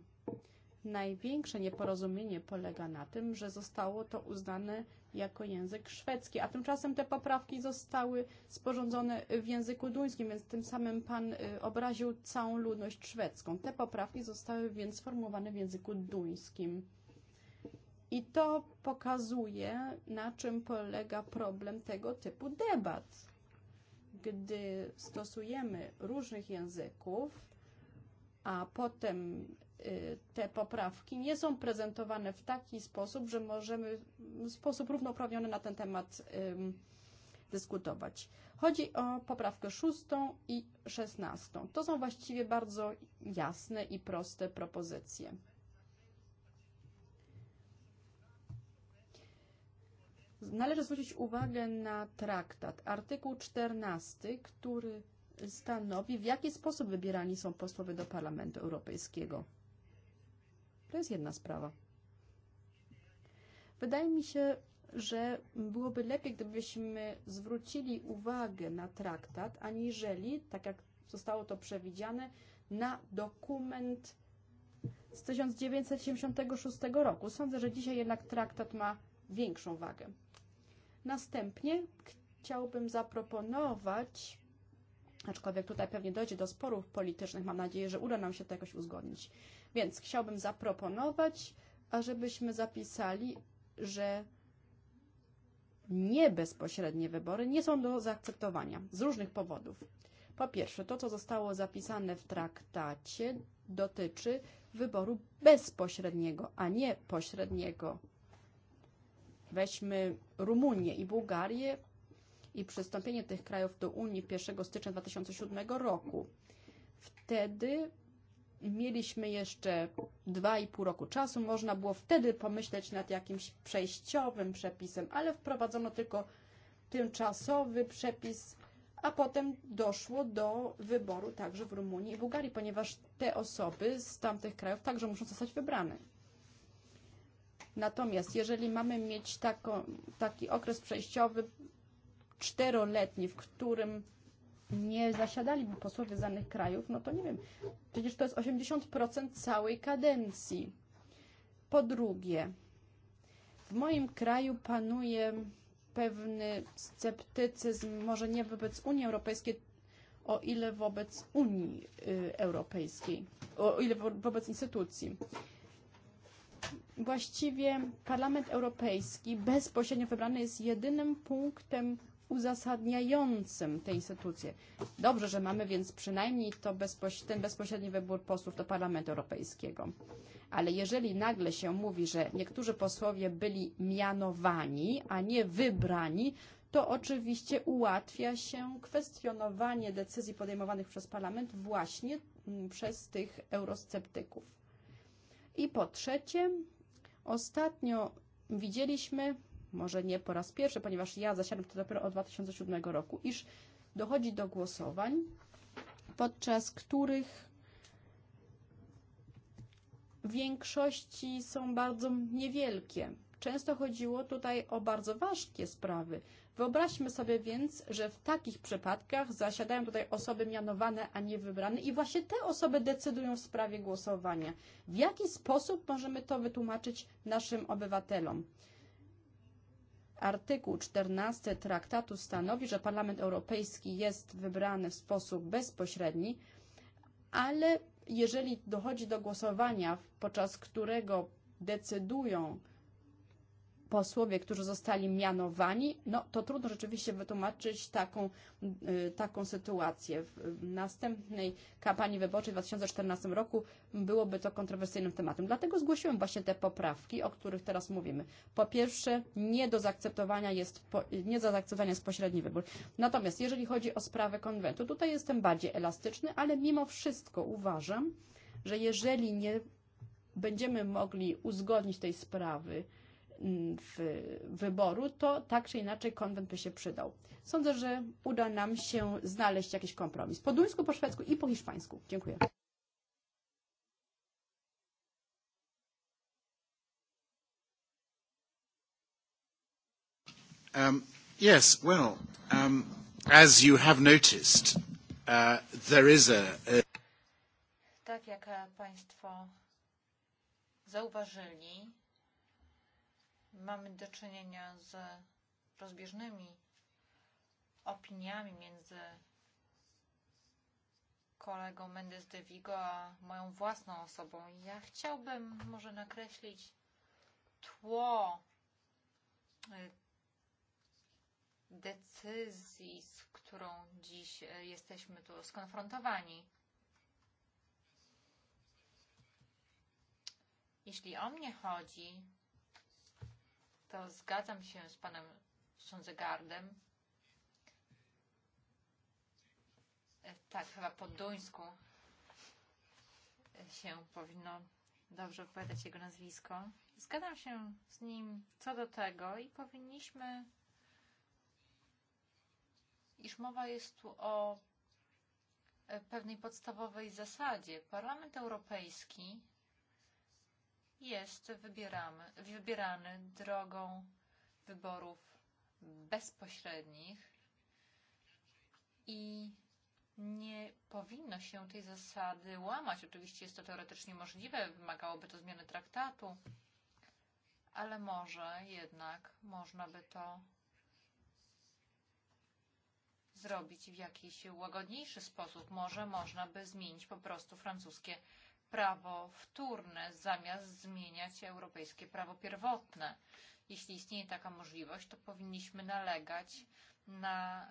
Największe nieporozumienie polega na tym, że zostało to uznane jako język szwedzki, a tymczasem te poprawki zostały sporządzone w języku duńskim, więc tym samym pan obraził całą ludność szwedzką. Te poprawki zostały więc sformułowane w języku duńskim. I to pokazuje, na czym polega problem tego typu debat gdy stosujemy różnych języków, a potem e, te poprawki nie są prezentowane w taki sposób, że możemy w sposób równoprawniony na ten temat dyskutować. Chodzi o poprawkę szóstą i szesnastą. To są właściwie bardzo jasne i proste propozycje. Należy zwrócić uwagę na traktat, artykuł 14, który stanowi, w jaki sposób wybierani są posłowie do Parlamentu Europejskiego. To jest jedna sprawa. Wydaje mi się, że byłoby lepiej, gdybyśmy zwrócili uwagę na traktat, aniżeli, tak jak zostało to przewidziane, na dokument z 1976 roku. Sądzę, że dzisiaj jednak traktat ma większą wagę. Następnie chciałbym zaproponować, aczkolwiek tutaj pewnie dojdzie do sporów politycznych, mam nadzieję, że uda nam się to jakoś uzgodnić. Więc chciałbym zaproponować, ażebyśmy zapisali, że niebezpośrednie wybory nie są do zaakceptowania z różnych powodów. Po pierwsze, to, co zostało zapisane w traktacie, dotyczy wyboru bezpośredniego, a nie pośredniego. Weźmy Rumunię i Bułgarię i przystąpienie tych krajów do Unii 1 stycznia 2007 roku. Wtedy mieliśmy jeszcze 2,5 roku czasu. Można było wtedy pomyśleć nad jakimś przejściowym przepisem, ale wprowadzono tylko tymczasowy przepis, a potem doszło do wyboru także w Rumunii i Bułgarii, ponieważ te osoby z tamtych krajów także muszą zostać wybrane. Natomiast jeżeli mamy mieć taką, taki okres przejściowy czteroletni, w którym nie zasiadaliby posłowie z danych krajów, no to nie wiem, przecież to jest 80% całej kadencji. Po drugie, w moim kraju panuje pewny sceptycyzm, może nie wobec Unii Europejskiej, o ile wobec Unii Europejskiej, o ile wobec instytucji właściwie Parlament Europejski bezpośrednio wybrany jest jedynym punktem uzasadniającym te instytucje. Dobrze, że mamy więc przynajmniej to bezpoś ten bezpośredni wybór posłów do Parlamentu Europejskiego. Ale jeżeli nagle się mówi, że niektórzy posłowie byli mianowani, a nie wybrani, to oczywiście ułatwia się kwestionowanie decyzji podejmowanych przez Parlament właśnie mm, przez tych eurosceptyków. I po trzecie, ostatnio widzieliśmy, może nie po raz pierwszy, ponieważ ja zasiadłem to dopiero od 2007 roku, iż dochodzi do głosowań, podczas których większości są bardzo niewielkie. Często chodziło tutaj o bardzo ważkie sprawy. Wyobraźmy sobie więc, że w takich przypadkach zasiadają tutaj osoby mianowane, a nie wybrane i właśnie te osoby decydują w sprawie głosowania. W jaki sposób możemy to wytłumaczyć naszym obywatelom? Artykuł 14 traktatu stanowi, że Parlament Europejski jest wybrany w sposób bezpośredni, ale jeżeli dochodzi do głosowania, podczas którego decydują posłowie, którzy zostali mianowani, no to trudno rzeczywiście wytłumaczyć taką, taką sytuację. W następnej kampanii wyborczej w 2014 roku byłoby to kontrowersyjnym tematem. Dlatego zgłosiłem właśnie te poprawki, o których teraz mówimy. Po pierwsze, nie do zaakceptowania jest, nie do zaakceptowania jest pośredni wybór. Natomiast jeżeli chodzi o sprawę konwentu, tutaj jestem bardziej elastyczny, ale mimo wszystko uważam, że jeżeli nie będziemy mogli uzgodnić tej sprawy, Mm, wyboru, to tak czy inaczej konwent by się przydał. Sądzę, że uda nam się znaleźć jakiś kompromis po duńsku, po szwedzku i po hiszpańsku. Dziękuję. Um, yes, well, um, as you have noticed, uh, there is a, a... Tak jak Państwo zauważyli, mamy do czynienia z rozbieżnymi opiniami między kolegą Mendes de Vigo a moją własną osobą. Ja chciałbym może nakreślić tło decyzji, z którą dziś jesteśmy tu skonfrontowani. Jeśli o mnie chodzi, to zgadzam się z panem Sądzegardem. E, tak, chyba po duńsku się powinno dobrze opowiadać jego nazwisko. Zgadzam się z nim co do tego i powinniśmy, iż mowa jest tu o e, pewnej podstawowej zasadzie. Parlament Europejski jest wybieramy, wybierany drogą wyborów bezpośrednich i nie powinno się tej zasady łamać. Oczywiście jest to teoretycznie możliwe, wymagałoby to zmiany traktatu, ale może jednak można by to zrobić w jakiś łagodniejszy sposób. Może można by zmienić po prostu francuskie prawo wtórne zamiast zmieniać europejskie prawo pierwotne. Jeśli istnieje taka możliwość, to powinniśmy nalegać na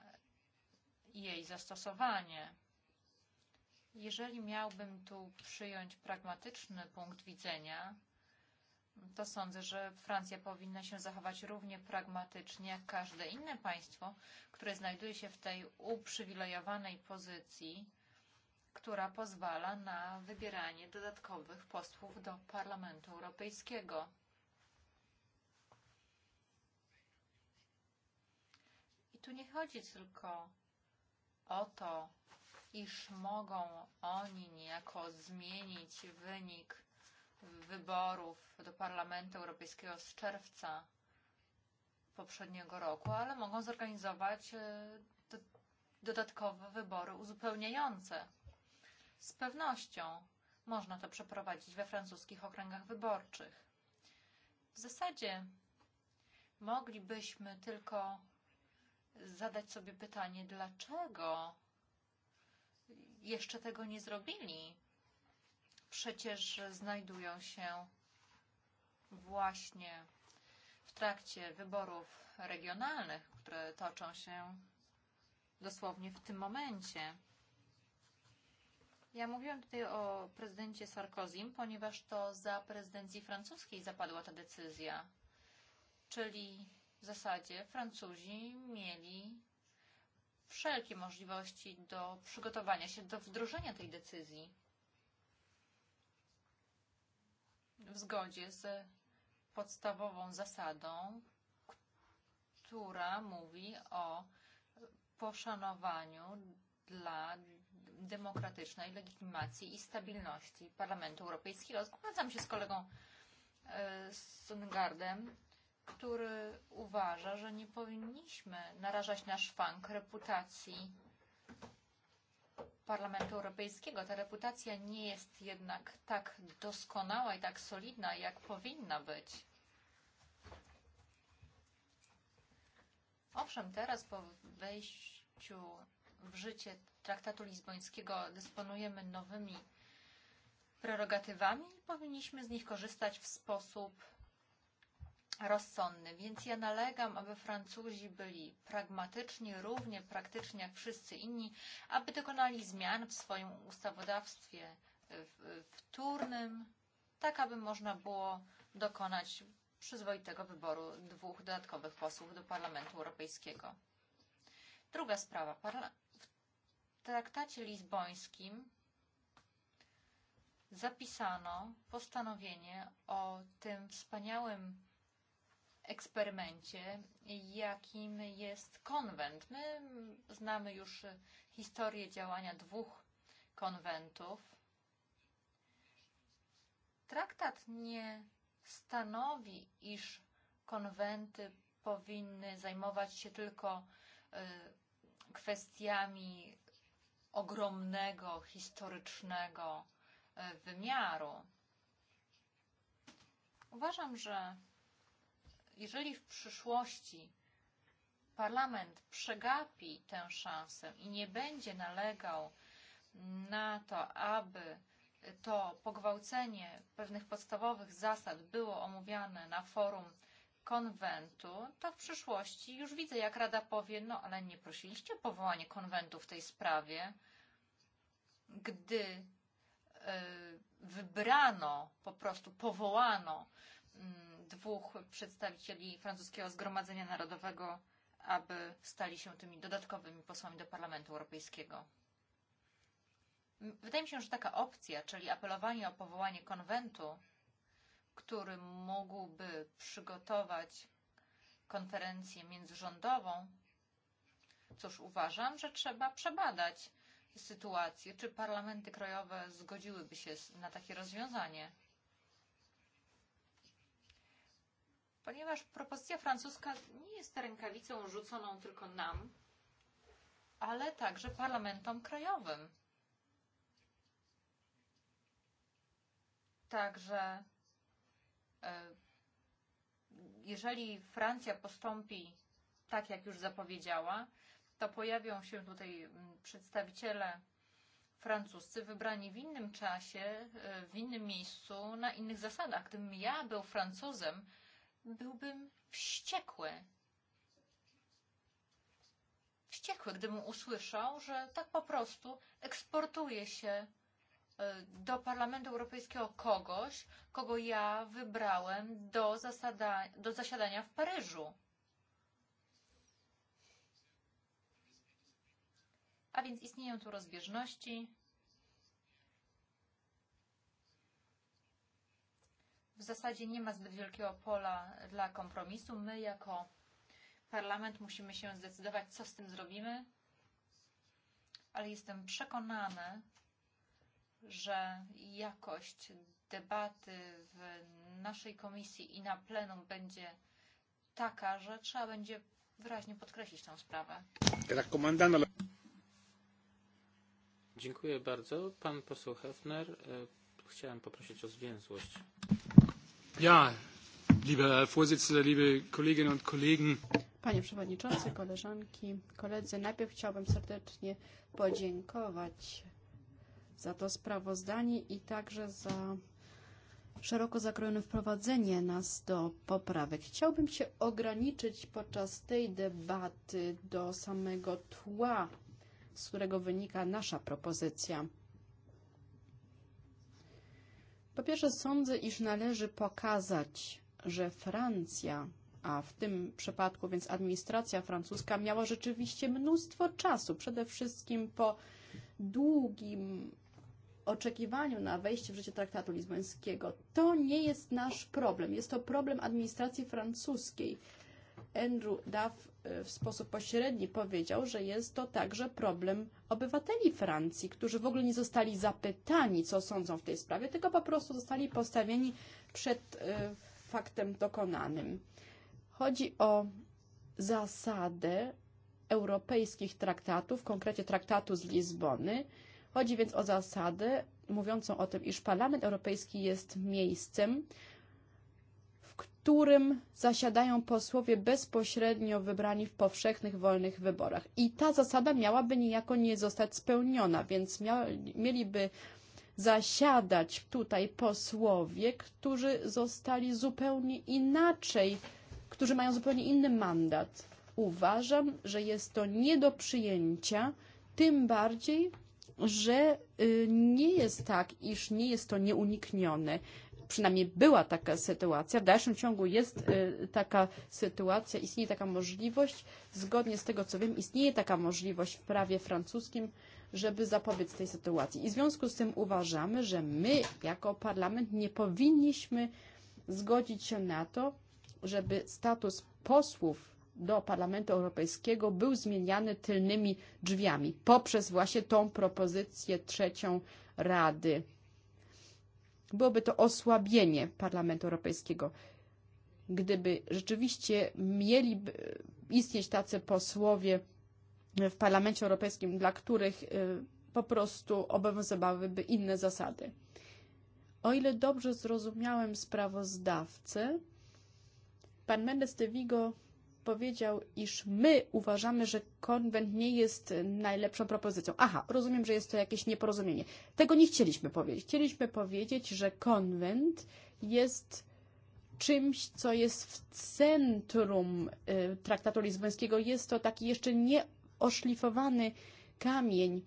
jej zastosowanie. Jeżeli miałbym tu przyjąć pragmatyczny punkt widzenia, to sądzę, że Francja powinna się zachować równie pragmatycznie jak każde inne państwo, które znajduje się w tej uprzywilejowanej pozycji, która pozwala na wybieranie dodatkowych posłów do Parlamentu Europejskiego. I tu nie chodzi tylko o to, iż mogą oni niejako zmienić wynik wyborów do Parlamentu Europejskiego z czerwca poprzedniego roku, ale mogą zorganizować e, dodatkowe wybory uzupełniające. Z pewnością można to przeprowadzić we francuskich okręgach wyborczych. W zasadzie moglibyśmy tylko zadać sobie pytanie, dlaczego jeszcze tego nie zrobili? Przecież znajdują się właśnie w trakcie wyborów regionalnych, które toczą się dosłownie w tym momencie. Ja mówiłam tutaj o prezydencie Sarkozym, ponieważ to za prezydencji francuskiej zapadła ta decyzja. Czyli w zasadzie Francuzi mieli wszelkie możliwości do przygotowania się do wdrożenia tej decyzji w zgodzie z podstawową zasadą, która mówi o poszanowaniu dla demokratycznej legitymacji i stabilności Parlamentu Europejskiego. Zgadzam się z kolegą eh, Sungardem, który uważa, że nie powinniśmy narażać na szwank reputacji Parlamentu Europejskiego. Ta reputacja nie jest jednak tak doskonała i tak solidna, jak powinna być. Owszem, teraz po wejściu w życie traktatu lizbońskiego dysponujemy nowymi prerogatywami i powinniśmy z nich korzystać w sposób rozsądny. Więc ja nalegam, aby Francuzi byli pragmatyczni, równie praktyczni jak wszyscy inni, aby dokonali zmian w swoim ustawodawstwie wtórnym, tak aby można było dokonać przyzwoitego wyboru dwóch dodatkowych posłów do Parlamentu Europejskiego. Druga sprawa. Parla traktacie lizbońskim zapisano postanowienie o tym wspaniałym eksperymencie, jakim jest konwent. My znamy już historię działania dwóch konwentów. Traktat nie stanowi, iż konwenty powinny zajmować się tylko kwestiami ogromnego historycznego e, wymiaru. Uważam, że jeżeli w przyszłości parlament przegapi tę szansę i nie będzie nalegał na to, aby to pogwałcenie pewnych podstawowych zasad było omówiane na forum konwentu, to w przyszłości już widzę, jak Rada powie, no ale nie prosiliście o powołanie konwentu w tej sprawie, gdy wybrano, e, po prostu powołano mm, dwóch przedstawicieli francuskiego Zgromadzenia Narodowego, aby stali się tymi dodatkowymi posłami do Parlamentu Europejskiego. Wydaje mi się, że taka opcja, czyli apelowanie o powołanie konwentu, który mógłby przygotować konferencję międzyrządową, cóż, uważam, że trzeba przebadać sytuację, czy parlamenty krajowe zgodziłyby się na takie rozwiązanie. Ponieważ propozycja francuska nie jest rękawicą rzuconą tylko nam, ale także parlamentom krajowym. Także Eh, jeżeli Francja postąpi tak, jak już zapowiedziała, to pojawią się tutaj mm, przedstawiciele francuscy wybrani w innym czasie, eh, w innym miejscu, na innych zasadach. Gdybym ja był Francuzem, byłbym wściekły. Wściekły, gdybym usłyszał, że tak po prostu eksportuje się E, do Parlamentu Europejskiego kogoś, kogo ja wybrałem do, zasada, do zasiadania w Paryżu. A więc istnieją tu rozbieżności. W zasadzie nie ma zbyt wielkiego pola dla kompromisu. My jako parlament musimy się zdecydować, co z tym zrobimy. Ale jestem przekonany, że jakość debaty w naszej komisji i na plenum będzie taka, że trzeba będzie wyraźnie podkreślić tę sprawę. Dziękuję bardzo. Pan poseł Hefner, e, chciałem poprosić o zwięzłość. Ja, liebe Vorsitzende, liebe Kolleginnen und Kollegen. Panie Przewodniczący, koleżanki, koledzy, najpierw chciałbym serdecznie podziękować za to sprawozdanie i także za szeroko zakrojone wprowadzenie nas do poprawek. Chciałbym się ograniczyć podczas tej debaty do samego tła, z którego wynika nasza propozycja. Po pierwsze, sądzę, iż należy pokazać, że Francja, a w tym przypadku więc administracja francuska, miała rzeczywiście mnóstwo czasu, przede wszystkim po długim oczekiwaniu na wejście w życie traktatu lizbońskiego. To nie jest nasz problem. Jest to problem administracji francuskiej. Andrew Duff e, w sposób pośredni powiedział, że jest to także problem obywateli Francji, którzy w ogóle nie zostali zapytani, co sądzą w tej sprawie, tylko po prostu zostali postawieni przed e, faktem dokonanym. Chodzi o zasadę europejskich traktatów, konkretnie traktatu z Lizbony, Chodzi więc o zasadę mówiącą o tym, iż Parlament Europejski jest miejscem, w którym zasiadają posłowie bezpośrednio wybrani w powszechnych, wolnych wyborach. I ta zasada miałaby niejako nie zostać spełniona, więc mia, mieliby zasiadać tutaj posłowie, którzy zostali zupełnie inaczej, którzy mają zupełnie inny mandat. Uważam, że jest to nie do przyjęcia, tym bardziej, że nie jest tak, iż nie jest to nieuniknione. Przynajmniej była taka sytuacja, w dalszym ciągu jest taka sytuacja, istnieje taka możliwość, zgodnie z tego co wiem, istnieje taka możliwość w prawie francuskim, żeby zapobiec tej sytuacji. I w związku z tym uważamy, że my jako parlament nie powinniśmy zgodzić się na to, żeby status posłów do Parlamentu Europejskiego był zmieniany tylnymi drzwiami poprzez właśnie tą propozycję trzecią Rady. Byłoby to osłabienie Parlamentu Europejskiego. Gdyby rzeczywiście mieli istnieć tacy posłowie w Parlamencie Europejskim, dla których po prostu obowiązywałyby inne zasady. O ile dobrze zrozumiałem sprawozdawcę, pan Mendes de Vigo powiedział, iż my uważamy, że konwent nie jest najlepszą propozycją. Aha, rozumiem, że jest to jakieś nieporozumienie. Tego nie chcieliśmy powiedzieć. Chcieliśmy powiedzieć, że konwent jest czymś, co jest w centrum traktatu lizbońskiego. Jest to taki jeszcze nieoszlifowany kamień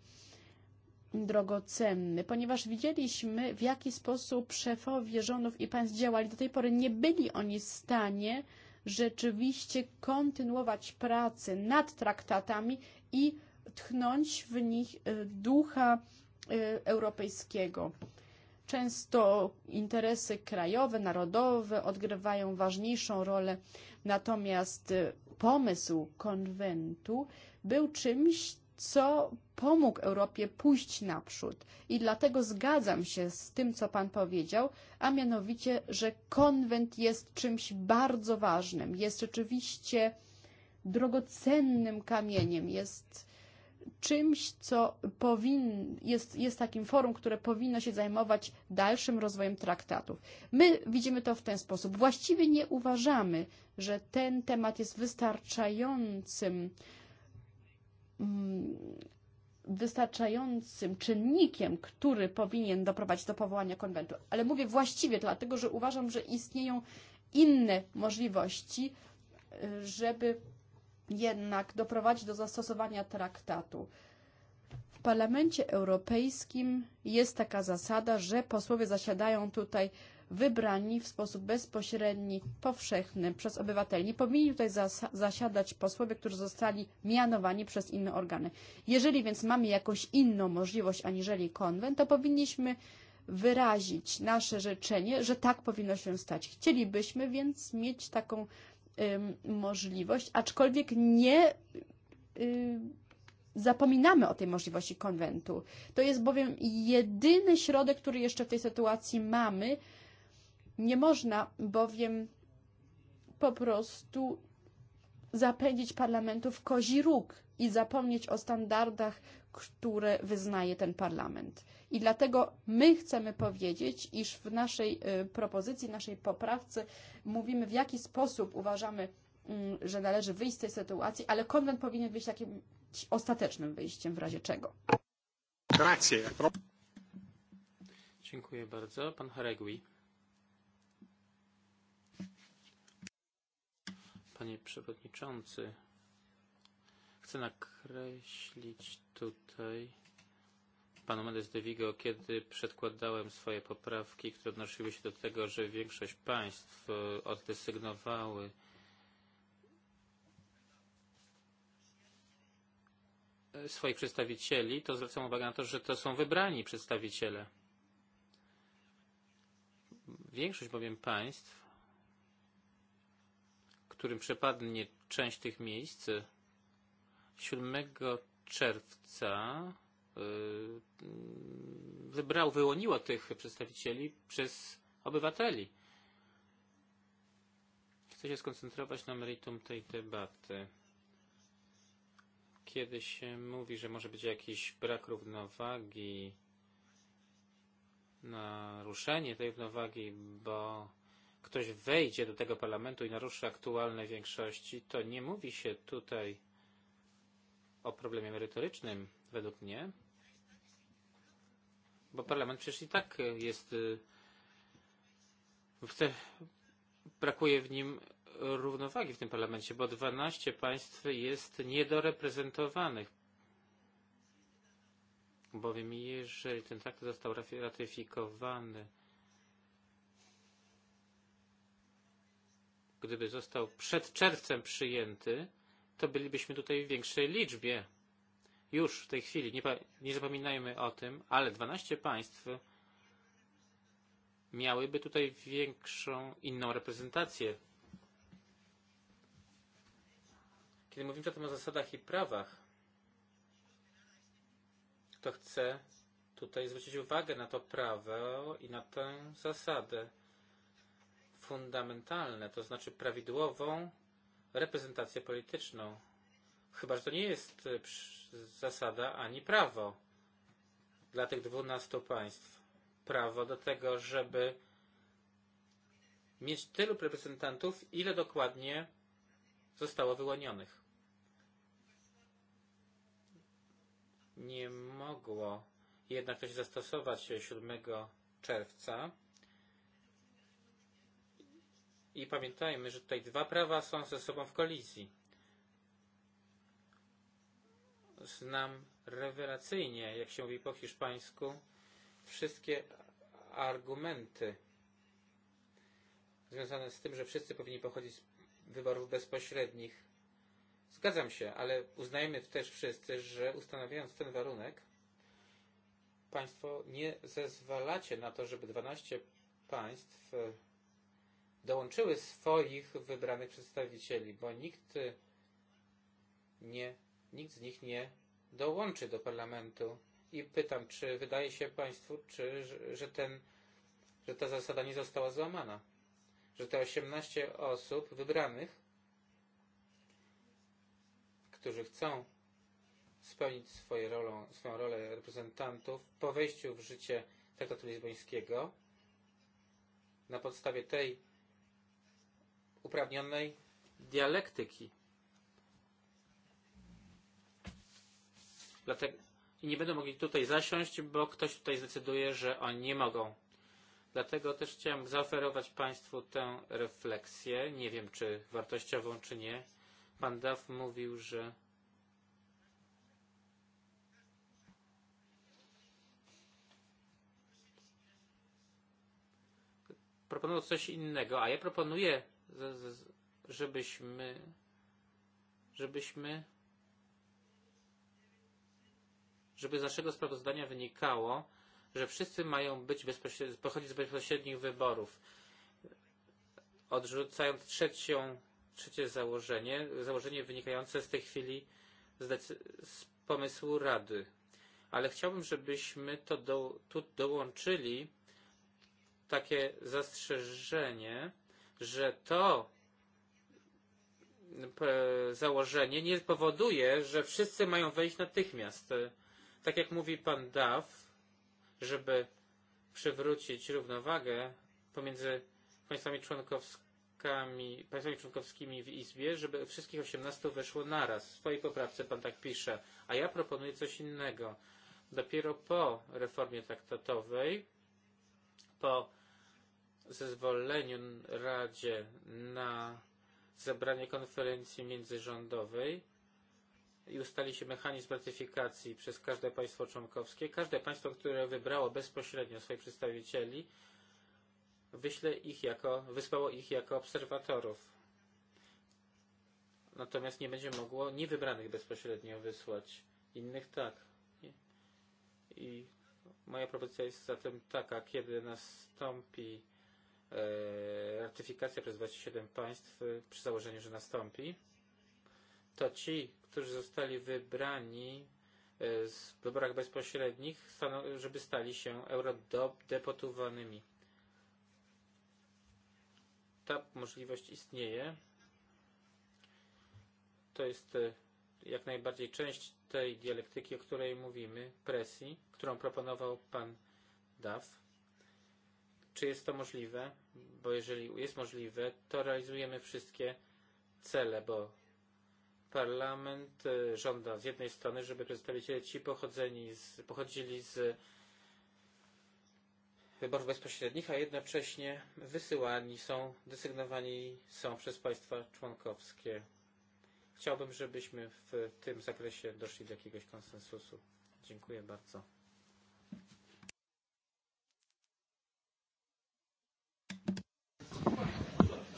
drogocenny, ponieważ widzieliśmy, w jaki sposób szefowie rządów i państw działali. Do tej pory nie byli oni w stanie rzeczywiście kontynuować pracę nad traktatami i tchnąć w nich e, ducha e, europejskiego. Często interesy krajowe, narodowe odgrywają ważniejszą rolę, natomiast e, pomysł konwentu był czymś, co pomógł Europie pójść naprzód. I dlatego zgadzam się z tym, co Pan powiedział, a mianowicie, że konwent jest czymś bardzo ważnym, jest rzeczywiście drogocennym kamieniem, jest czymś, co powin, jest, jest takim forum, które powinno się zajmować dalszym rozwojem traktatów. My widzimy to w ten sposób. Właściwie nie uważamy, że ten temat jest wystarczającym Mm, wystarczającym czynnikiem, który powinien doprowadzić do powołania konwentu. Ale mówię właściwie dlatego, że uważam, że istnieją inne możliwości, żeby jednak doprowadzić do zastosowania traktatu. W Parlamencie Europejskim jest taka zasada, że posłowie zasiadają tutaj wybrani w sposób bezpośredni, powszechny przez obywateli. Nie powinni tutaj zas- zasiadać posłowie, którzy zostali mianowani przez inne organy. Jeżeli więc mamy jakąś inną możliwość aniżeli konwent, to powinniśmy wyrazić nasze życzenie, że tak powinno się stać. Chcielibyśmy więc mieć taką y, możliwość, aczkolwiek nie. y, zapominamy o tej możliwości konwentu. To jest bowiem jedyny środek, który jeszcze w tej sytuacji mamy, Nie można bowiem po prostu zapędzić parlamentu w kozi róg i zapomnieć o standardach, które wyznaje ten parlament. I dlatego my chcemy powiedzieć, iż w naszej propozycji, naszej poprawce mówimy, w jaki sposób uważamy, mm, że należy wyjść z tej sytuacji, ale konwent powinien być takim ostatecznym wyjściem w razie czego. Dziękuję bardzo. Pan Haregui. panie przewodniczący. Chcę nakreślić tutaj panu Mendes de Vigo, kiedy przedkładałem swoje poprawki, które odnosiły się do tego, że większość państw oddesygnowały swoich przedstawicieli, to zwracam uwagę na to, że to są wybrani przedstawiciele. Większość bowiem państw którym przepadnie część tych miejsc, 7 czerwca wybrał, wyłoniło tych przedstawicieli przez obywateli. Chcę się skoncentrować na meritum tej debaty. Kiedy się mówi, że może być jakiś brak równowagi, naruszenie tej równowagi, bo ktoś wejdzie do tego parlamentu i naruszy aktualne większości, to nie mówi się tutaj o problemie merytorycznym, według mnie, bo parlament przecież i tak jest. Te, brakuje w nim równowagi w tym parlamencie, bo 12 państw jest niedoreprezentowanych. Bowiem jeżeli ten traktat został ratyfikowany Gdyby został przed czerwcem przyjęty, to bylibyśmy tutaj w większej liczbie. Już w tej chwili, nie, nie zapominajmy o tym, ale 12 państw miałyby tutaj większą, inną reprezentację. Kiedy mówimy zatem o zasadach i prawach, to chcę tutaj zwrócić uwagę na to prawo i na tę zasadę fundamentalne, to znaczy prawidłową reprezentację polityczną. Chyba, że to nie jest e, zasada ani prawo dla tych dwunastu państw. Prawo do tego, żeby mieć tylu reprezentantów, ile dokładnie zostało wyłonionych. Nie mogło jednak to się zastosować 7 czerwca i pamiętajmy, że tutaj dwa prawa są ze sobą w kolizji. Znam rewelacyjnie, jak się mówi po hiszpańsku, wszystkie argumenty związane z tym, że wszyscy powinni pochodzić z wyborów bezpośrednich. Zgadzam się, ale uznajemy też wszyscy, że ustanawiając ten warunek, państwo nie zezwalacie na to, żeby 12 państw dołączyły swoich wybranych przedstawicieli, bo nikt nie, nikt z nich nie dołączy do parlamentu. I pytam, czy wydaje się Państwu, czy, że, ten, że ta zasada nie została złamana? Że te 18 osób wybranych, którzy chcą spełnić swoje rolą, swoją rolę reprezentantów po wejściu w życie traktatu lizbońskiego, na podstawie tej uprawnionej dialektyki. Dlatego i nie będą mogli tutaj zasiąść, bo ktoś tutaj zdecyduje, że oni nie mogą. Dlatego też chciałem zaoferować Państwu tę refleksję. Nie wiem, czy wartościową, czy nie. Pan Daw mówił, że proponował coś innego, a ja proponuję żebyśmy, żebyśmy, żeby z naszego sprawozdania wynikało, że wszyscy mają być pochodzić z bezpośrednich wyborów. Odrzucając trzecią, trzecie założenie, założenie wynikające z tej chwili z, z pomysłu Rady. Ale chciałbym, żebyśmy to do, tu dołączyli takie zastrzeżenie, że to e, założenie nie powoduje, że wszyscy mają wejść natychmiast. E, tak jak mówi pan Duff, żeby przywrócić równowagę pomiędzy państwami członkowskimi, państwami członkowskimi w Izbie, żeby wszystkich 18 weszło naraz. W swojej poprawce pan tak pisze, a ja proponuję coś innego. Dopiero po reformie traktatowej, po zezwoleniu Radzie na zebranie konferencji międzyrządowej i ustali się mechanizm ratyfikacji przez każde państwo członkowskie. Każde państwo, które wybrało bezpośrednio swoich przedstawicieli, wyśle ich jako, wysłało ich jako obserwatorów. Natomiast nie będzie mogło niewybranych bezpośrednio wysłać. Innych tak. I moja propozycja jest zatem taka, kiedy nastąpi Eh, ratyfikacja przez 27 państw eh, przy założeniu, że nastąpi, to ci, którzy zostali wybrani eh, w wyborach bezpośrednich, żeby stali się eurodeputowanymi. Ta możliwość istnieje. To jest jak najbardziej część tej dialektyki, o której mówimy, presji, którą proponował pan Duff Czy jest to możliwe? Bo jeżeli jest możliwe, to realizujemy wszystkie cele, bo parlament e, żąda z jednej strony, żeby przedstawiciele ci pochodzeni z, pochodzili z wyborów bezpośrednich, a jednocześnie wysyłani są, desygnowani są przez państwa członkowskie. Chciałbym, żebyśmy w tym zakresie doszli do jakiegoś konsensusu. Dziękuję bardzo.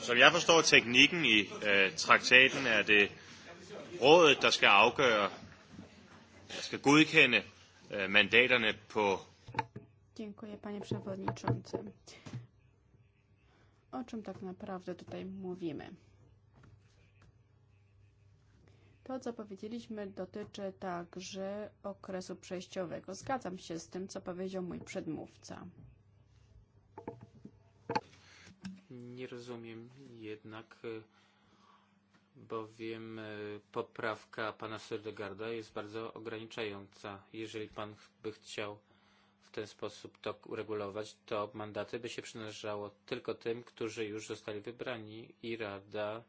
Som jeg forstår teknikken i øh, traktaten, er det rådet, der skal afgøre, der skal godkende øh, mandaterne på. Dziękuję, panie przewodniczący. O czym tak naprawdę tutaj mówimy? To, co powiedzieliśmy, dotyczy także okresu przejściowego. Zgadzam się z tym, co powiedział mój przedmówca nie rozumiem jednak, eh, bowiem eh, poprawka pana Sördegarda jest bardzo ograniczająca. Jeżeli pan by chciał w ten sposób to uregulować, to mandaty by się przynależało tylko tym, którzy już zostali wybrani i Rada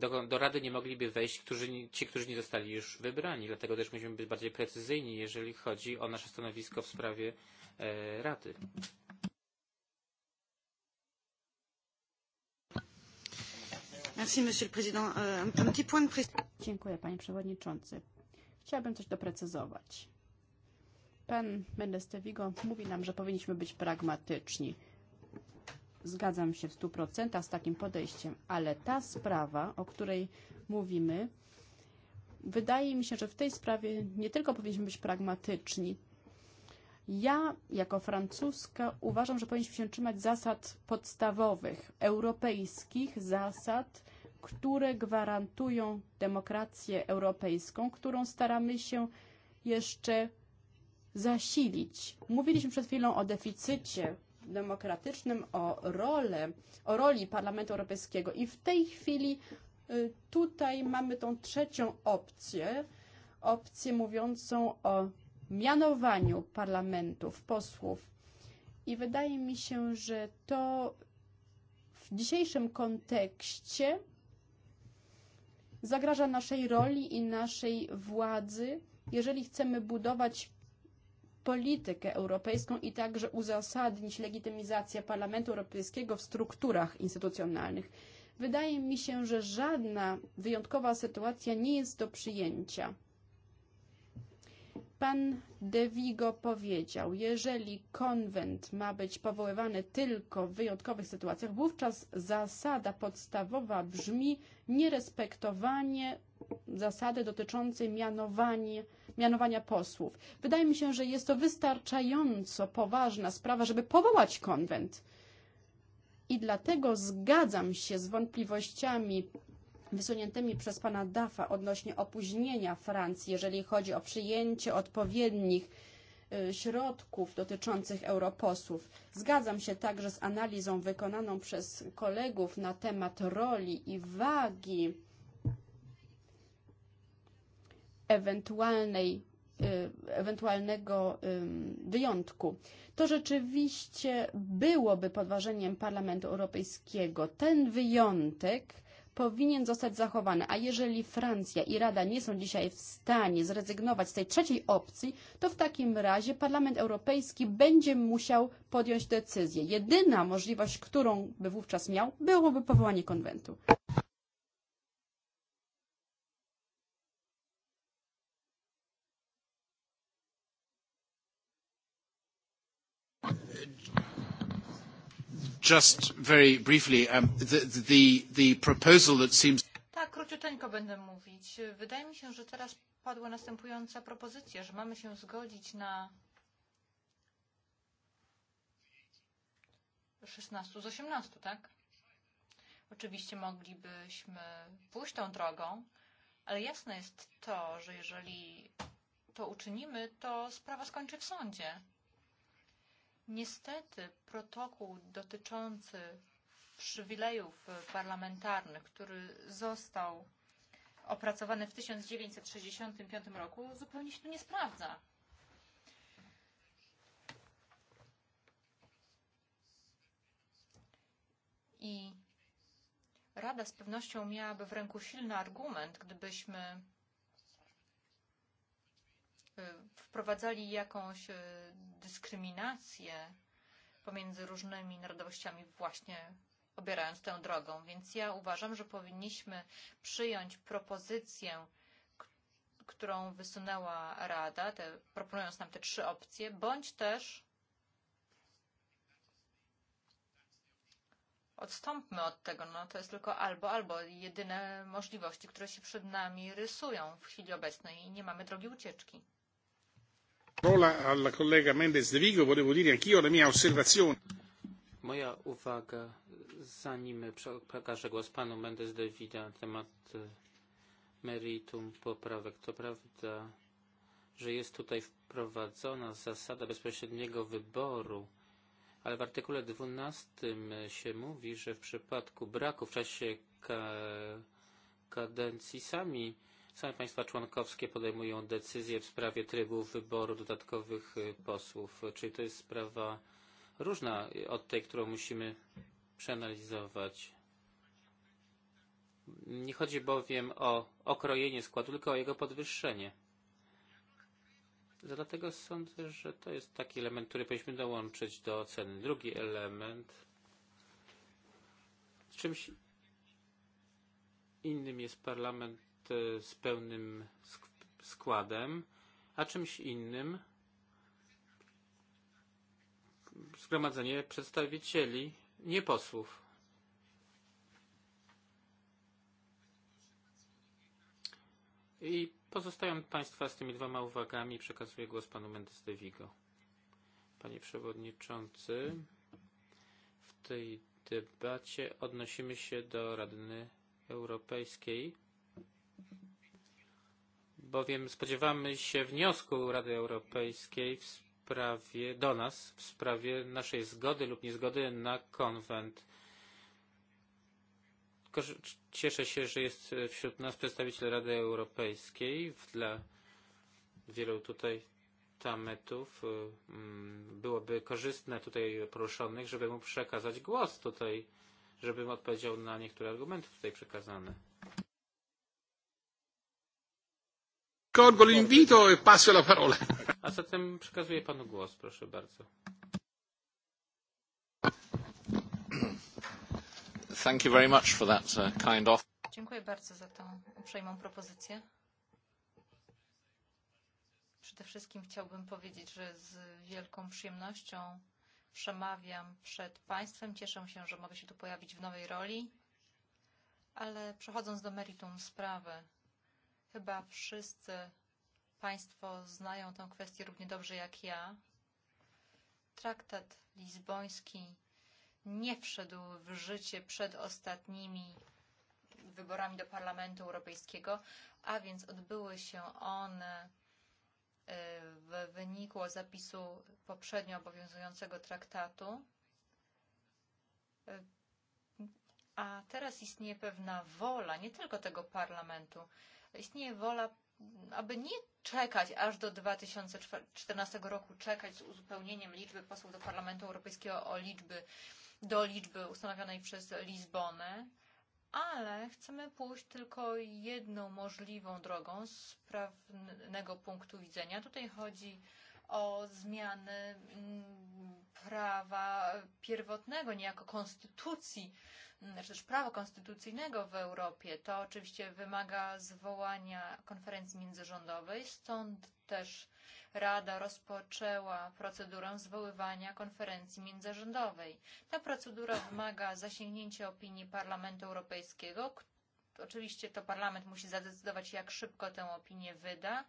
do, do Rady nie mogliby wejść którzy, ci, którzy nie zostali już wybrani. Dlatego też musimy być bardziej precyzyjni, jeżeli chodzi o nasze stanowisko w sprawie e, Rady. Euh, Dziękuję, Panie Przewodniczący. Chciałabym coś doprecyzować. Pan Mendes de Vigo mówi nam, że powinniśmy być pragmatyczni zgadzam się w 100% z takim podejściem, ale ta sprawa, o której mówimy, wydaje mi się, że w tej sprawie nie tylko powinniśmy być pragmatyczni. Ja, jako francuska, uważam, że powinniśmy się trzymać zasad podstawowych, europejskich zasad, które gwarantują demokrację europejską, którą staramy się jeszcze zasilić. Mówiliśmy przed chwilą o deficycie demokratycznym, o, rolę, o roli Parlamentu Europejskiego. I w tej chwili tutaj mamy tą trzecią opcję, opcję mówiącą o mianowaniu parlamentów, posłów. I wydaje mi się, że to w dzisiejszym kontekście zagraża naszej roli i naszej władzy, jeżeli chcemy budować politykę europejską i także uzasadnić legitymizację Parlamentu Europejskiego w strukturach instytucjonalnych. Wydaje mi się, że żadna wyjątkowa sytuacja nie jest do przyjęcia. Pan De Vigo powiedział, jeżeli konwent ma być powoływany tylko w wyjątkowych sytuacjach, wówczas zasada podstawowa brzmi nierespektowanie zasady dotyczącej mianowania mianowania posłów. Wydaje mi się, że jest to wystarczająco poważna sprawa, żeby powołać konwent. I dlatego zgadzam się z wątpliwościami wysuniętymi przez pana Dafa odnośnie opóźnienia Francji, jeżeli chodzi o przyjęcie odpowiednich środków dotyczących europosłów. Zgadzam się także z analizą wykonaną przez kolegów na temat roli i wagi ewentualnej ewentualnego wyjątku. To rzeczywiście byłoby podważeniem Parlamentu Europejskiego. Ten wyjątek powinien zostać zachowany, a jeżeli Francja i Rada nie są dzisiaj w stanie zrezygnować z tej trzeciej opcji, to w takim razie Parlament Europejski będzie musiał podjąć decyzję. Jedyna możliwość, którą by wówczas miał, byłoby powołanie konwentu. just very briefly, um, the, the, the proposal that seems... Tak, króciuteńko będę mówić. Wydaje mi się, że teraz padła następująca propozycja, że mamy się zgodzić na 16 z 18, tak? Oczywiście moglibyśmy pójść tą drogą, ale jasne jest to, że jeżeli to uczynimy, to sprawa skończy w sądzie. Niestety protokół dotyczący przywilejów parlamentarnych, który został opracowany w 1965 roku, zupełnie się tu nie sprawdza. I Rada z pewnością miałaby w ręku silny argument, gdybyśmy wprowadzali eh, jakąś e, dyskryminację pomiędzy różnymi narodowościami właśnie obierając tę drogą. Więc ja uważam, że powinniśmy przyjąć propozycję, którą wysunęła Rada, te, proponując nam te trzy opcje, bądź też odstąpmy od tego. No, to jest tylko albo, albo jedyne możliwości, które się przed nami rysują w chwili obecnej i nie mamy drogi ucieczki. Moja uwaga, zanim przekażę głos panu Mendes de Vigo na temat e, meritum poprawek. To prawda, że jest tutaj wprowadzona zasada bezpośredniego wyboru, ale w artykule 12 e, się mówi, że w przypadku braku w czasie ka kadencji sami Same państwa członkowskie podejmują decyzje w sprawie trybu wyboru dodatkowych posłów, czyli to jest sprawa różna od tej, którą musimy przeanalizować. Nie chodzi bowiem o okrojenie składu, tylko o jego podwyższenie. Dlatego sądzę, że to jest taki element, który powinniśmy dołączyć do oceny. Drugi element, czymś innym jest parlament E, z pełnym składem, a czymś innym zgromadzenie przedstawicieli posłów. I pozostają Państwa z tymi dwoma uwagami. Przekazuję głos panu Mendes de Vigo. Panie Przewodniczący, w tej debacie odnosimy się do Rady Europejskiej bowiem spodziewamy się wniosku Rady Europejskiej w sprawie, do nas w sprawie naszej zgody lub niezgody na konwent. Cieszę się, że jest wśród nas przedstawiciel Rady Europejskiej. Dla wielu tutaj tametów mm, byłoby korzystne tutaj poruszonych, żeby mu przekazać głos tutaj, żeby odpowiedział na niektóre argumenty tutaj przekazane. Colgo l'invito e passo la parola. A zatem przekazuję panu głos, proszę bardzo. Thank you very much for that uh, kind Dziękuję bardzo za tą uprzejmą propozycję. Przede wszystkim chciałbym powiedzieć, że z wielką przyjemnością przemawiam przed Państwem. Cieszę się, że mogę się tu pojawić w nowej roli. Ale przechodząc do meritum sprawy, Chyba wszyscy Państwo znają tę kwestię równie dobrze jak ja. Traktat lizboński nie wszedł w życie przed ostatnimi wyborami do Parlamentu Europejskiego, a więc odbyły się one w wyniku zapisu poprzednio obowiązującego traktatu. A teraz istnieje pewna wola nie tylko tego parlamentu, istnieje wola, aby nie czekać aż do 2014 roku, czekać z uzupełnieniem liczby posłów do Parlamentu Europejskiego o liczby, do liczby ustanowionej przez Lizbonę, ale chcemy pójść tylko jedną możliwą drogą z prawnego punktu widzenia. Tutaj chodzi o zmiany mm, prawa pierwotnego, niejako konstytucji, mm, czy też prawa konstytucyjnego w Europie. To oczywiście wymaga zwołania konferencji międzyrządowej, stąd też Rada rozpoczęła procedurę zwoływania konferencji międzyrządowej. Ta procedura wymaga zasięgnięcia opinii Parlamentu Europejskiego. Oczywiście to parlament musi zadecydować, jak szybko tę opinię wyda.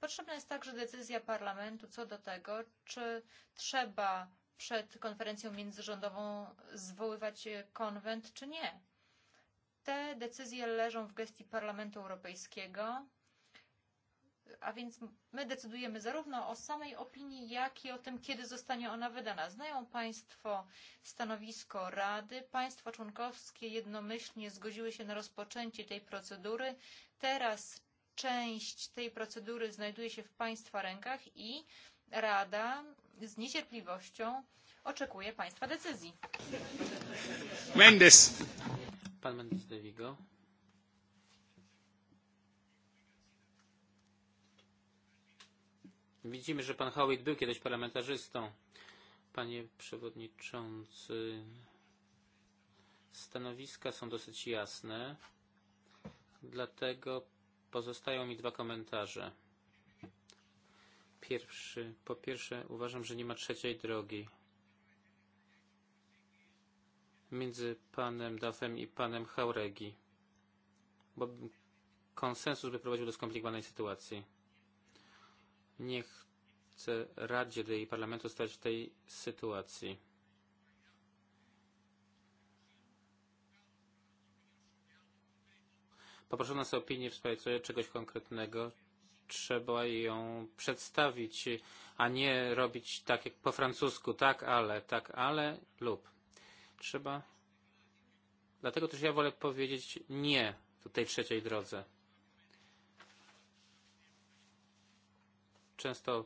Potrzebna jest także decyzja parlamentu co do tego, czy trzeba przed konferencją międzyrządową zwoływać konwent, czy nie. Te decyzje leżą w gestii Parlamentu Europejskiego, a więc my decydujemy zarówno o samej opinii, jak i o tym, kiedy zostanie ona wydana. Znają Państwo stanowisko Rady. Państwa członkowskie jednomyślnie zgodziły się na rozpoczęcie tej procedury. Teraz część tej procedury znajduje się w Państwa rękach i Rada z niecierpliwością oczekuje Państwa decyzji. Mendes. Pan Mendes de Vigo. Widzimy, że pan Howitt był kiedyś parlamentarzystą. Panie przewodniczący, stanowiska są dosyć jasne, dlatego Pozostają mi dwa komentarze. Pierwszy. Po pierwsze, uważam, że nie ma trzeciej drogi między panem Dafem i panem Hauregi, bo konsensus by prowadził do skomplikowanej sytuacji. Nie chcę Radzie i Parlamentu stać w tej sytuacji. poproszą nas o opinię w sprawie czegoś konkretnego, trzeba ją przedstawić, a nie robić tak jak po francusku, tak ale, tak ale lub. Trzeba. Dlatego też ja wolę powiedzieć nie tej trzeciej drodze. Często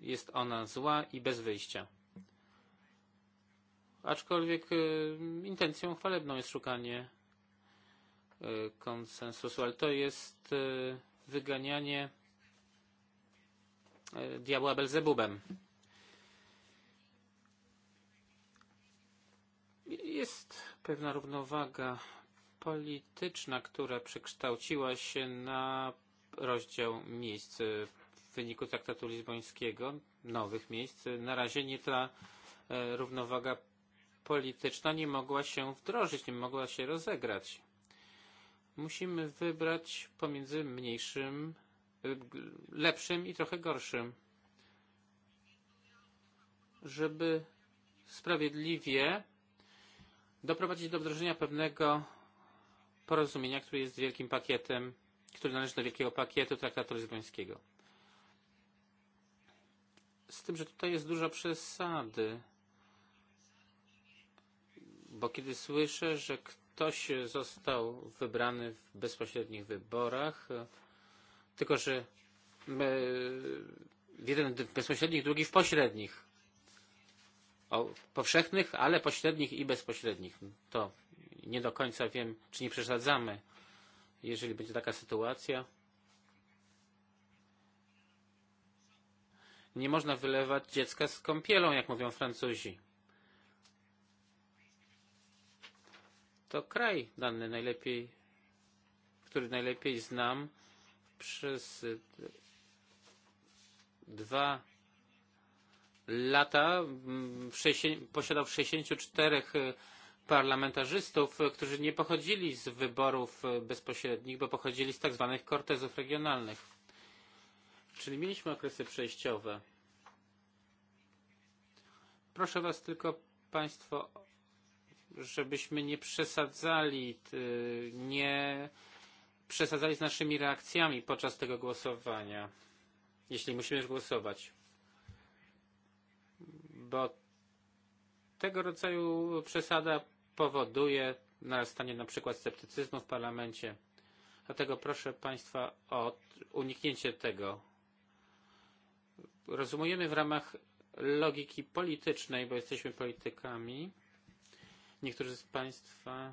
jest ona zła i bez wyjścia. Aczkolwiek intencją chwalebną jest szukanie Eh, konsensusu, ale to jest eh, wyganianie eh, diabła Belzebubem. Jest pewna równowaga polityczna, która przekształciła się na rozdział miejsc w wyniku traktatu lizbońskiego, nowych miejsc. Na razie nie ta równowaga polityczna nie mogła się wdrożyć, nie mogła się rozegrać. Musimy wybrać pomiędzy mniejszym, lepszym i trochę gorszym, żeby sprawiedliwie doprowadzić do wdrożenia pewnego porozumienia, które jest wielkim pakietem, który należy do wielkiego pakietu traktatu lizbońskiego. Z tym, że tutaj jest dużo przesady, bo kiedy słyszę, że ktoś ktoś został wybrany w bezpośrednich wyborach, tylko że e, w jeden w bezpośrednich, drugi w pośrednich. O powszechnych, ale pośrednich i bezpośrednich. To nie do końca wiem, czy nie przesadzamy, jeżeli będzie taka sytuacja. Nie można wylewać dziecka z kąpielą, jak mówią Francuzi. to kraj dany najlepiej, który najlepiej znam przez e, dwa lata mm, posiadał 64 e, parlamentarzystów, e, którzy nie pochodzili z wyborów bezpośrednich, bo pochodzili z tak zwanych kortezów regionalnych. Czyli mieliśmy okresy przejściowe. Proszę Was tylko Państwo żebyśmy nie przesadzali, nie przesadzali z naszymi reakcjami podczas tego głosowania, jeśli musimy już głosować. Bo tego rodzaju przesada powoduje narastanie na przykład sceptycyzmu w parlamencie. Dlatego proszę Państwa o uniknięcie tego. Rozumujemy w ramach logiki politycznej, bo jesteśmy politykami, Niektórzy z Państwa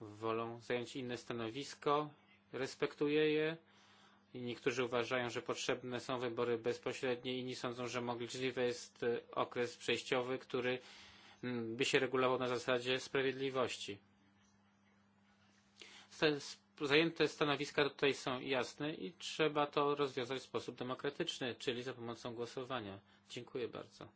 wolą zająć inne stanowisko, respektuję je. I niektórzy uważają, że potrzebne są wybory bezpośrednie, inni sądzą, że możliwy jest e, okres przejściowy, który mm, by się regulował na zasadzie sprawiedliwości. Zajęte stanowiska tutaj są jasne i trzeba to rozwiązać w sposób demokratyczny, czyli za pomocą głosowania. Dziękuję bardzo.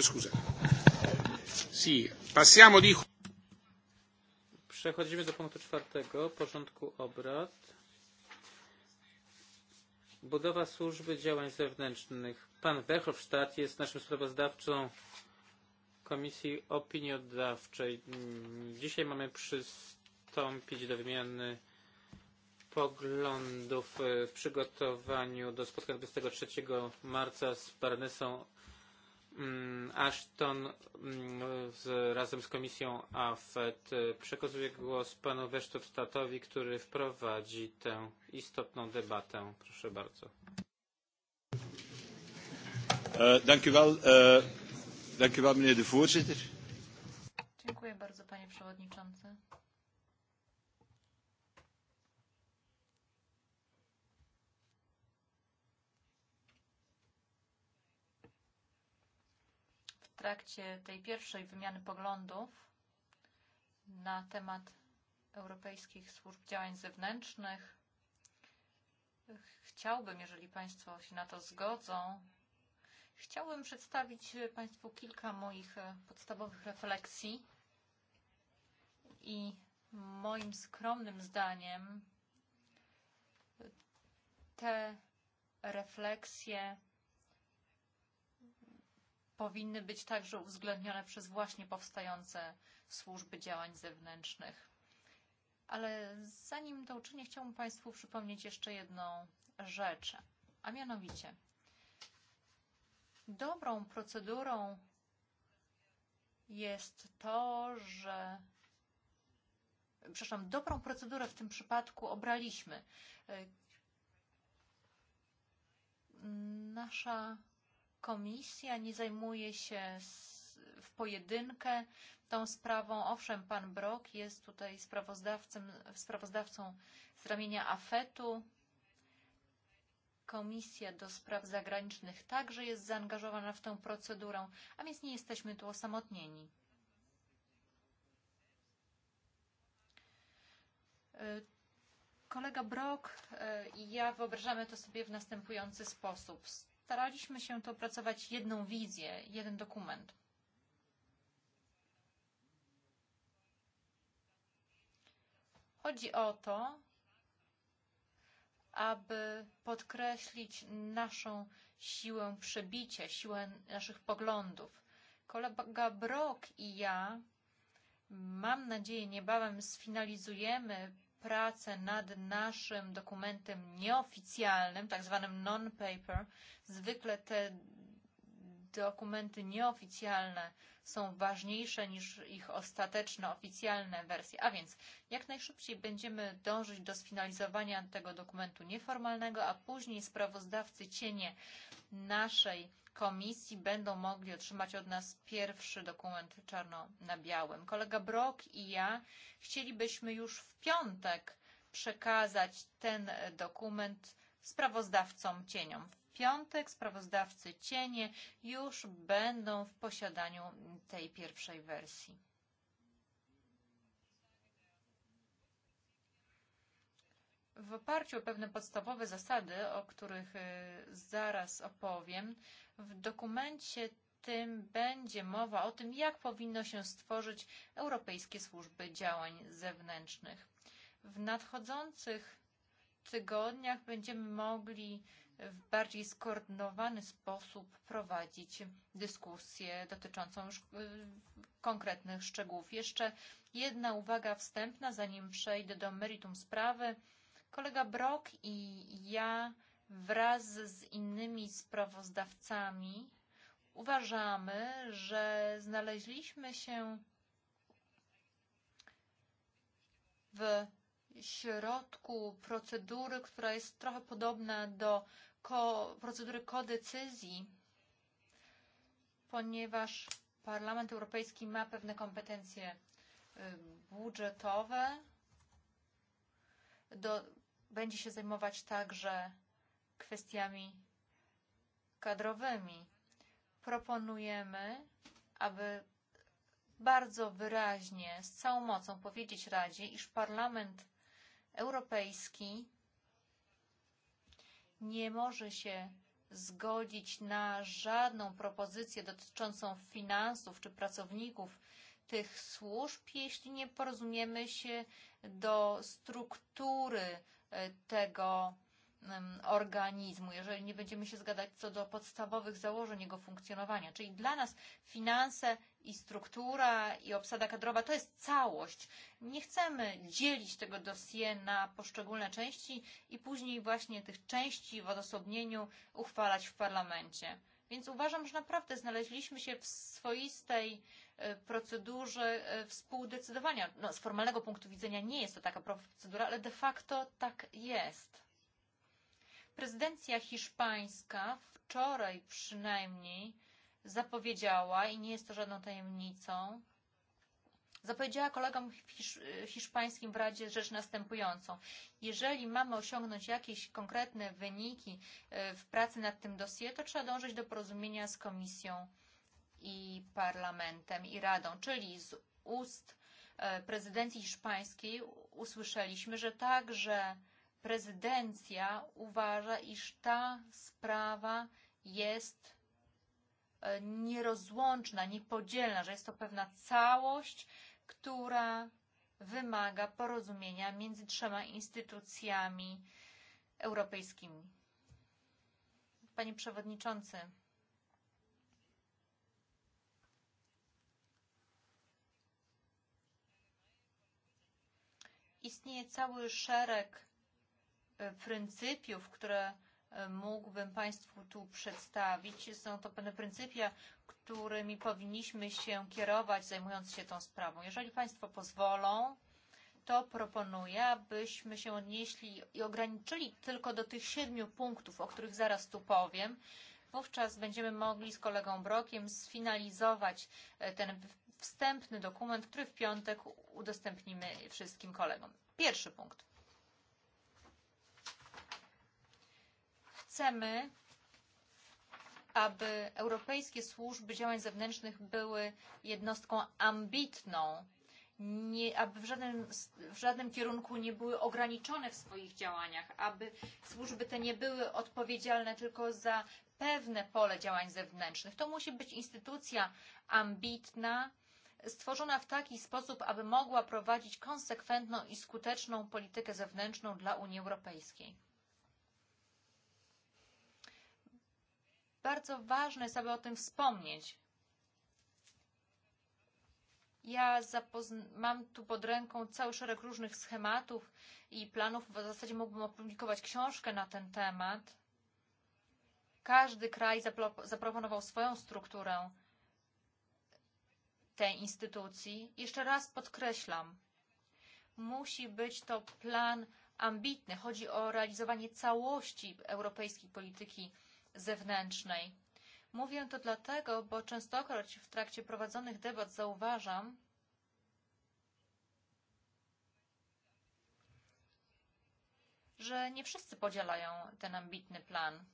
Scusa. Sì, passiamo di... Przechodzimy do punktu czwartego porządku obrad. Budowa służby działań zewnętrznych. Pan Werchowstadt jest naszym sprawozdawcą Komisji Opiniodawczej. Dzisiaj mamy przystąpić do wymiany poglądów w przygotowaniu do spotkania 23 marca z Barnesą Mm, Ashton mm, z, razem z komisją AFET przekazuje głos panu Wesztowstatowi, który wprowadzi tę istotną debatę. Proszę bardzo. E, e, Dziękuję bardzo panie przewodniczący. trakcie tej pierwszej wymiany poglądów na temat europejskich służb działań zewnętrznych, chciałbym, jeżeli Państwo się na to zgodzą, chciałbym przedstawić Państwu kilka moich e, podstawowych refleksji i moim skromnym zdaniem te refleksje powinny być także uwzględnione przez właśnie powstające służby działań zewnętrznych. Ale zanim to uczynię, chciałbym Państwu przypomnieć jeszcze jedną rzecz, a mianowicie dobrą procedurą jest to, że przepraszam, dobrą procedurę w tym przypadku obraliśmy. Nasza komisja nie zajmuje się w pojedynkę tą sprawą. Owszem, pan Brok jest tutaj sprawozdawcą z ramienia AFET-u. Komisja do Spraw Zagranicznych także jest zaangażowana w tę procedurę, a więc nie jesteśmy tu osamotnieni. E, kolega Brok e, i ja wyobrażamy to sobie w następujący sposób staraliśmy się tu opracować jedną wizję, jeden dokument. Chodzi o to, aby podkreślić naszą siłę przebicia, siłę naszych poglądów. Kolega Brok i ja, mam nadzieję, niebawem sfinalizujemy pracę nad naszym dokumentem nieoficjalnym, tak zwanym non-paper. Zwykle te dokumenty nieoficjalne są ważniejsze niż ich ostateczne oficjalne wersje. A więc jak najszybciej będziemy dążyć do sfinalizowania tego dokumentu nieformalnego, a później sprawozdawcy cienie naszej komisji będą mogli otrzymać od nas pierwszy dokument czarno na białym. Kolega Brok i ja chcielibyśmy już w piątek przekazać ten dokument sprawozdawcom cieniom. W piątek sprawozdawcy cienie już będą w posiadaniu tej pierwszej wersji. W oparciu o pewne podstawowe zasady, o których zaraz opowiem, W dokumencie tym będzie mowa o tym, jak powinno się stworzyć Europejskie Służby Działań Zewnętrznych. W nadchodzących tygodniach będziemy mogli w bardziej skoordynowany sposób prowadzić dyskusję dotyczącą już konkretnych szczegółów. Jeszcze jedna uwaga wstępna, zanim przejdę do meritum sprawy. Kolega Brok i ja wraz z innymi sprawozdawcami uważamy, że znaleźliśmy się w środku procedury, która jest trochę podobna do ko procedury kodecyzji, ponieważ Parlament Europejski ma pewne kompetencje budżetowe, do, będzie się zajmować także kwestiami kadrowymi. Proponujemy, aby bardzo wyraźnie, z całą mocą powiedzieć Radzie, iż Parlament Europejski nie może się zgodzić na żadną propozycję dotyczącą finansów czy pracowników tych służb, jeśli nie porozumiemy się do struktury e, tego organizmu, jeżeli nie będziemy się zgadzać co do podstawowych założeń jego funkcjonowania. Czyli dla nas finanse i struktura i obsada kadrowa to jest całość. Nie chcemy dzielić tego dosie na poszczególne części i później właśnie tych części w odosobnieniu uchwalać w parlamencie. Więc uważam, że naprawdę znaleźliśmy się w swoistej e, procedurze e, współdecydowania. No, z formalnego punktu widzenia nie jest to taka procedura, ale de facto tak jest. Prezydencja hiszpańska wczoraj przynajmniej zapowiedziała, i nie jest to żadną tajemnicą, zapowiedziała kolegom hisz, hiszpańskim w Radzie rzecz następującą. Jeżeli mamy osiągnąć jakieś konkretne wyniki e, w pracy nad tym dosie, to trzeba dążyć do porozumienia z Komisją i Parlamentem i Radą, czyli z ust e, prezydencji hiszpańskiej usłyszeliśmy, że także prezydencja uważa, iż ta sprawa jest e, nierozłączna, niepodzielna, że jest to pewna całość, która wymaga porozumienia między trzema instytucjami europejskimi. Panie Przewodniczący, istnieje cały szereg pryncypiów, które e, mógłbym Państwu tu przedstawić. Są to pewne pryncypia, którymi powinniśmy się kierować, zajmując się tą sprawą. Jeżeli Państwo pozwolą, to proponuję, abyśmy się odnieśli i ograniczyli tylko do tych siedmiu punktów, o których zaraz tu powiem. Wówczas będziemy mogli z kolegą Brokiem sfinalizować e, ten wstępny dokument, który w piątek udostępnimy wszystkim kolegom. Pierwszy punkt. chcemy, aby europejskie służby działań zewnętrznych były jednostką ambitną, nie, aby w żadnym, w żadnym kierunku nie były ograniczone w swoich działaniach, aby służby te nie były odpowiedzialne tylko za pewne pole działań zewnętrznych. To musi być instytucja ambitna, stworzona w taki sposób, aby mogła prowadzić konsekwentną i skuteczną politykę zewnętrzną dla Unii Europejskiej. Bardzo ważne jest, aby o tym wspomnieć. Ja mam tu pod ręką cały szereg różnych schematów i planów. W zasadzie mógłbym opublikować książkę na ten temat. Każdy kraj zaproponował swoją strukturę tej instytucji. Jeszcze raz podkreślam, musi być to plan ambitny. Chodzi o realizowanie całości europejskiej polityki zewnętrznej. Mówię to dlatego, bo częstokroć w trakcie prowadzonych debat zauważam, że nie wszyscy podzielają ten ambitny plan.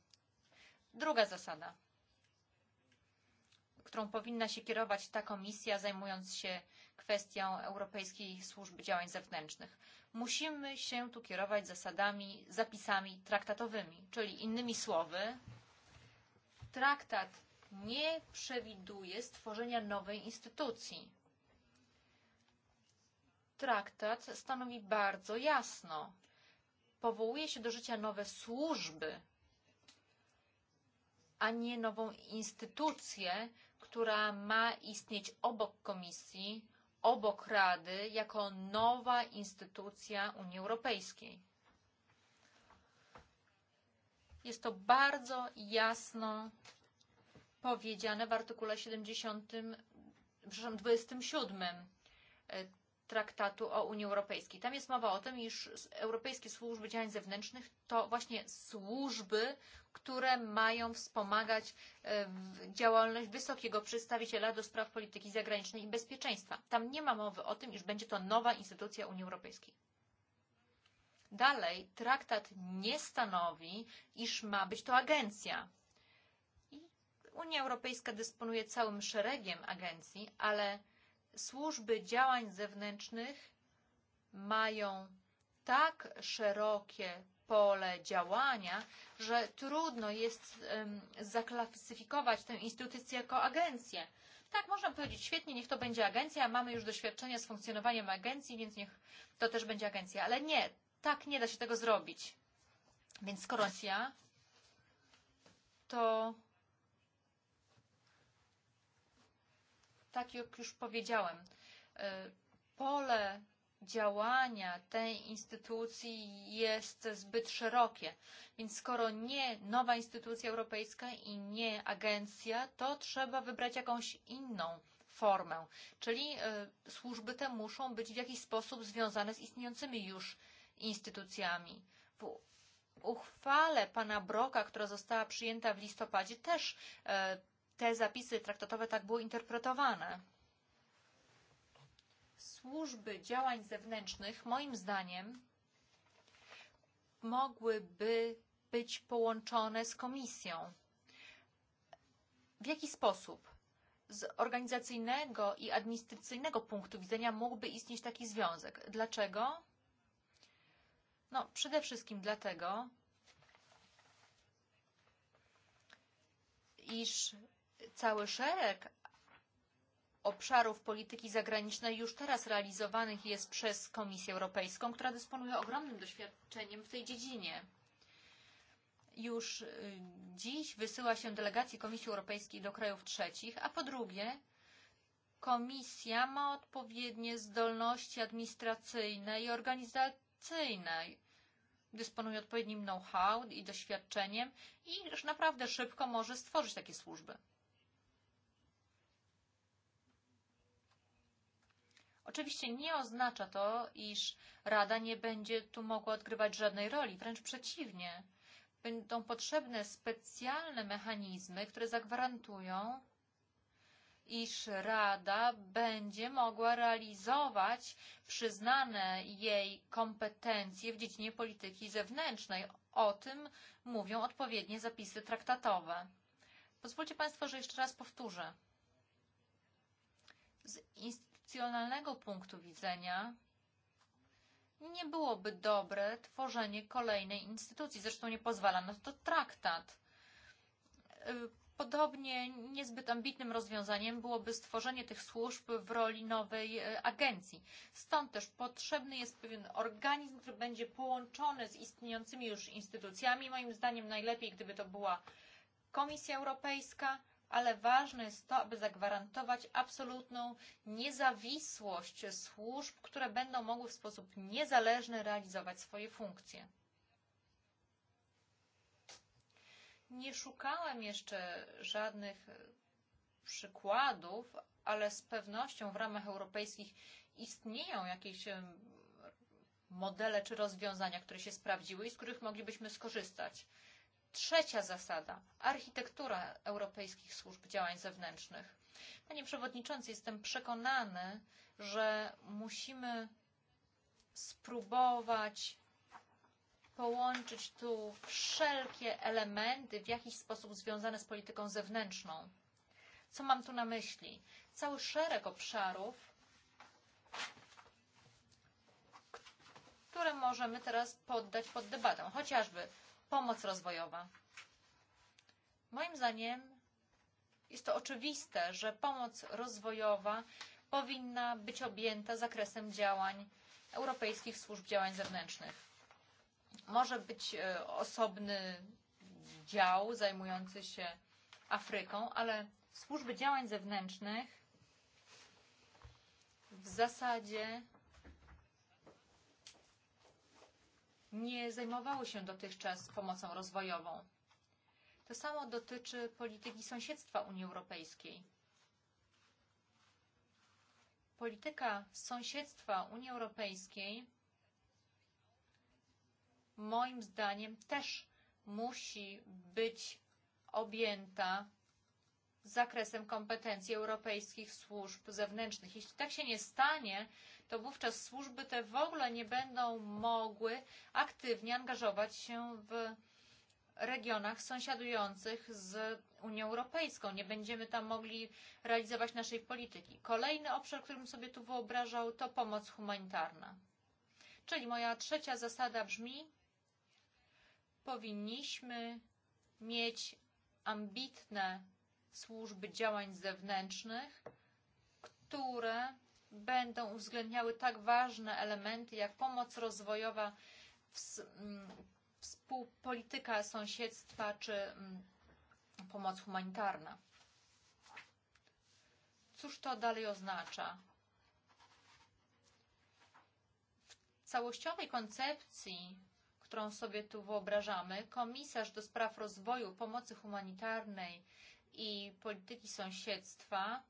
Druga zasada, którą powinna się kierować ta komisja zajmując się kwestią Europejskiej Służby Działań Zewnętrznych. Musimy się tu kierować zasadami, zapisami traktatowymi, czyli innymi słowy, traktat nie przewiduje stworzenia nowej instytucji. Traktat stanowi bardzo jasno, powołuje się do życia nowe służby, a nie nową instytucję, która ma istnieć obok Komisji, obok Rady, jako nowa instytucja Unii Europejskiej. Jest to bardzo jasno powiedziane w artykule 70, przepraszam, 27 e, Traktatu o Unii Europejskiej. Tam jest mowa o tym, iż europejskie służby działań zewnętrznych to właśnie służby, które mają wspomagać e, działalność wysokiego przedstawiciela do spraw polityki zagranicznej i bezpieczeństwa. Tam nie ma mowy o tym, iż będzie to nowa instytucja Unii Europejskiej. Dalej, traktat nie stanowi, iż ma być to agencja. I Unia Europejska dysponuje całym szeregiem agencji, ale służby działań zewnętrznych mają tak szerokie pole działania, że trudno jest um, zaklasyfikować tę instytucję jako agencję. Tak, można powiedzieć, świetnie, niech to będzie agencja, mamy już doświadczenia z funkcjonowaniem agencji, więc niech to też będzie agencja. Ale nie, tak nie da się tego zrobić. Więc skoro Rosja, to tak jak już powiedziałem, pole działania tej instytucji jest zbyt szerokie. Więc skoro nie nowa instytucja europejska i nie agencja, to trzeba wybrać jakąś inną formę. Czyli y, służby te muszą być w jakiś sposób związane z istniejącymi już instytucjami. W uchwale pana Broka, która została przyjęta w listopadzie, też e, te zapisy traktatowe tak były interpretowane. Służby działań zewnętrznych, moim zdaniem, mogłyby być połączone z komisją. W jaki sposób? Z organizacyjnego i administracyjnego punktu widzenia mógłby istnieć taki związek. Dlaczego? No, przede wszystkim dlatego, iż cały szereg obszarów polityki zagranicznej już teraz realizowanych jest przez Komisję Europejską, która dysponuje ogromnym doświadczeniem w tej dziedzinie. Już dziś wysyła się delegacje Komisji Europejskiej do krajów trzecich, a po drugie Komisja ma odpowiednie zdolności administracyjne i organizacyjne innowacyjnej. Dysponuje odpowiednim know-how i doświadczeniem i już naprawdę szybko może stworzyć takie służby. Oczywiście nie oznacza to, iż Rada nie będzie tu mogła odgrywać żadnej roli, wręcz przeciwnie. Będą potrzebne specjalne mechanizmy, które zagwarantują, iż Rada będzie mogła realizować przyznane jej kompetencje w dziedzinie polityki zewnętrznej. O tym mówią odpowiednie zapisy traktatowe. Pozwólcie Państwo, że jeszcze raz powtórzę. Z instytucjonalnego punktu widzenia nie byłoby dobre tworzenie kolejnej instytucji. Zresztą nie pozwala na to traktat Podobnie niezbyt ambitnym rozwiązaniem byłoby stworzenie tych służb w roli nowej e, agencji. Stąd też potrzebny jest pewien organizm, który będzie połączony z istniejącymi już instytucjami. Moim zdaniem najlepiej, gdyby to była Komisja Europejska, ale ważne jest to, aby zagwarantować absolutną niezawisłość służb, które będą mogły w sposób niezależny realizować swoje funkcje. Nie szukałem jeszcze żadnych e, przykładów, ale z pewnością w ramach europejskich istnieją jakieś modele czy rozwiązania, które się sprawdziły i z których moglibyśmy skorzystać. Trzecia zasada architektura europejskich służb działań zewnętrznych. Panie Przewodniczący, jestem przekonany, że musimy spróbować połączyć tu wszelkie elementy w jakiś sposób związane z polityką zewnętrzną. Co mam tu na myśli? Cały szereg obszarów, które możemy teraz poddać pod debatę, chociażby pomoc rozwojowa. Moim zdaniem jest to oczywiste, że pomoc rozwojowa powinna być objęta zakresem działań europejskich służb działań zewnętrznych może być e, osobny dział zajmujący się Afryką, ale służby działań zewnętrznych w zasadzie nie zajmowały się dotychczas pomocą rozwojową. To samo dotyczy polityki sąsiedztwa Unii Europejskiej. Polityka sąsiedztwa Unii Europejskiej moim zdaniem też musi być objęta zakresem kompetencji europejskich służb zewnętrznych. Jeśli tak się nie stanie, to wówczas służby te w ogóle nie będą mogły aktywnie angażować się w regionach sąsiadujących z Unią Europejską. Nie będziemy tam mogli realizować naszej polityki. Kolejny obszar, którym sobie tu wyobrażał, to pomoc humanitarna. Czyli moja trzecia zasada brzmi, powinniśmy mieć ambitne służby działań zewnętrznych, które będą uwzględniały tak ważne elementy jak pomoc rozwojowa, mm, współpolityka sąsiedztwa czy mm, pomoc humanitarna. Cóż to dalej oznacza? W całościowej koncepcji którą sobie tu wyobrażamy, komisarz do spraw rozwoju, pomocy humanitarnej i polityki sąsiedztwa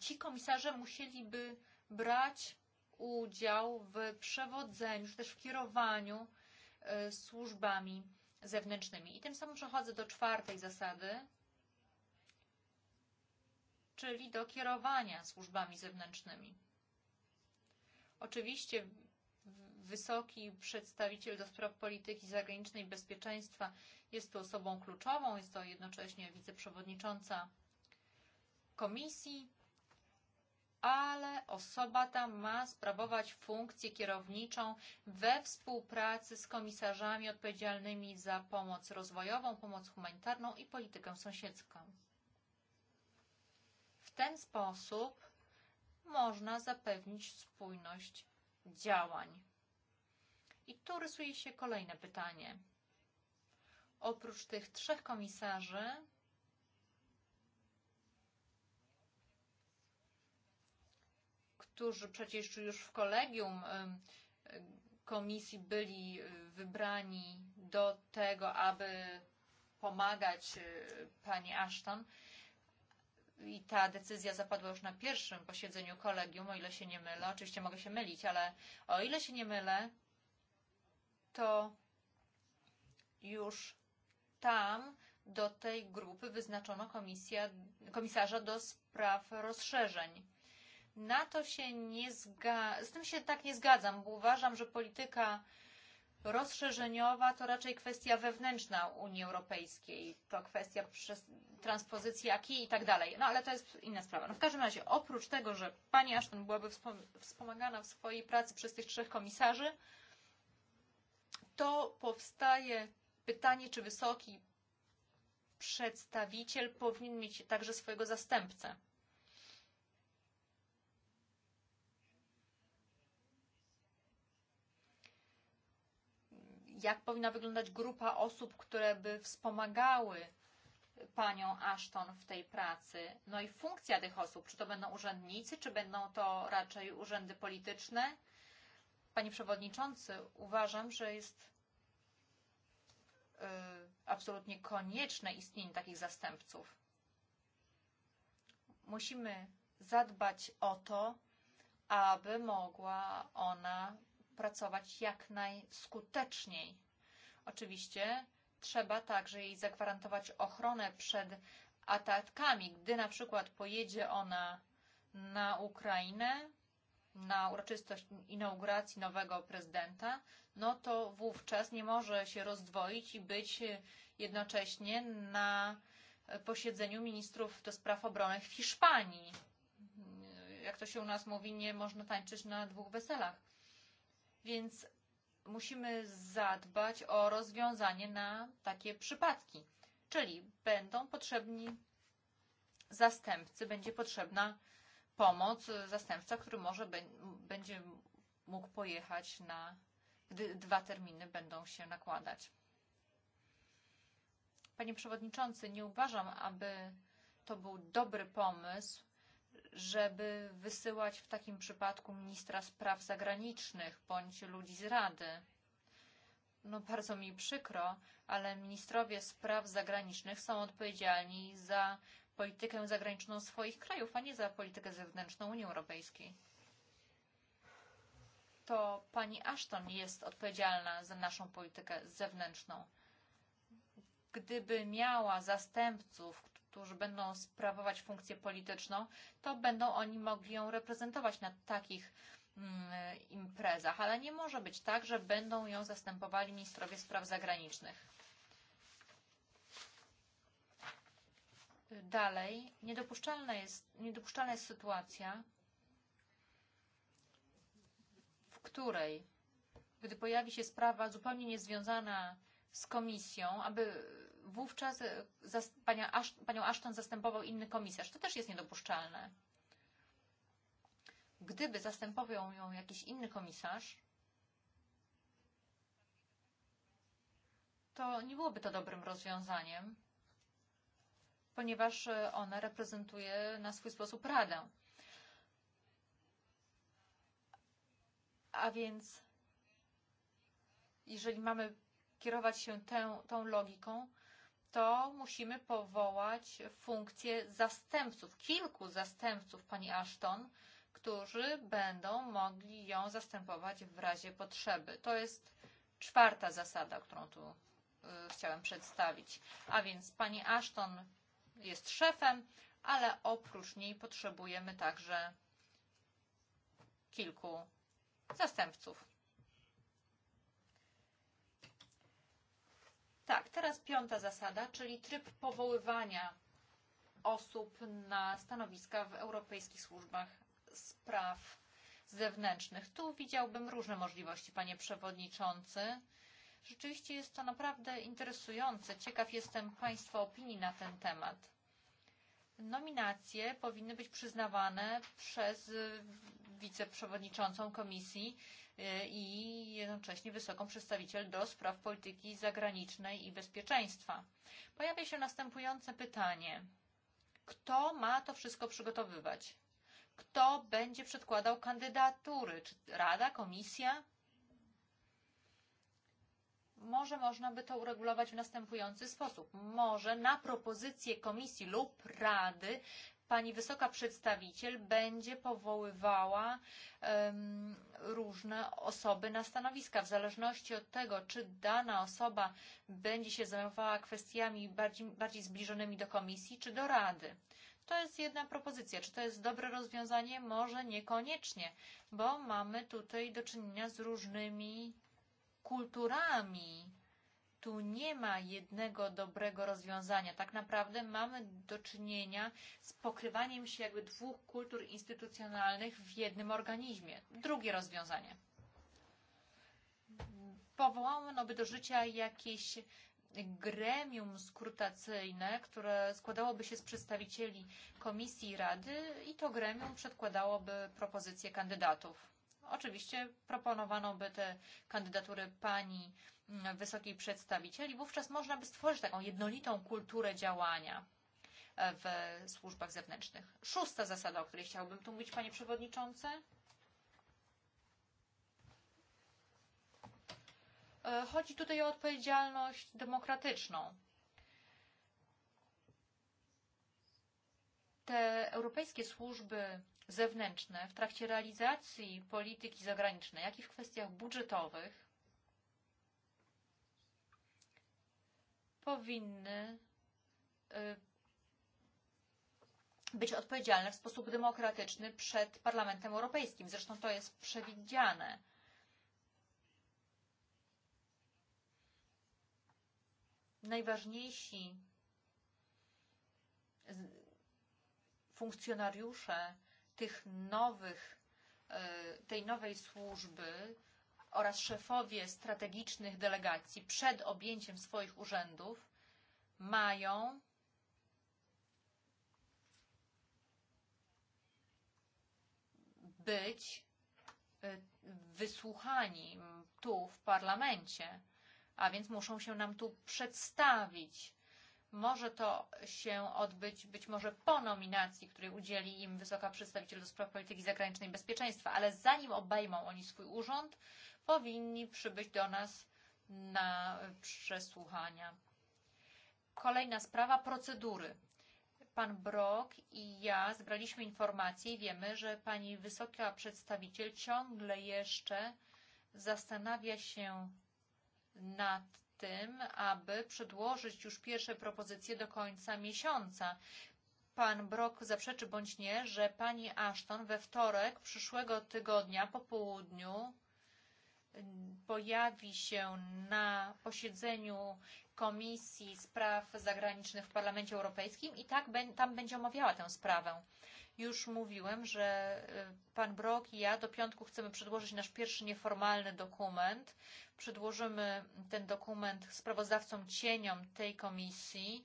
ci komisarze musieliby brać udział w przewodzeniu, czy też w kierowaniu e, służbami zewnętrznymi. I tym samym przechodzę do czwartej zasady, czyli do kierowania służbami zewnętrznymi. Oczywiście wysoki przedstawiciel do spraw polityki zagranicznej i bezpieczeństwa jest tu osobą kluczową, jest to jednocześnie wiceprzewodnicząca komisji, ale osoba ta ma sprawować funkcję kierowniczą we współpracy z komisarzami odpowiedzialnymi za pomoc rozwojową, pomoc humanitarną i politykę sąsiedzką ten sposób można zapewnić spójność działań. I tu rysuje się kolejne pytanie. Oprócz tych trzech komisarzy, którzy przecież już w kolegium komisji byli wybrani do tego, aby pomagać pani Ashton, i ta decyzja zapadła już na pierwszym posiedzeniu kolegium, o ile się nie mylę. Oczywiście mogę się mylić, ale o ile się nie mylę, to już tam do tej grupy wyznaczono komisja, komisarza do spraw rozszerzeń. Na to się nie zga- z tym się tak nie zgadzam, bo uważam, że polityka rozszerzeniowa to raczej kwestia wewnętrzna Unii Europejskiej, to kwestia przez transpozycji AKI i tak dalej. No ale to jest inna sprawa. No, w każdym razie, oprócz tego, że pani Ashton byłaby wspom wspomagana w swojej pracy przez tych trzech komisarzy, to powstaje pytanie, czy wysoki przedstawiciel powinien mieć także swojego zastępcę. jak powinna wyglądać grupa osób, które by wspomagały panią Ashton w tej pracy. No i funkcja tych osób, czy to będą urzędnicy, czy będą to raczej urzędy polityczne? Panie Przewodniczący, uważam, że jest yy, absolutnie konieczne istnienie takich zastępców. Musimy zadbać o to, aby mogła ona pracować jak najskuteczniej. Oczywiście trzeba także jej zagwarantować ochronę przed atakami, gdy na przykład pojedzie ona na Ukrainę na uroczystość inauguracji nowego prezydenta, no to wówczas nie może się rozdwoić i być jednocześnie na posiedzeniu ministrów do spraw obrony w Hiszpanii. Jak to się u nas mówi, nie można tańczyć na dwóch weselach. Więc musimy zadbać o rozwiązanie na takie przypadki. Czyli będą potrzebni zastępcy, będzie potrzebna pomoc, zastępca, który może będzie mógł pojechać na, gdy dwa terminy będą się nakładać. Panie Przewodniczący, nie uważam, aby to był dobry pomysł, żeby wysyłać w takim przypadku ministra spraw zagranicznych bądź ludzi z Rady. No bardzo mi przykro, ale ministrowie spraw zagranicznych są odpowiedzialni za politykę zagraniczną swoich krajów, a nie za politykę zewnętrzną Unii Europejskiej. To pani Ashton jest odpowiedzialna za naszą politykę zewnętrzną. Gdyby miała zastępców, którzy będą sprawować funkcję polityczną, to będą oni mogli ją reprezentować na takich mm, imprezach, ale nie może być tak, że będą ją zastępowali ministrowie spraw zagranicznych. Dalej, niedopuszczalna jest, niedopuszczalna jest sytuacja, w której, gdy pojawi się sprawa zupełnie niezwiązana z komisją, aby wówczas e, panią, Asz- panią Ashton zastępował inny komisarz. To też jest niedopuszczalne. Gdyby zastępował ją jakiś inny komisarz, to nie byłoby to dobrym rozwiązaniem, ponieważ e, ona reprezentuje na swój sposób Radę. A więc, jeżeli mamy kierować się tę, tą logiką, to musimy powołać funkcję zastępców, kilku zastępców pani Ashton, którzy będą mogli ją zastępować w razie potrzeby. To jest czwarta zasada, którą tu y, chciałem przedstawić. A więc pani Ashton jest szefem, ale oprócz niej potrzebujemy także kilku zastępców. Tak, teraz piąta zasada, czyli tryb powoływania osób na stanowiska w europejskich służbach spraw zewnętrznych. Tu widziałbym różne możliwości, panie przewodniczący. Rzeczywiście jest to naprawdę interesujące. Ciekaw jestem państwa opinii na ten temat. Nominacje powinny być przyznawane przez wiceprzewodniczącą komisji i jednocześnie wysoką przedstawiciel do spraw polityki zagranicznej i bezpieczeństwa. Pojawia się następujące pytanie. Kto ma to wszystko przygotowywać? Kto będzie przedkładał kandydatury? Czy Rada, Komisja? Może można by to uregulować w następujący sposób. Może na propozycję komisji lub rady pani wysoka przedstawiciel będzie powoływała um, różne osoby na stanowiska. W zależności od tego, czy dana osoba będzie się zajmowała kwestiami bardziej, bardziej zbliżonymi do komisji, czy do rady. To jest jedna propozycja. Czy to jest dobre rozwiązanie? Może niekoniecznie, bo mamy tutaj do czynienia z różnymi kulturami tu nie ma jednego dobrego rozwiązania. Tak naprawdę mamy do czynienia z pokrywaniem się jakby dwóch kultur instytucjonalnych w jednym organizmie. Drugie rozwiązanie. no by do życia jakieś gremium skrutacyjne, które składałoby się z przedstawicieli komisji i rady i to gremium przedkładałoby propozycje kandydatów. Oczywiście proponowano by te kandydatury pani wysokiej przedstawiciel i wówczas można by stworzyć taką jednolitą kulturę działania e, w służbach zewnętrznych. Szósta zasada, o której chciałbym tu mówić, panie przewodniczący. E, chodzi tutaj o odpowiedzialność demokratyczną. Te europejskie służby zewnętrzne w trakcie realizacji polityki zagranicznej, jak i w kwestiach budżetowych powinny e, być odpowiedzialne w sposób demokratyczny przed Parlamentem Europejskim. Zresztą to jest przewidziane. Najważniejsi funkcjonariusze tych nowych, e, tej nowej służby oraz szefowie strategicznych delegacji przed objęciem swoich urzędów mają być wysłuchani tu w parlamencie, a więc muszą się nam tu przedstawić. Może to się odbyć być może po nominacji, której udzieli im wysoka przedstawiciel do spraw polityki zagranicznej i bezpieczeństwa, ale zanim obejmą oni swój urząd, powinni przybyć do nas na przesłuchania. Kolejna sprawa procedury. Pan Brok i ja zbraliśmy informacje i wiemy, że pani wysoka przedstawiciel ciągle jeszcze zastanawia się nad tym, aby przedłożyć już pierwsze propozycje do końca miesiąca. Pan Brok zaprzeczy bądź nie, że pani Ashton we wtorek przyszłego tygodnia po południu pojawi się na posiedzeniu Komisji Spraw Zagranicznych w Parlamencie Europejskim i tak tam będzie omawiała tę sprawę. Już mówiłem, że pan Brok i ja do piątku chcemy przedłożyć nasz pierwszy nieformalny dokument. Przedłożymy ten dokument sprawozdawcom cieniom tej komisji.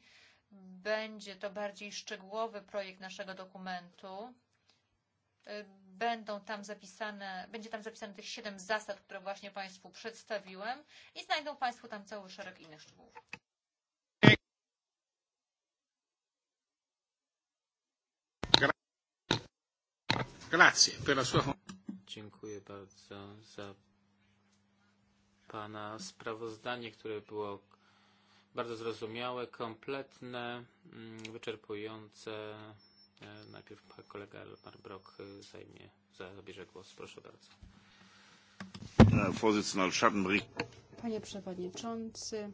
Będzie to bardziej szczegółowy projekt naszego dokumentu będą tam zapisane, będzie tam zapisane tych siedem zasad, które właśnie Państwu przedstawiłem i znajdą Państwo tam cały szereg innych szczegółów. Grazie per la sua... Dziękuję bardzo za Pana sprawozdanie, które było bardzo zrozumiałe, kompletne, mm, wyczerpujące. Najpierw kolega Elmar Brok e, zajmie, zabierze głos. Proszę bardzo. Panie Przewodniczący,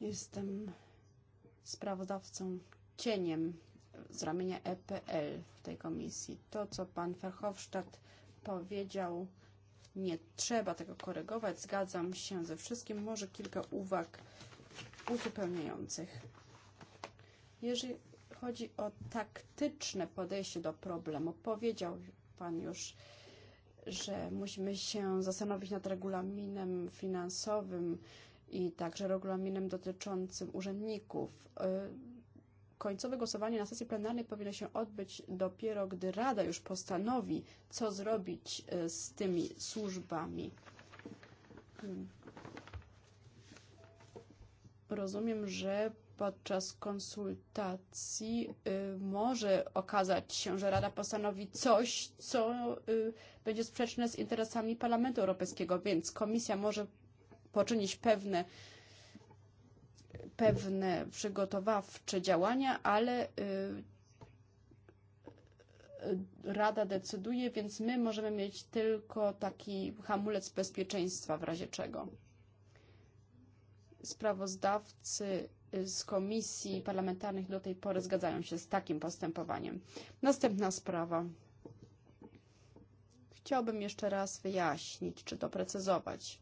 jestem sprawozdawcą cieniem z ramienia EPL w tej komisji. To, co pan Verhofstadt powiedział, nie trzeba tego korygować. Zgadzam się ze wszystkim. Może kilka uwag uzupełniających. Jeżeli chodzi o taktyczne podejście do problemu. Powiedział Pan już, że musimy się zastanowić nad regulaminem finansowym i także regulaminem dotyczącym urzędników. Końcowe głosowanie na sesji plenarnej powinno się odbyć dopiero, gdy Rada już postanowi, co zrobić z tymi służbami. Hmm. Rozumiem, że podczas konsultacji y, może okazać się, że Rada postanowi coś, co y, będzie sprzeczne z interesami Parlamentu Europejskiego, więc Komisja może poczynić pewne pewne przygotowawcze działania, ale y, Rada decyduje, więc my możemy mieć tylko taki hamulec bezpieczeństwa w razie czego. Sprawozdawcy z komisji parlamentarnych do tej pory zgadzają się z takim postępowaniem. Następna sprawa. Chciałbym jeszcze raz wyjaśnić czy doprecyzować.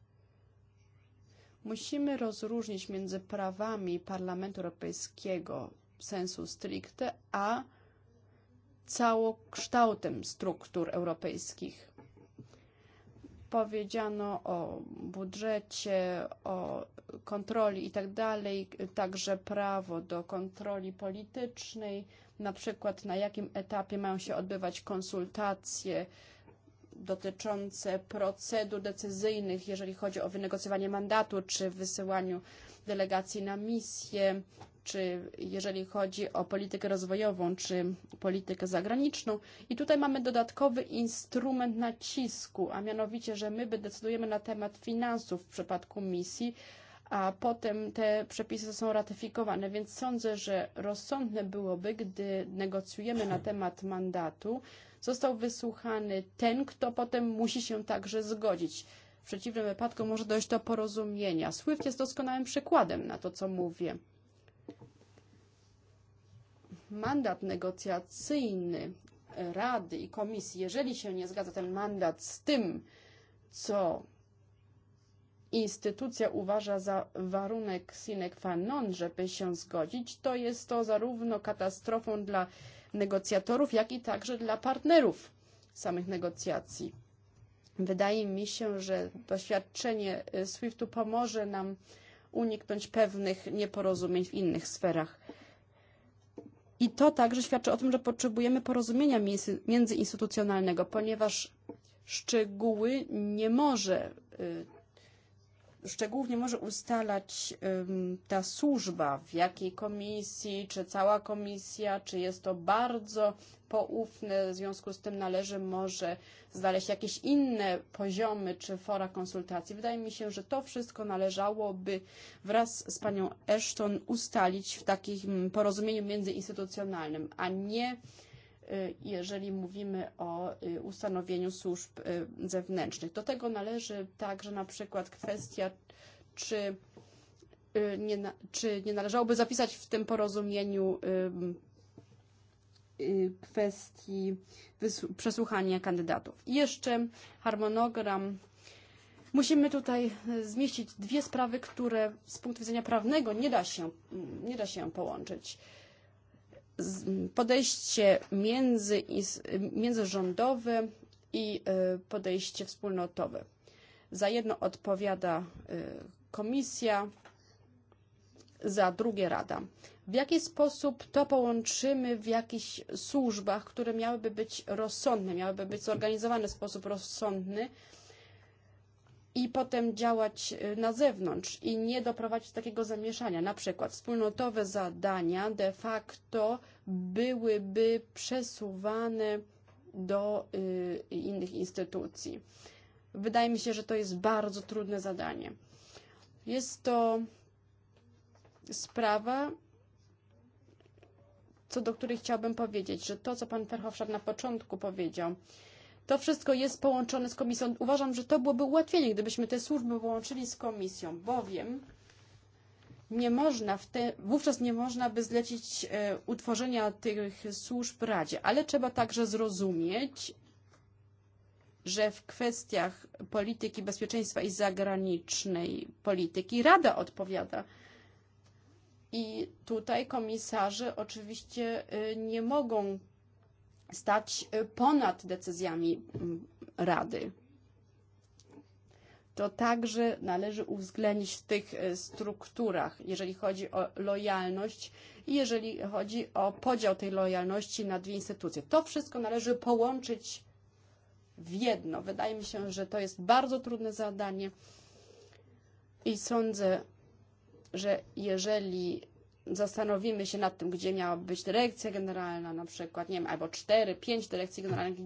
Musimy rozróżnić między prawami Parlamentu Europejskiego sensu stricte, a całokształtem struktur europejskich powiedziano o budżecie, o kontroli i tak dalej, także prawo do kontroli politycznej, na przykład na jakim etapie mają się odbywać konsultacje dotyczące procedur decyzyjnych, jeżeli chodzi o wynegocjowanie mandatu czy wysyłaniu delegacji na misję czy jeżeli chodzi o politykę rozwojową, czy politykę zagraniczną. I tutaj mamy dodatkowy instrument nacisku, a mianowicie, że my decydujemy na temat finansów w przypadku misji, a potem te przepisy są ratyfikowane, więc sądzę, że rozsądne byłoby, gdy negocjujemy na temat mandatu, został wysłuchany ten, kto potem musi się także zgodzić. W przeciwnym wypadku może dojść do porozumienia. SWIFT jest doskonałym przykładem na to, co mówię mandat negocjacyjny Rady i Komisji, jeżeli się nie zgadza ten mandat z tym, co instytucja uważa za warunek sine qua non, żeby się zgodzić, to jest to zarówno katastrofą dla negocjatorów, jak i także dla partnerów samych negocjacji. Wydaje mi się, że doświadczenie SWIFT-u pomoże nam uniknąć pewnych nieporozumień w innych sferach. I to także świadczy o tym, że potrzebujemy porozumienia międzyinstytucjonalnego, ponieważ szczegóły nie może szczególnie może ustalać ta służba, w jakiej komisji, czy cała komisja, czy jest to bardzo poufne, w związku z tym należy może znaleźć jakieś inne poziomy czy fora konsultacji. Wydaje mi się, że to wszystko należałoby wraz z panią Ashton ustalić w takim porozumieniu międzyinstytucjonalnym, a nie jeżeli mówimy o ustanowieniu służb zewnętrznych. Do tego należy także na przykład kwestia, czy nie, czy nie należałoby zapisać w tym porozumieniu kwestii przesłuchania kandydatów. I jeszcze harmonogram. Musimy tutaj zmieścić dwie sprawy, które z punktu widzenia prawnego nie da się, nie da się połączyć podejście między, międzyrządowe i e, podejście wspólnotowe. Za jedno odpowiada e, komisja, za drugie rada. W jaki sposób to połączymy w jakichś służbach, które miałyby być rozsądne, miałyby być zorganizowane w sposób rozsądny, i potem działać na zewnątrz i nie doprowadzić do takiego zamieszania. Na przykład wspólnotowe zadania de facto byłyby przesuwane do y, innych instytucji. Wydaje mi się, że to jest bardzo trudne zadanie. Jest to sprawa, co do której chciałbym powiedzieć, że to, co pan Ferhofszak na początku powiedział, y, to wszystko jest połączone z komisją. Uważam, że to byłoby ułatwienie, gdybyśmy te służby połączyli z komisją, bowiem nie można w te, wówczas nie można by zlecić e, utworzenia tych służb Radzie, ale trzeba także zrozumieć, że w kwestiach polityki bezpieczeństwa i zagranicznej polityki Rada odpowiada. I tutaj komisarze oczywiście e, nie mogą stać ponad decyzjami mm, Rady. To także należy uwzględnić w tych strukturach, jeżeli chodzi o lojalność i jeżeli chodzi o podział tej lojalności na dwie instytucje. To wszystko należy połączyć w jedno. Wydaje mi się, że to jest bardzo trudne zadanie i sądzę, że jeżeli zastanowimy się nad tym, gdzie miała być dyrekcja generalna, na przykład, nie wiem, albo cztery, pięć dyrekcji generalnych,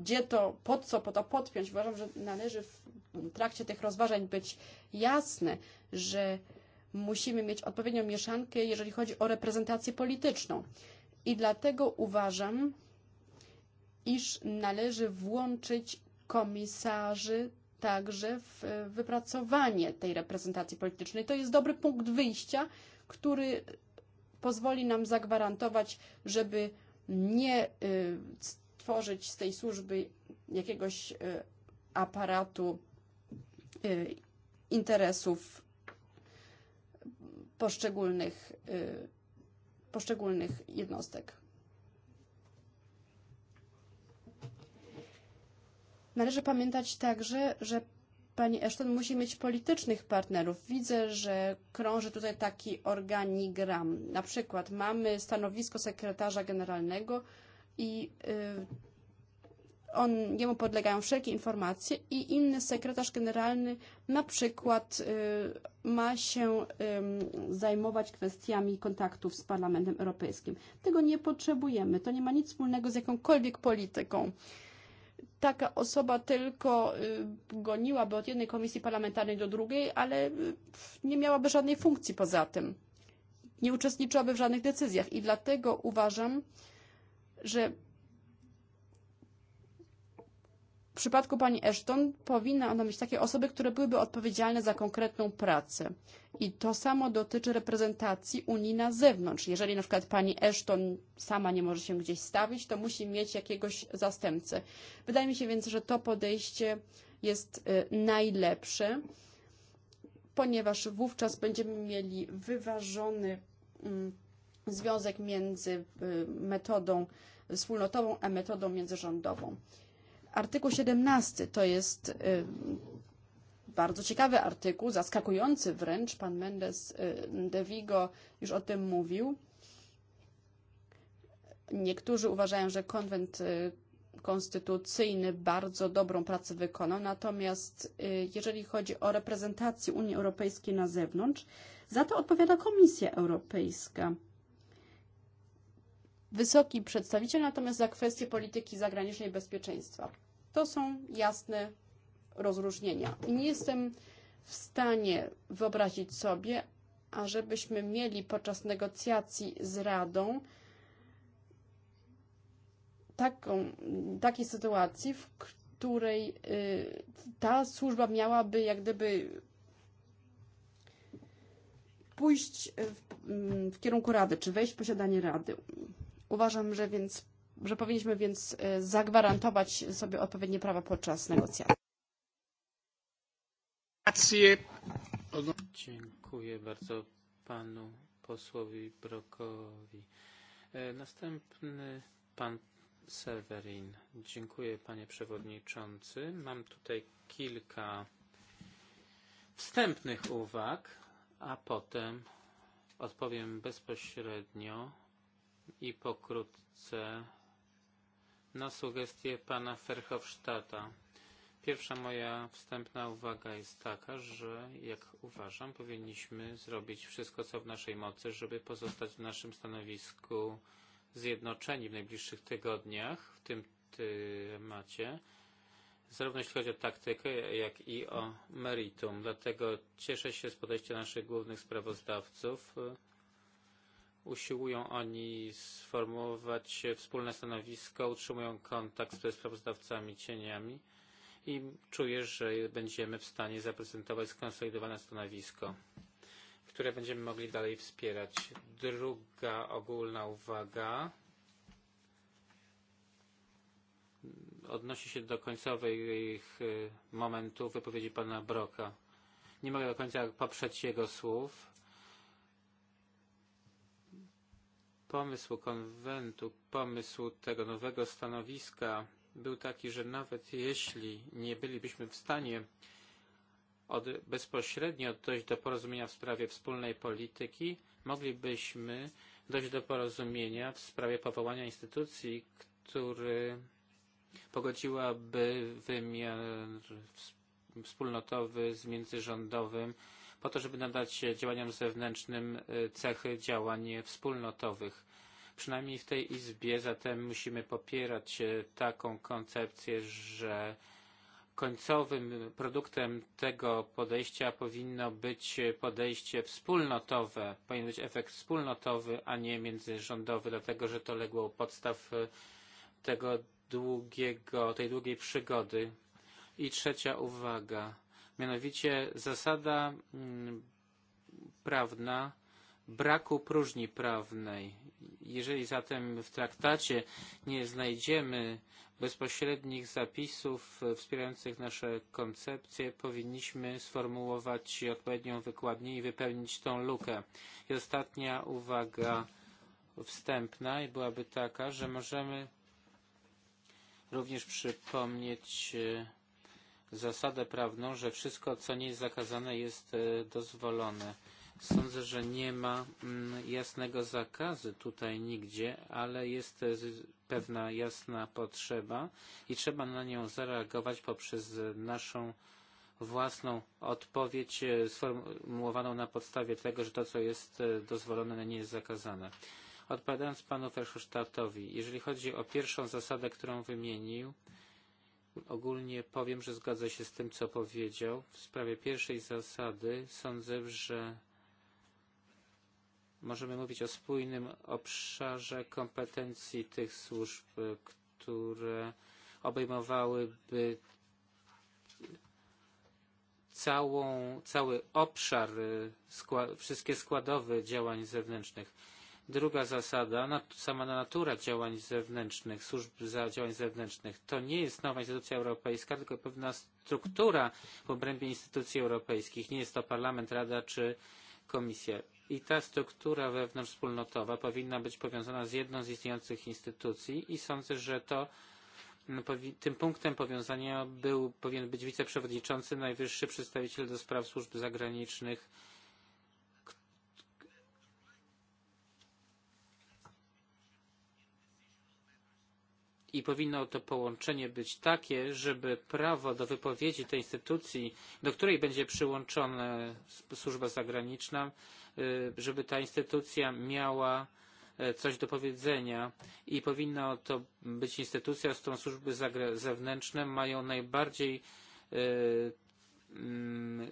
gdzie to, pod co, po to podpiąć. Uważam, że należy w trakcie tych rozważań być jasne, że musimy mieć odpowiednią mieszankę, jeżeli chodzi o reprezentację polityczną. I dlatego uważam, iż należy włączyć komisarzy także w wypracowanie tej reprezentacji politycznej. To jest dobry punkt wyjścia, który pozwoli nam zagwarantować, żeby nie stworzyć z tej służby jakiegoś aparatu interesów poszczególnych, poszczególnych jednostek. Należy pamiętać także, że Pani Ashton musi mieć politycznych partnerów. Widzę, że krąży tutaj taki organigram. Na przykład mamy stanowisko sekretarza generalnego i on, jemu podlegają wszelkie informacje i inny sekretarz generalny na przykład ma się zajmować kwestiami kontaktów z Parlamentem Europejskim. Tego nie potrzebujemy. To nie ma nic wspólnego z jakąkolwiek polityką taka osoba tylko goniłaby od jednej komisji parlamentarnej do drugiej, ale nie miałaby żadnej funkcji poza tym. Nie uczestniczyłaby w żadnych decyzjach i dlatego uważam, że W przypadku pani Ashton powinna ona mieć takie osoby, które byłyby odpowiedzialne za konkretną pracę. I to samo dotyczy reprezentacji Unii na zewnątrz. Jeżeli na przykład pani Ashton sama nie może się gdzieś stawić, to musi mieć jakiegoś zastępcę. Wydaje mi się więc, że to podejście jest najlepsze, ponieważ wówczas będziemy mieli wyważony mm, związek między metodą wspólnotową a metodą międzyrządową artykuł 17 to jest bardzo ciekawy artykuł, zaskakujący wręcz. Pan Mendes de Vigo już o tym mówił. Niektórzy uważają, że konwent konstytucyjny bardzo dobrą pracę wykonał, natomiast jeżeli chodzi o reprezentację Unii Europejskiej na zewnątrz, za to odpowiada Komisja Europejska. Wysoki przedstawiciel natomiast za kwestie polityki zagranicznej i bezpieczeństwa. To są jasne rozróżnienia. Nie jestem w stanie wyobrazić sobie, ażebyśmy mieli podczas negocjacji z Radą taką, takiej sytuacji, w której ta służba miałaby jak gdyby pójść w, mm, w kierunku Rady, czy wejść w posiadanie Rady. Uważam, że więc że powinniśmy więc e, zagwarantować sobie odpowiednie prawa podczas negocjacji. Dziękuję bardzo panu posłowi Brokowi. E, następny pan Severin. Dziękuję panie przewodniczący. Mam tutaj kilka wstępnych uwag, a potem odpowiem bezpośrednio i pokrótce na sugestie pana Ferhofstadta. Pierwsza moja wstępna uwaga jest taka, że jak uważam, powinniśmy zrobić wszystko, co w naszej mocy, żeby pozostać w naszym stanowisku zjednoczeni w najbliższych tygodniach w tym temacie, zarówno jeśli chodzi o taktykę, jak i o meritum. Dlatego cieszę się z podejścia naszych głównych sprawozdawców usiłują oni sformułować wspólne stanowisko, utrzymują kontakt z sprawozdawcami cieniami i czuję, że będziemy w stanie zaprezentować skonsolidowane stanowisko, które będziemy mogli dalej wspierać. Druga ogólna uwaga odnosi się do końcowych e, momentów wypowiedzi pana Broka. Nie mogę do końca poprzeć jego słów, pomysł konwentu, pomysł tego nowego stanowiska był taki, że nawet jeśli nie bylibyśmy w stanie od, bezpośrednio dojść do porozumienia w sprawie wspólnej polityki, moglibyśmy dojść do porozumienia w sprawie powołania instytucji, który pogodziłaby wymiar wspólnotowy z międzyrządowym po to, żeby nadać działaniom zewnętrznym e, cechy działań wspólnotowych. Przynajmniej w tej Izbie zatem musimy popierać e, taką koncepcję, że końcowym produktem tego podejścia powinno być podejście wspólnotowe, powinien być efekt wspólnotowy, a nie międzyrządowy, dlatego że to legło u podstaw e, tego długiego, tej długiej przygody. I trzecia uwaga, mianowicie zasada mm, prawna braku próżni prawnej. Jeżeli zatem w traktacie nie znajdziemy bezpośrednich zapisów wspierających nasze koncepcje, powinniśmy sformułować odpowiednią wykładnię i wypełnić tą lukę. I ostatnia uwaga wstępna i byłaby taka, że możemy również przypomnieć e, zasadę prawną, że wszystko, co nie jest zakazane, jest e, dozwolone Sądzę, że nie ma mm, jasnego zakazu tutaj nigdzie, ale jest pewna jasna potrzeba i trzeba na nią zareagować poprzez naszą własną odpowiedź e, sformułowaną na podstawie tego, że to, co jest e, dozwolone, nie jest zakazane. Odpowiadając panu Fersztatowi, jeżeli chodzi o pierwszą zasadę, którą wymienił, ogólnie powiem, że zgadzam się z tym, co powiedział. W sprawie pierwszej zasady sądzę, że Możemy mówić o spójnym obszarze kompetencji tych służb, które obejmowałyby całą, cały obszar, skła, wszystkie składowe działań zewnętrznych. Druga zasada, nat, sama natura działań zewnętrznych, służb za działań zewnętrznych, to nie jest nowa instytucja europejska, tylko pewna struktura w obrębie instytucji europejskich. Nie jest to parlament, rada czy komisja i ta struktura wewnątrzwspólnotowa powinna być powiązana z jedną z istniejących instytucji i sądzę, że to mm, tym punktem powiązania był, powinien być wiceprzewodniczący, najwyższy przedstawiciel do spraw służb zagranicznych i powinno to połączenie być takie, żeby prawo do wypowiedzi tej instytucji, do której będzie przyłączona służba zagraniczna, żeby ta instytucja miała coś do powiedzenia i powinna to być instytucja, z którą służby zewnętrzne mają najbardziej mm,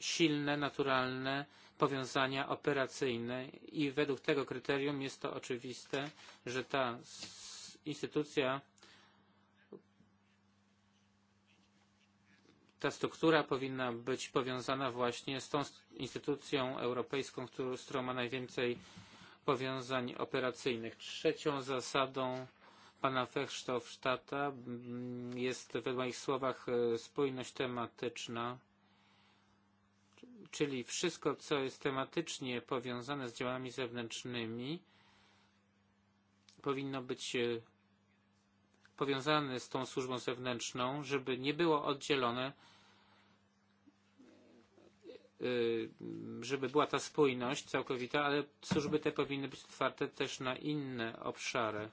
silne, naturalne powiązania operacyjne i według tego kryterium jest to oczywiste, że ta instytucja, ta struktura powinna być powiązana właśnie z tą instytucją europejską, z którą ma najwięcej powiązań operacyjnych. Trzecią zasadą pana Fechsztofstadta mm, jest w moich słowach e, spójność tematyczna, czyli wszystko, co jest tematycznie powiązane z działami zewnętrznymi, powinno być e, powiązany z tą służbą zewnętrzną, żeby nie było oddzielone, żeby była ta spójność całkowita, ale służby te powinny być otwarte też na inne obszary.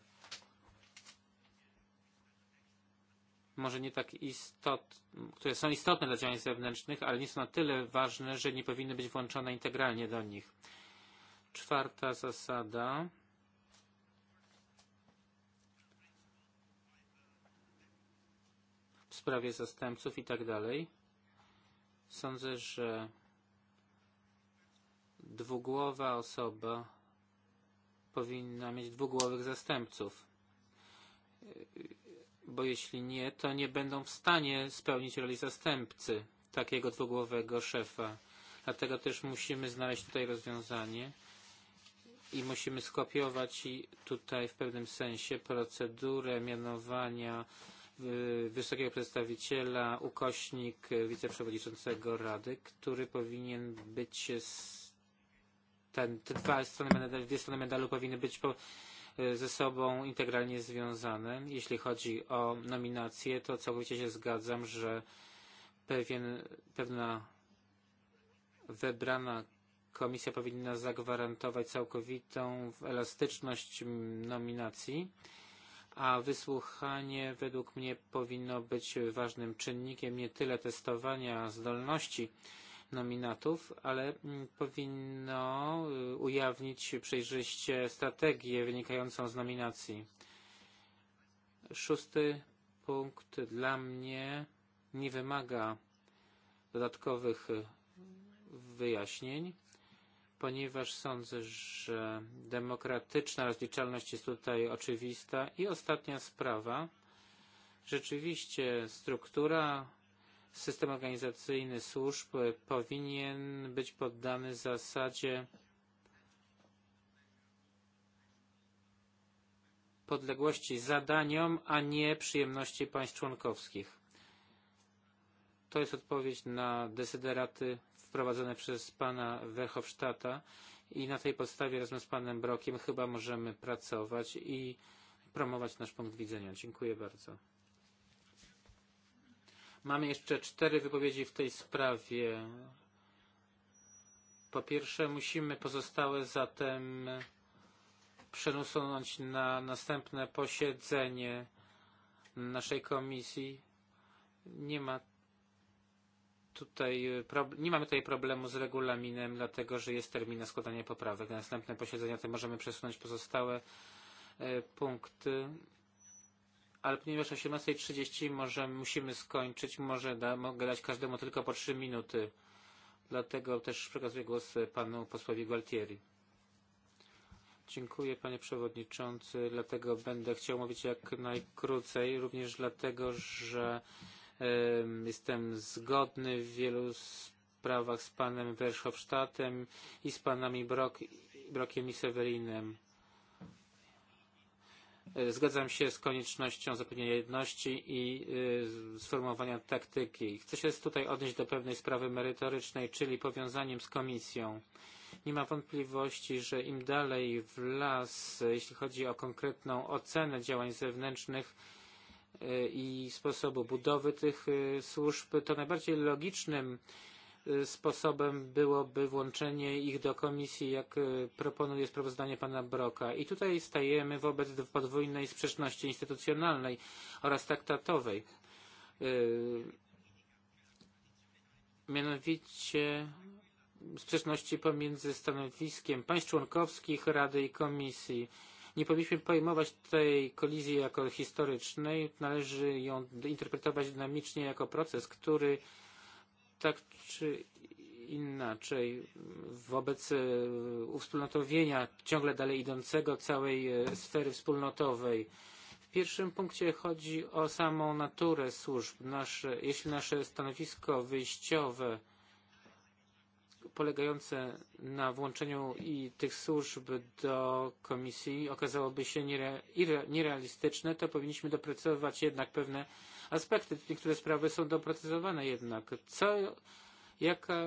Może nie tak istotne, które są istotne dla działań zewnętrznych, ale nie są na tyle ważne, że nie powinny być włączone integralnie do nich. Czwarta zasada sprawie zastępców i tak dalej. Sądzę, że dwugłowa osoba powinna mieć dwugłowych zastępców. Bo jeśli nie, to nie będą w stanie spełnić roli zastępcy takiego dwugłowego szefa. Dlatego też musimy znaleźć tutaj rozwiązanie i musimy skopiować tutaj w pewnym sensie procedurę mianowania wysokiego przedstawiciela, ukośnik wiceprzewodniczącego Rady, który powinien być ten, te dwa strony medalu, dwie strony medalu powinny być po, e, ze sobą integralnie związane. Jeśli chodzi o nominacje, to całkowicie się zgadzam, że pewien, pewna wybrana komisja powinna zagwarantować całkowitą elastyczność nominacji a wysłuchanie według mnie powinno być ważnym czynnikiem nie tyle testowania zdolności nominatów, ale mm, powinno ujawnić przejrzyście strategię wynikającą z nominacji. Szósty punkt dla mnie nie wymaga dodatkowych wyjaśnień ponieważ sądzę, że demokratyczna rozliczalność jest tutaj oczywista. I ostatnia sprawa. Rzeczywiście struktura, system organizacyjny służb powinien być poddany zasadzie podległości zadaniom, a nie przyjemności państw członkowskich. To jest odpowiedź na dezyderaty wprowadzone przez pana Verhofstadta i na tej podstawie razem z panem Brokiem chyba możemy pracować i promować nasz punkt widzenia. Dziękuję bardzo. Mamy jeszcze cztery wypowiedzi w tej sprawie. Po pierwsze, musimy pozostałe zatem przesunąć na następne posiedzenie naszej komisji. Nie ma tutaj, e, nie mamy tutaj problemu z regulaminem, dlatego że jest termin na składanie poprawek. Na następne posiedzenia te możemy przesunąć pozostałe e, punkty. Ale ponieważ o 18.30 może musimy skończyć, może da, mogę dać każdemu tylko po 3 minuty. Dlatego też przekazuję głos panu posłowi Gualtieri. Dziękuję panie przewodniczący, dlatego będę chciał mówić jak najkrócej, również dlatego, że Jestem zgodny w wielu sprawach z panem Werszhofstadtem i z panami Brok, Brokiem i Sewerinem. E, zgadzam się z koniecznością zapewnienia jedności i e, sformułowania taktyki. Chcę się tutaj odnieść do pewnej sprawy merytorycznej, czyli powiązaniem z komisją. Nie ma wątpliwości, że im dalej w las, jeśli chodzi o konkretną ocenę działań zewnętrznych, i sposobu budowy tych e, służb, to najbardziej logicznym e, sposobem byłoby włączenie ich do komisji, jak e, proponuje sprawozdanie pana Broka. I tutaj stajemy wobec podwójnej sprzeczności instytucjonalnej oraz traktatowej. Mianowicie sprzeczności pomiędzy stanowiskiem państw członkowskich, Rady i Komisji Nie powinniśmy pojmować tej kolizji jako historycznej. Należy ją interpretować dynamicznie jako proces, który tak czy inaczej wobec e, uwspólnotowienia ciągle dalej idącego całej e, sfery wspólnotowej. W pierwszym punkcie chodzi o samą naturę służb. Nasze, jeśli nasze stanowisko wyjściowe polegające na włączeniu i tych służb do komisji okazałoby się niere, nierealistyczne, to powinniśmy doprecyzować jednak pewne aspekty. Niektóre sprawy są doprecyzowane jednak. Co, jaka,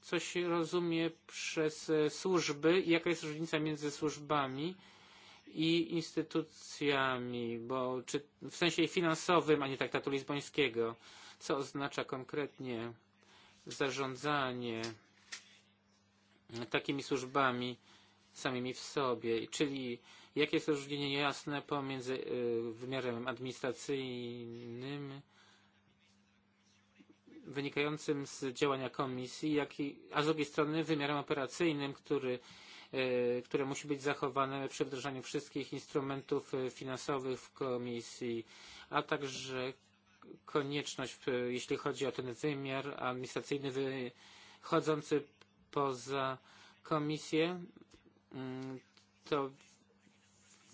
co się rozumie przez służby i jaka jest różnica między służbami i instytucjami, bo czy w sensie finansowym, a nie traktatu lizbońskiego, co oznacza konkretnie zarządzanie takimi służbami samymi w sobie, czyli jakie jest różnienie jasne pomiędzy wymiarem e, administracyjnym wynikającym z działania komisji, jak i, a z drugiej strony wymiarem operacyjnym, który, e, które musi być zachowane przy wdrażaniu wszystkich instrumentów e, finansowych w komisji, a także konieczność, jeśli chodzi o ten wymiar administracyjny wychodzący poza komisję, mm, to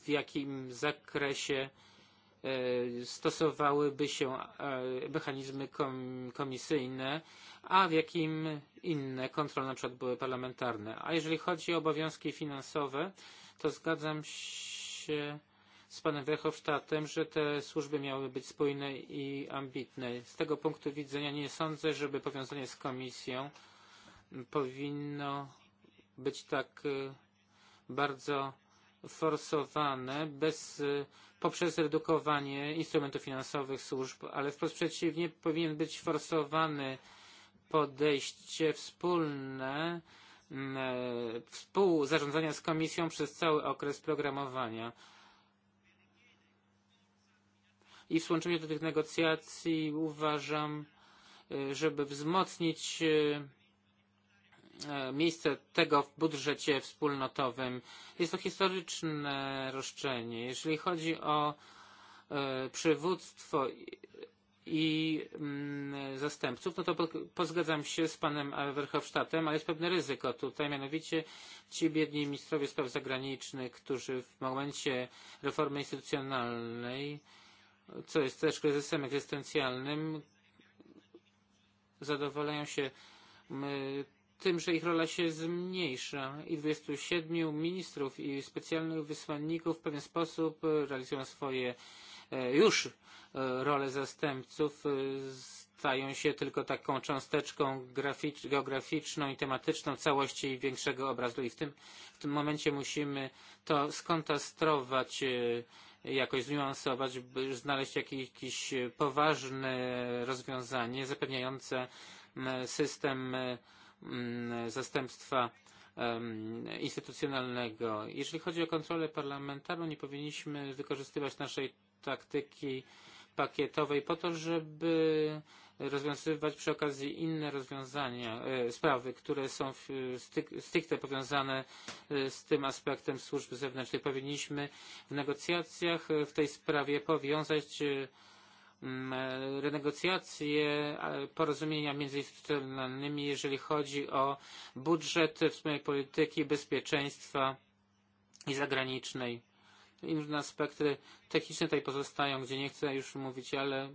w jakim zakresie stosowałyby się e, mechanizmy komisyjne, a w jakim inne kontrole, na przykład były parlamentarne. A jeżeli chodzi o obowiązki finansowe, to zgadzam się z panem Wehofstadtem, że te służby miały być spójne i ambitne. Z tego punktu widzenia nie sądzę, żeby powiązanie z komisją powinno być tak e, bardzo forsowane bez, e, poprzez redukowanie instrumentów finansowych służb, ale wprost przeciwnie powinien być forsowany podejście wspólne e, współzarządzania z Komisją przez cały okres programowania. I w włączeniu do tych negocjacji uważam, żeby wzmocnić E, miejsce tego w budżecie wspólnotowym. Jest to historyczne roszczenie. Jeżeli chodzi o e, przywództwo i mm, zastępców, no to pozgadzam się z panem Werchowsztatem, ale jest pewne ryzyko tutaj, mianowicie ci biedni ministrowie spraw zagranicznych, którzy w momencie reformy instytucjonalnej, co jest też kryzysem egzystencjalnym, zadowalają się tym, że ich rola się zmniejsza i 27 ministrów i specjalnych wysłanników w pewien sposób e, realizują swoje e, już e, role zastępców, stają się tylko taką cząsteczką geograficzną i tematyczną całości i większego obrazu. I w tym, w tym momencie musimy to skontastrować, jakoś zniuansować, by znaleźć jakieś, jakieś poważne rozwiązanie zapewniające system Mm, zastępstwa instytucjonalnego. Jeżeli chodzi o kontrolę parlamentarną, nie powinniśmy wykorzystywać naszej taktyki pakietowej po to, żeby rozwiązywać przy okazji inne rozwiązania, e, sprawy, które są stricte powiązane e, z tym aspektem służb zewnętrznych. Powinniśmy w negocjacjach e, w tej sprawie powiązać Mm, renegocjacje porozumienia międzyinstytucjonalnymi, jeżeli chodzi o budżet wspólnej polityki bezpieczeństwa i zagranicznej. Inne aspekty techniczne tutaj pozostają, gdzie nie chcę już mówić, ale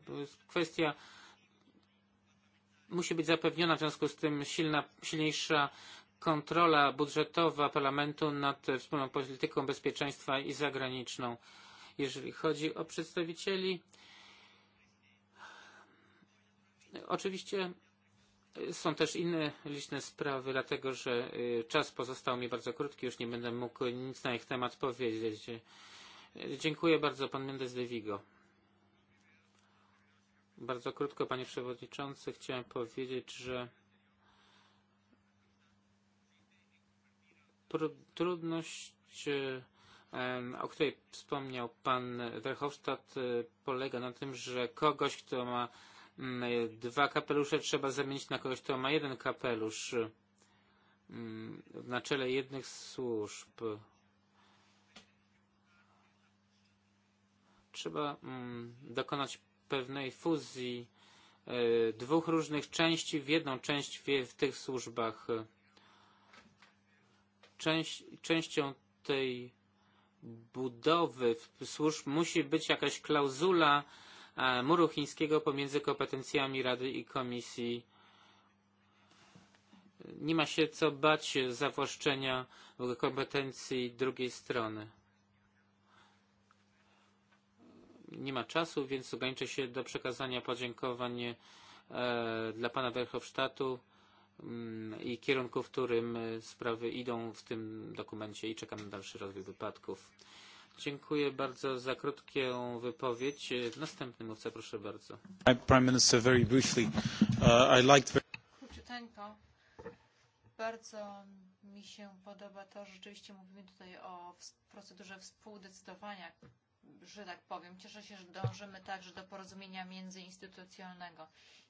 kwestia musi być zapewniona w związku z tym silna, silniejsza kontrola budżetowa parlamentu nad wspólną polityką bezpieczeństwa i zagraniczną. Jeżeli chodzi o przedstawicieli Oczywiście są też inne liczne sprawy, dlatego że czas pozostał mi bardzo krótki, już nie będę mógł nic na ich temat powiedzieć. Dziękuję bardzo, pan Mendes de Vigo. Bardzo krótko, panie przewodniczący, chciałem powiedzieć, że trudność, o której wspomniał pan Verhofstadt, polega na tym, że kogoś, kto ma Dwa kapelusze trzeba zamienić na kogoś, kto ma jeden kapelusz mm, na czele jednych służb. Trzeba mm, dokonać pewnej fuzji e, dwóch różnych części w jedną część w tych służbach. Część, częścią tej budowy służb musi być jakaś klauzula muru chińskiego pomiędzy kompetencjami Rady i Komisji. Nie ma się co bać zawłaszczenia kompetencji drugiej strony. Nie ma czasu, więc ograniczę się do przekazania podziękowań e, dla pana Werchowsztatu mm, i kierunku, w którym e, sprawy idą w tym dokumencie i czekam na dalszy rozwój wypadków. Dziękuję bardzo za krótką wypowiedź. Następny mówca, proszę bardzo. Uh, Prime Minister, very briefly. Uh, I liked... Króciuteńko. Bardzo mi się podoba to, że rzeczywiście mówimy tutaj o procedurze współdecydowania, że tak powiem. Cieszę się, że dążymy także do porozumienia międzyinstytucjonalnego.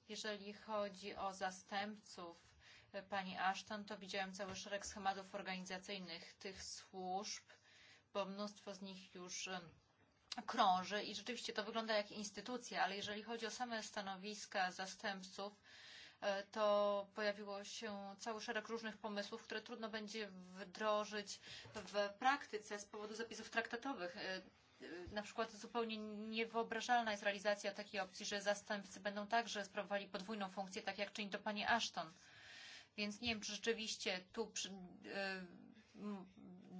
Jeżeli chodzi o zastępców e, pani Ashton, to widziałem cały szereg schematów organizacyjnych tych służb, bo mnóstwo z nich już e, krąży i rzeczywiście to wygląda jak instytucja, ale jeżeli chodzi o same stanowiska zastępców, e, to pojawiło się cały szereg różnych pomysłów, które trudno będzie wdrożyć w praktyce z powodu zapisów traktatowych. E, na przykład zupełnie niewyobrażalna jest realizacja takiej opcji, że zastępcy będą także sprawowali podwójną funkcję, tak jak czyni to pani Ashton. Więc nie wiem, czy rzeczywiście tu przy, y,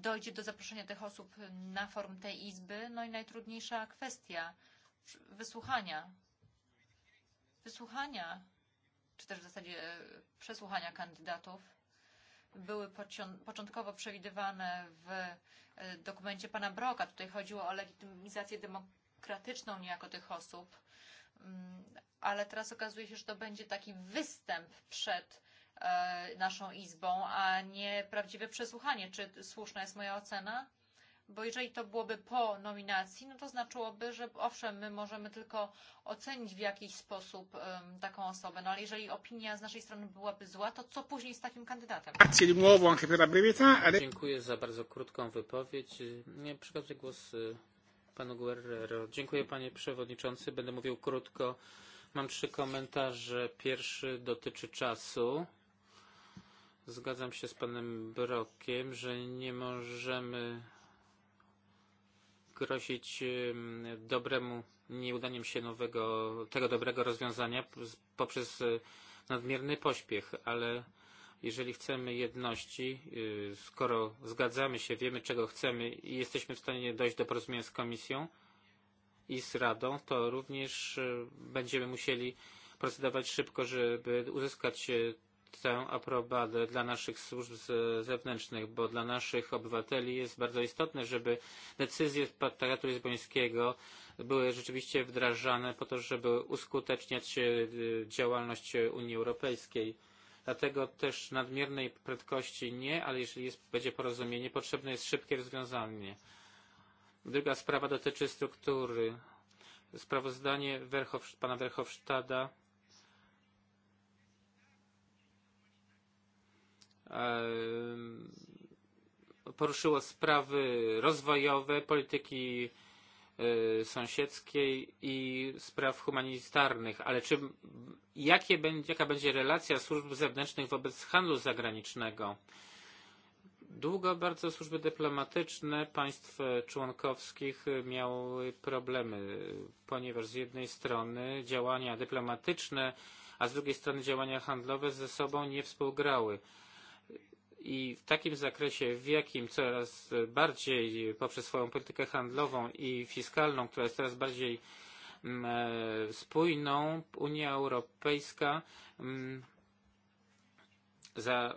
dojdzie do zaproszenia tych osób na forum tej Izby. No i najtrudniejsza kwestia wysłuchania. Wysłuchania, czy też w zasadzie e, przesłuchania kandydatów były początkowo przewidywane w e, dokumencie pana Broka. Tutaj chodziło o legitymizację demokratyczną niejako tych osób, mm, ale teraz okazuje się, że to będzie taki występ przed E, naszą Izbą, a nie prawdziwe przesłuchanie. Czy słuszna jest moja ocena? Bo jeżeli to byłoby po nominacji, no to znaczyłoby, że owszem, my możemy tylko ocenić w jakiś sposób um, taką osobę, no ale jeżeli opinia z naszej strony byłaby zła, to co później z takim kandydatem? Dziękuję za bardzo krótką wypowiedź. Nie przekazuję głos panu Guerrero. Dziękuję panie przewodniczący. Będę mówił krótko. Mam trzy komentarze. Pierwszy dotyczy czasu. Zgadzam się z panem Brokiem, że nie możemy grozić dobremu nieudaniem się nowego, tego dobrego rozwiązania poprzez e, nadmierny pośpiech, ale jeżeli chcemy jedności, skoro zgadzamy się, wiemy czego chcemy i jesteśmy w stanie dojść do porozumienia z Komisją i z Radą, to również e, będziemy musieli procedować szybko, żeby uzyskać e, tę aprobatę dla naszych służb zewnętrznych, bo dla naszych obywateli jest bardzo istotne, żeby decyzje traktatu lizbońskiego były rzeczywiście wdrażane po to, żeby uskuteczniać e, działalność Unii Europejskiej. Dlatego też nadmiernej prędkości nie, ale jeżeli jest, będzie porozumienie, potrzebne jest szybkie rozwiązanie. Druga sprawa dotyczy struktury. Sprawozdanie Werchow, pana Werchowstada Ehm, poruszyło sprawy rozwojowe, polityki eh, sąsiedzkiej i spraw humanitarnych, ale czy, jakie będzie, jaka będzie relacja służb zewnętrznych wobec handlu zagranicznego? Długo bardzo służby dyplomatyczne państw członkowskich miały problemy, ponieważ z jednej strony działania dyplomatyczne, a z drugiej strony działania handlowe ze sobą nie współgrały i w takim zakresie, w jakim coraz bardziej poprzez swoją politykę handlową i fiskalną, która jest coraz bardziej mm, e, spójną, Unia Europejska mm, e,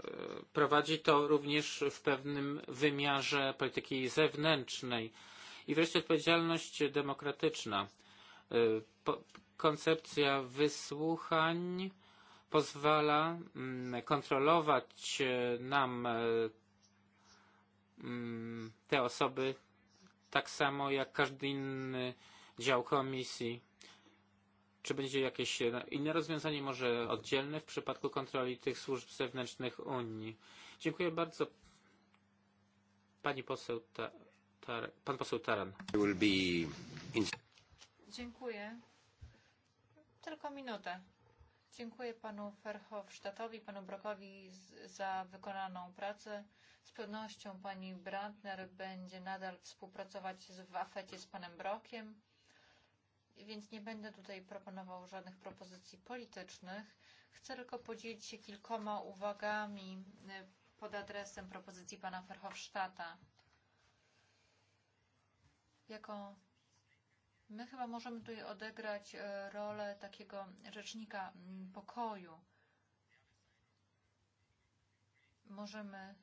prowadzi to również w pewnym wymiarze polityki zewnętrznej. I wreszcie odpowiedzialność demokratyczna. E, koncepcja wysłuchań pozwala mm, kontrolować e, nam e, mm, te osoby tak samo jak każdy inny dział komisji. Czy będzie jakieś e, inne rozwiązanie, może oddzielne w przypadku kontroli tych służb zewnętrznych Unii? Dziękuję bardzo. Pani poseł Ta ta, pan poseł Taran. Dziękuję. Tylko minutę. Dziękuję panu Ferhofstadtowi, panu Brokowi za wykonaną pracę. Z pewnością pani Brandner będzie nadal współpracować z Wafecie z panem Brokiem, więc nie będę tutaj proponował żadnych propozycji politycznych. Chcę tylko podzielić się kilkoma uwagami e, pod adresem propozycji pana Ferhofstadta. Jako my chyba możemy tutaj odegrać e, rolę takiego rzecznika mm, pokoju. Możemy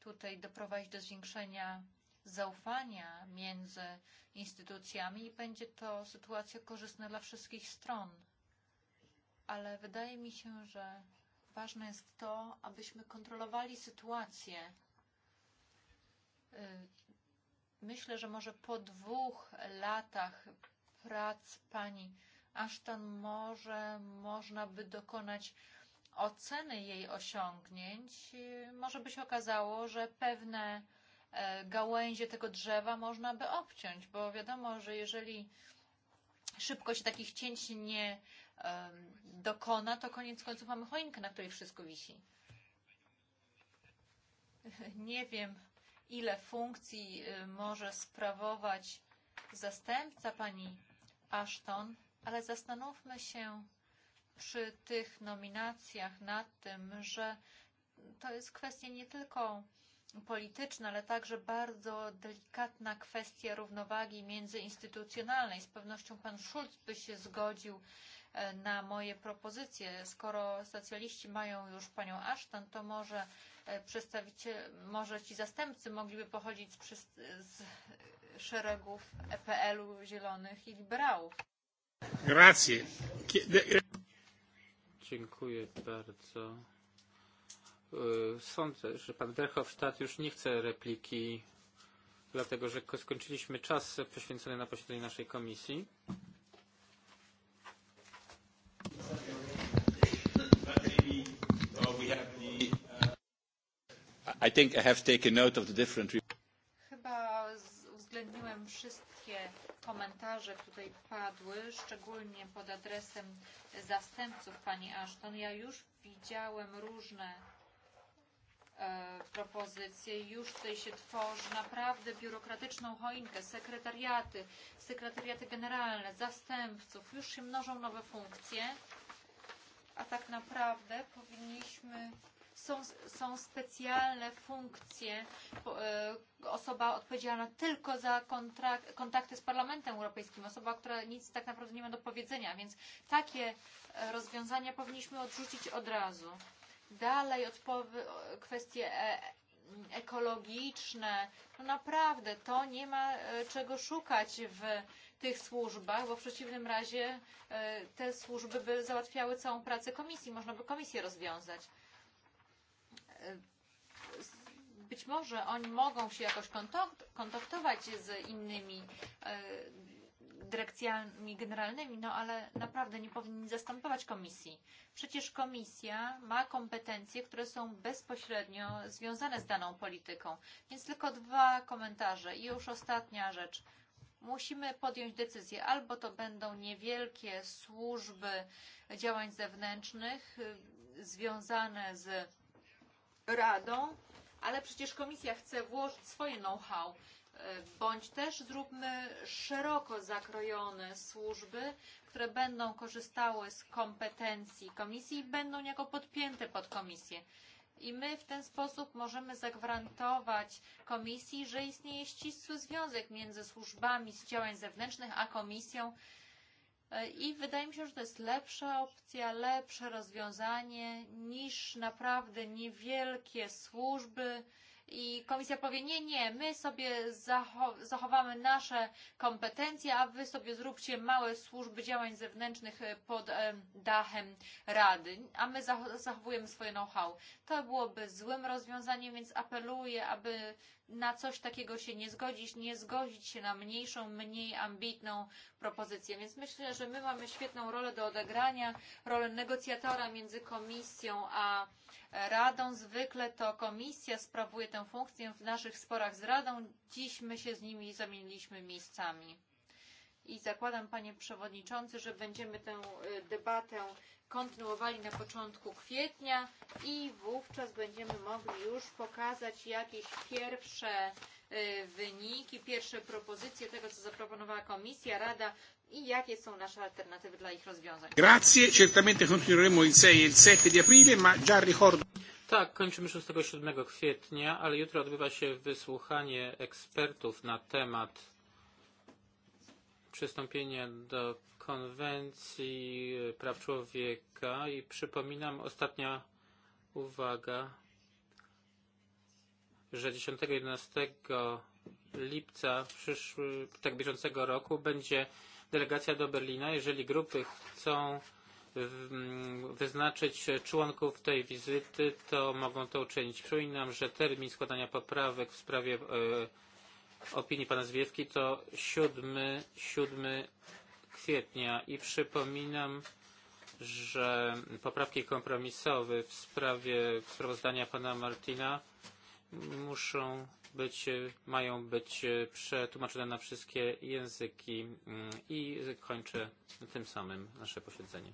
tutaj doprowadzić do zwiększenia zaufania między instytucjami i będzie to sytuacja korzystna dla wszystkich stron. Ale wydaje mi się, że ważne jest to, abyśmy kontrolowali sytuację Myślę, że może po dwóch latach prac pani Ashton może można by dokonać oceny jej osiągnięć. Może by się okazało, że pewne e, gałęzie tego drzewa można by obciąć, bo wiadomo, że jeżeli szybko się takich cięć nie e, dokona, to koniec końców mamy choinkę, na której wszystko wisi. Nie wiem, ile funkcji może sprawować zastępca pani Ashton, ale zastanówmy się przy tych nominacjach nad tym, że to jest kwestia nie tylko polityczna, ale także bardzo delikatna kwestia równowagi międzyinstytucjonalnej. Z pewnością pan Schulz by się zgodził, na moje propozycje. Skoro socjaliści mają już panią Ashton, to może e, przedstawiciel, może ci zastępcy mogliby pochodzić z, z szeregów EPL-u, Zielonych i Liberałów. Grazie. Dziękuję bardzo. E, sądzę, że pan Derhofstadt już nie chce repliki, dlatego że skończyliśmy czas poświęcony na posiedzenie naszej komisji. I think I have taken note of the different... Chyba uwzględniłem wszystkie komentarze tutaj padły, szczególnie pod adresem zastępców pani Ashton. Ja już widziałem różne e, propozycje. Już tutaj się tworzy naprawdę biurokratyczną choinkę, sekretariaty, sekretariaty generalne, zastępców. Już się mnożą nowe funkcje, a tak naprawdę powinniśmy są, są specjalne funkcje. Eh, osoba odpowiedzialna tylko za kontrakt, kontakty z Parlamentem Europejskim, osoba, która nic tak naprawdę nie ma do powiedzenia, więc takie eh, rozwiązania powinniśmy odrzucić od razu. Dalej odpowy, kwestie e, ekologiczne. No naprawdę, to nie ma eh, czego szukać w tych służbach, bo w przeciwnym razie te służby by załatwiały całą pracę komisji. Można by komisję rozwiązać. E, być może oni mogą się jakoś kontakt, kontaktować z innymi e, dyrekcjami generalnymi, no ale naprawdę nie powinni zastępować komisji. Przecież komisja ma kompetencje, które są bezpośrednio związane z daną polityką. Więc tylko dwa komentarze i już ostatnia rzecz. Musimy podjąć decyzję. Albo to będą niewielkie służby działań zewnętrznych e, związane z Radą, ale przecież Komisja chce włożyć swoje know-how, e, bądź też zróbmy szeroko zakrojone służby, które będą korzystały z kompetencji Komisji i będą jako podpięte pod Komisję. I my w ten sposób możemy zagwarantować Komisji, że istnieje ścisły związek między służbami z działań zewnętrznych a Komisją i wydaje mi się, że to jest lepsza opcja, lepsze rozwiązanie niż naprawdę niewielkie służby, i komisja powie, nie, nie, my sobie zachowamy nasze kompetencje, a wy sobie zróbcie małe służby działań zewnętrznych e, pod e, dachem Rady, a my zachowujemy swoje know-how. To byłoby złym rozwiązaniem, więc apeluję, aby na coś takiego się nie zgodzić, nie zgodzić się na mniejszą, mniej ambitną propozycję. Więc myślę, że my mamy świetną rolę do odegrania, rolę negocjatora między komisją a Radą. Zwykle to komisja sprawuje tę funkcję w naszych sporach z Radą. Dziś my się z nimi zamieniliśmy miejscami. I zakładam, panie przewodniczący, że będziemy tę debatę kontynuowali na początku kwietnia i wówczas będziemy mogli już pokazać jakieś pierwsze wyniki, e, pierwsze propozycje tego, co zaproponowała Komisja, Rada i jakie są nasze alternatywy dla ich rozwiązań. Grazie, certamente continueremo il 6 e il 7 di aprile, ma già ricordo... Tak, kończymy 6-7 kwietnia, ale jutro odbywa się wysłuchanie ekspertów na temat przystąpienia do konwencji praw człowieka i przypominam ostatnia uwaga że 10 i 11 lipca przyszły, tak bieżącego roku będzie delegacja do Berlina. Jeżeli grupy chcą mm, wyznaczyć członków tej wizyty, to mogą to uczynić. Przypominam, że termin składania poprawek w sprawie y, e, opinii pana Zwiewki to 7, 7 kwietnia i przypominam, że poprawki kompromisowe w sprawie sprawozdania pana Martina muszą być, mają być przetłumaczone na wszystkie języki mm, i kończę tym samym nasze posiedzenie.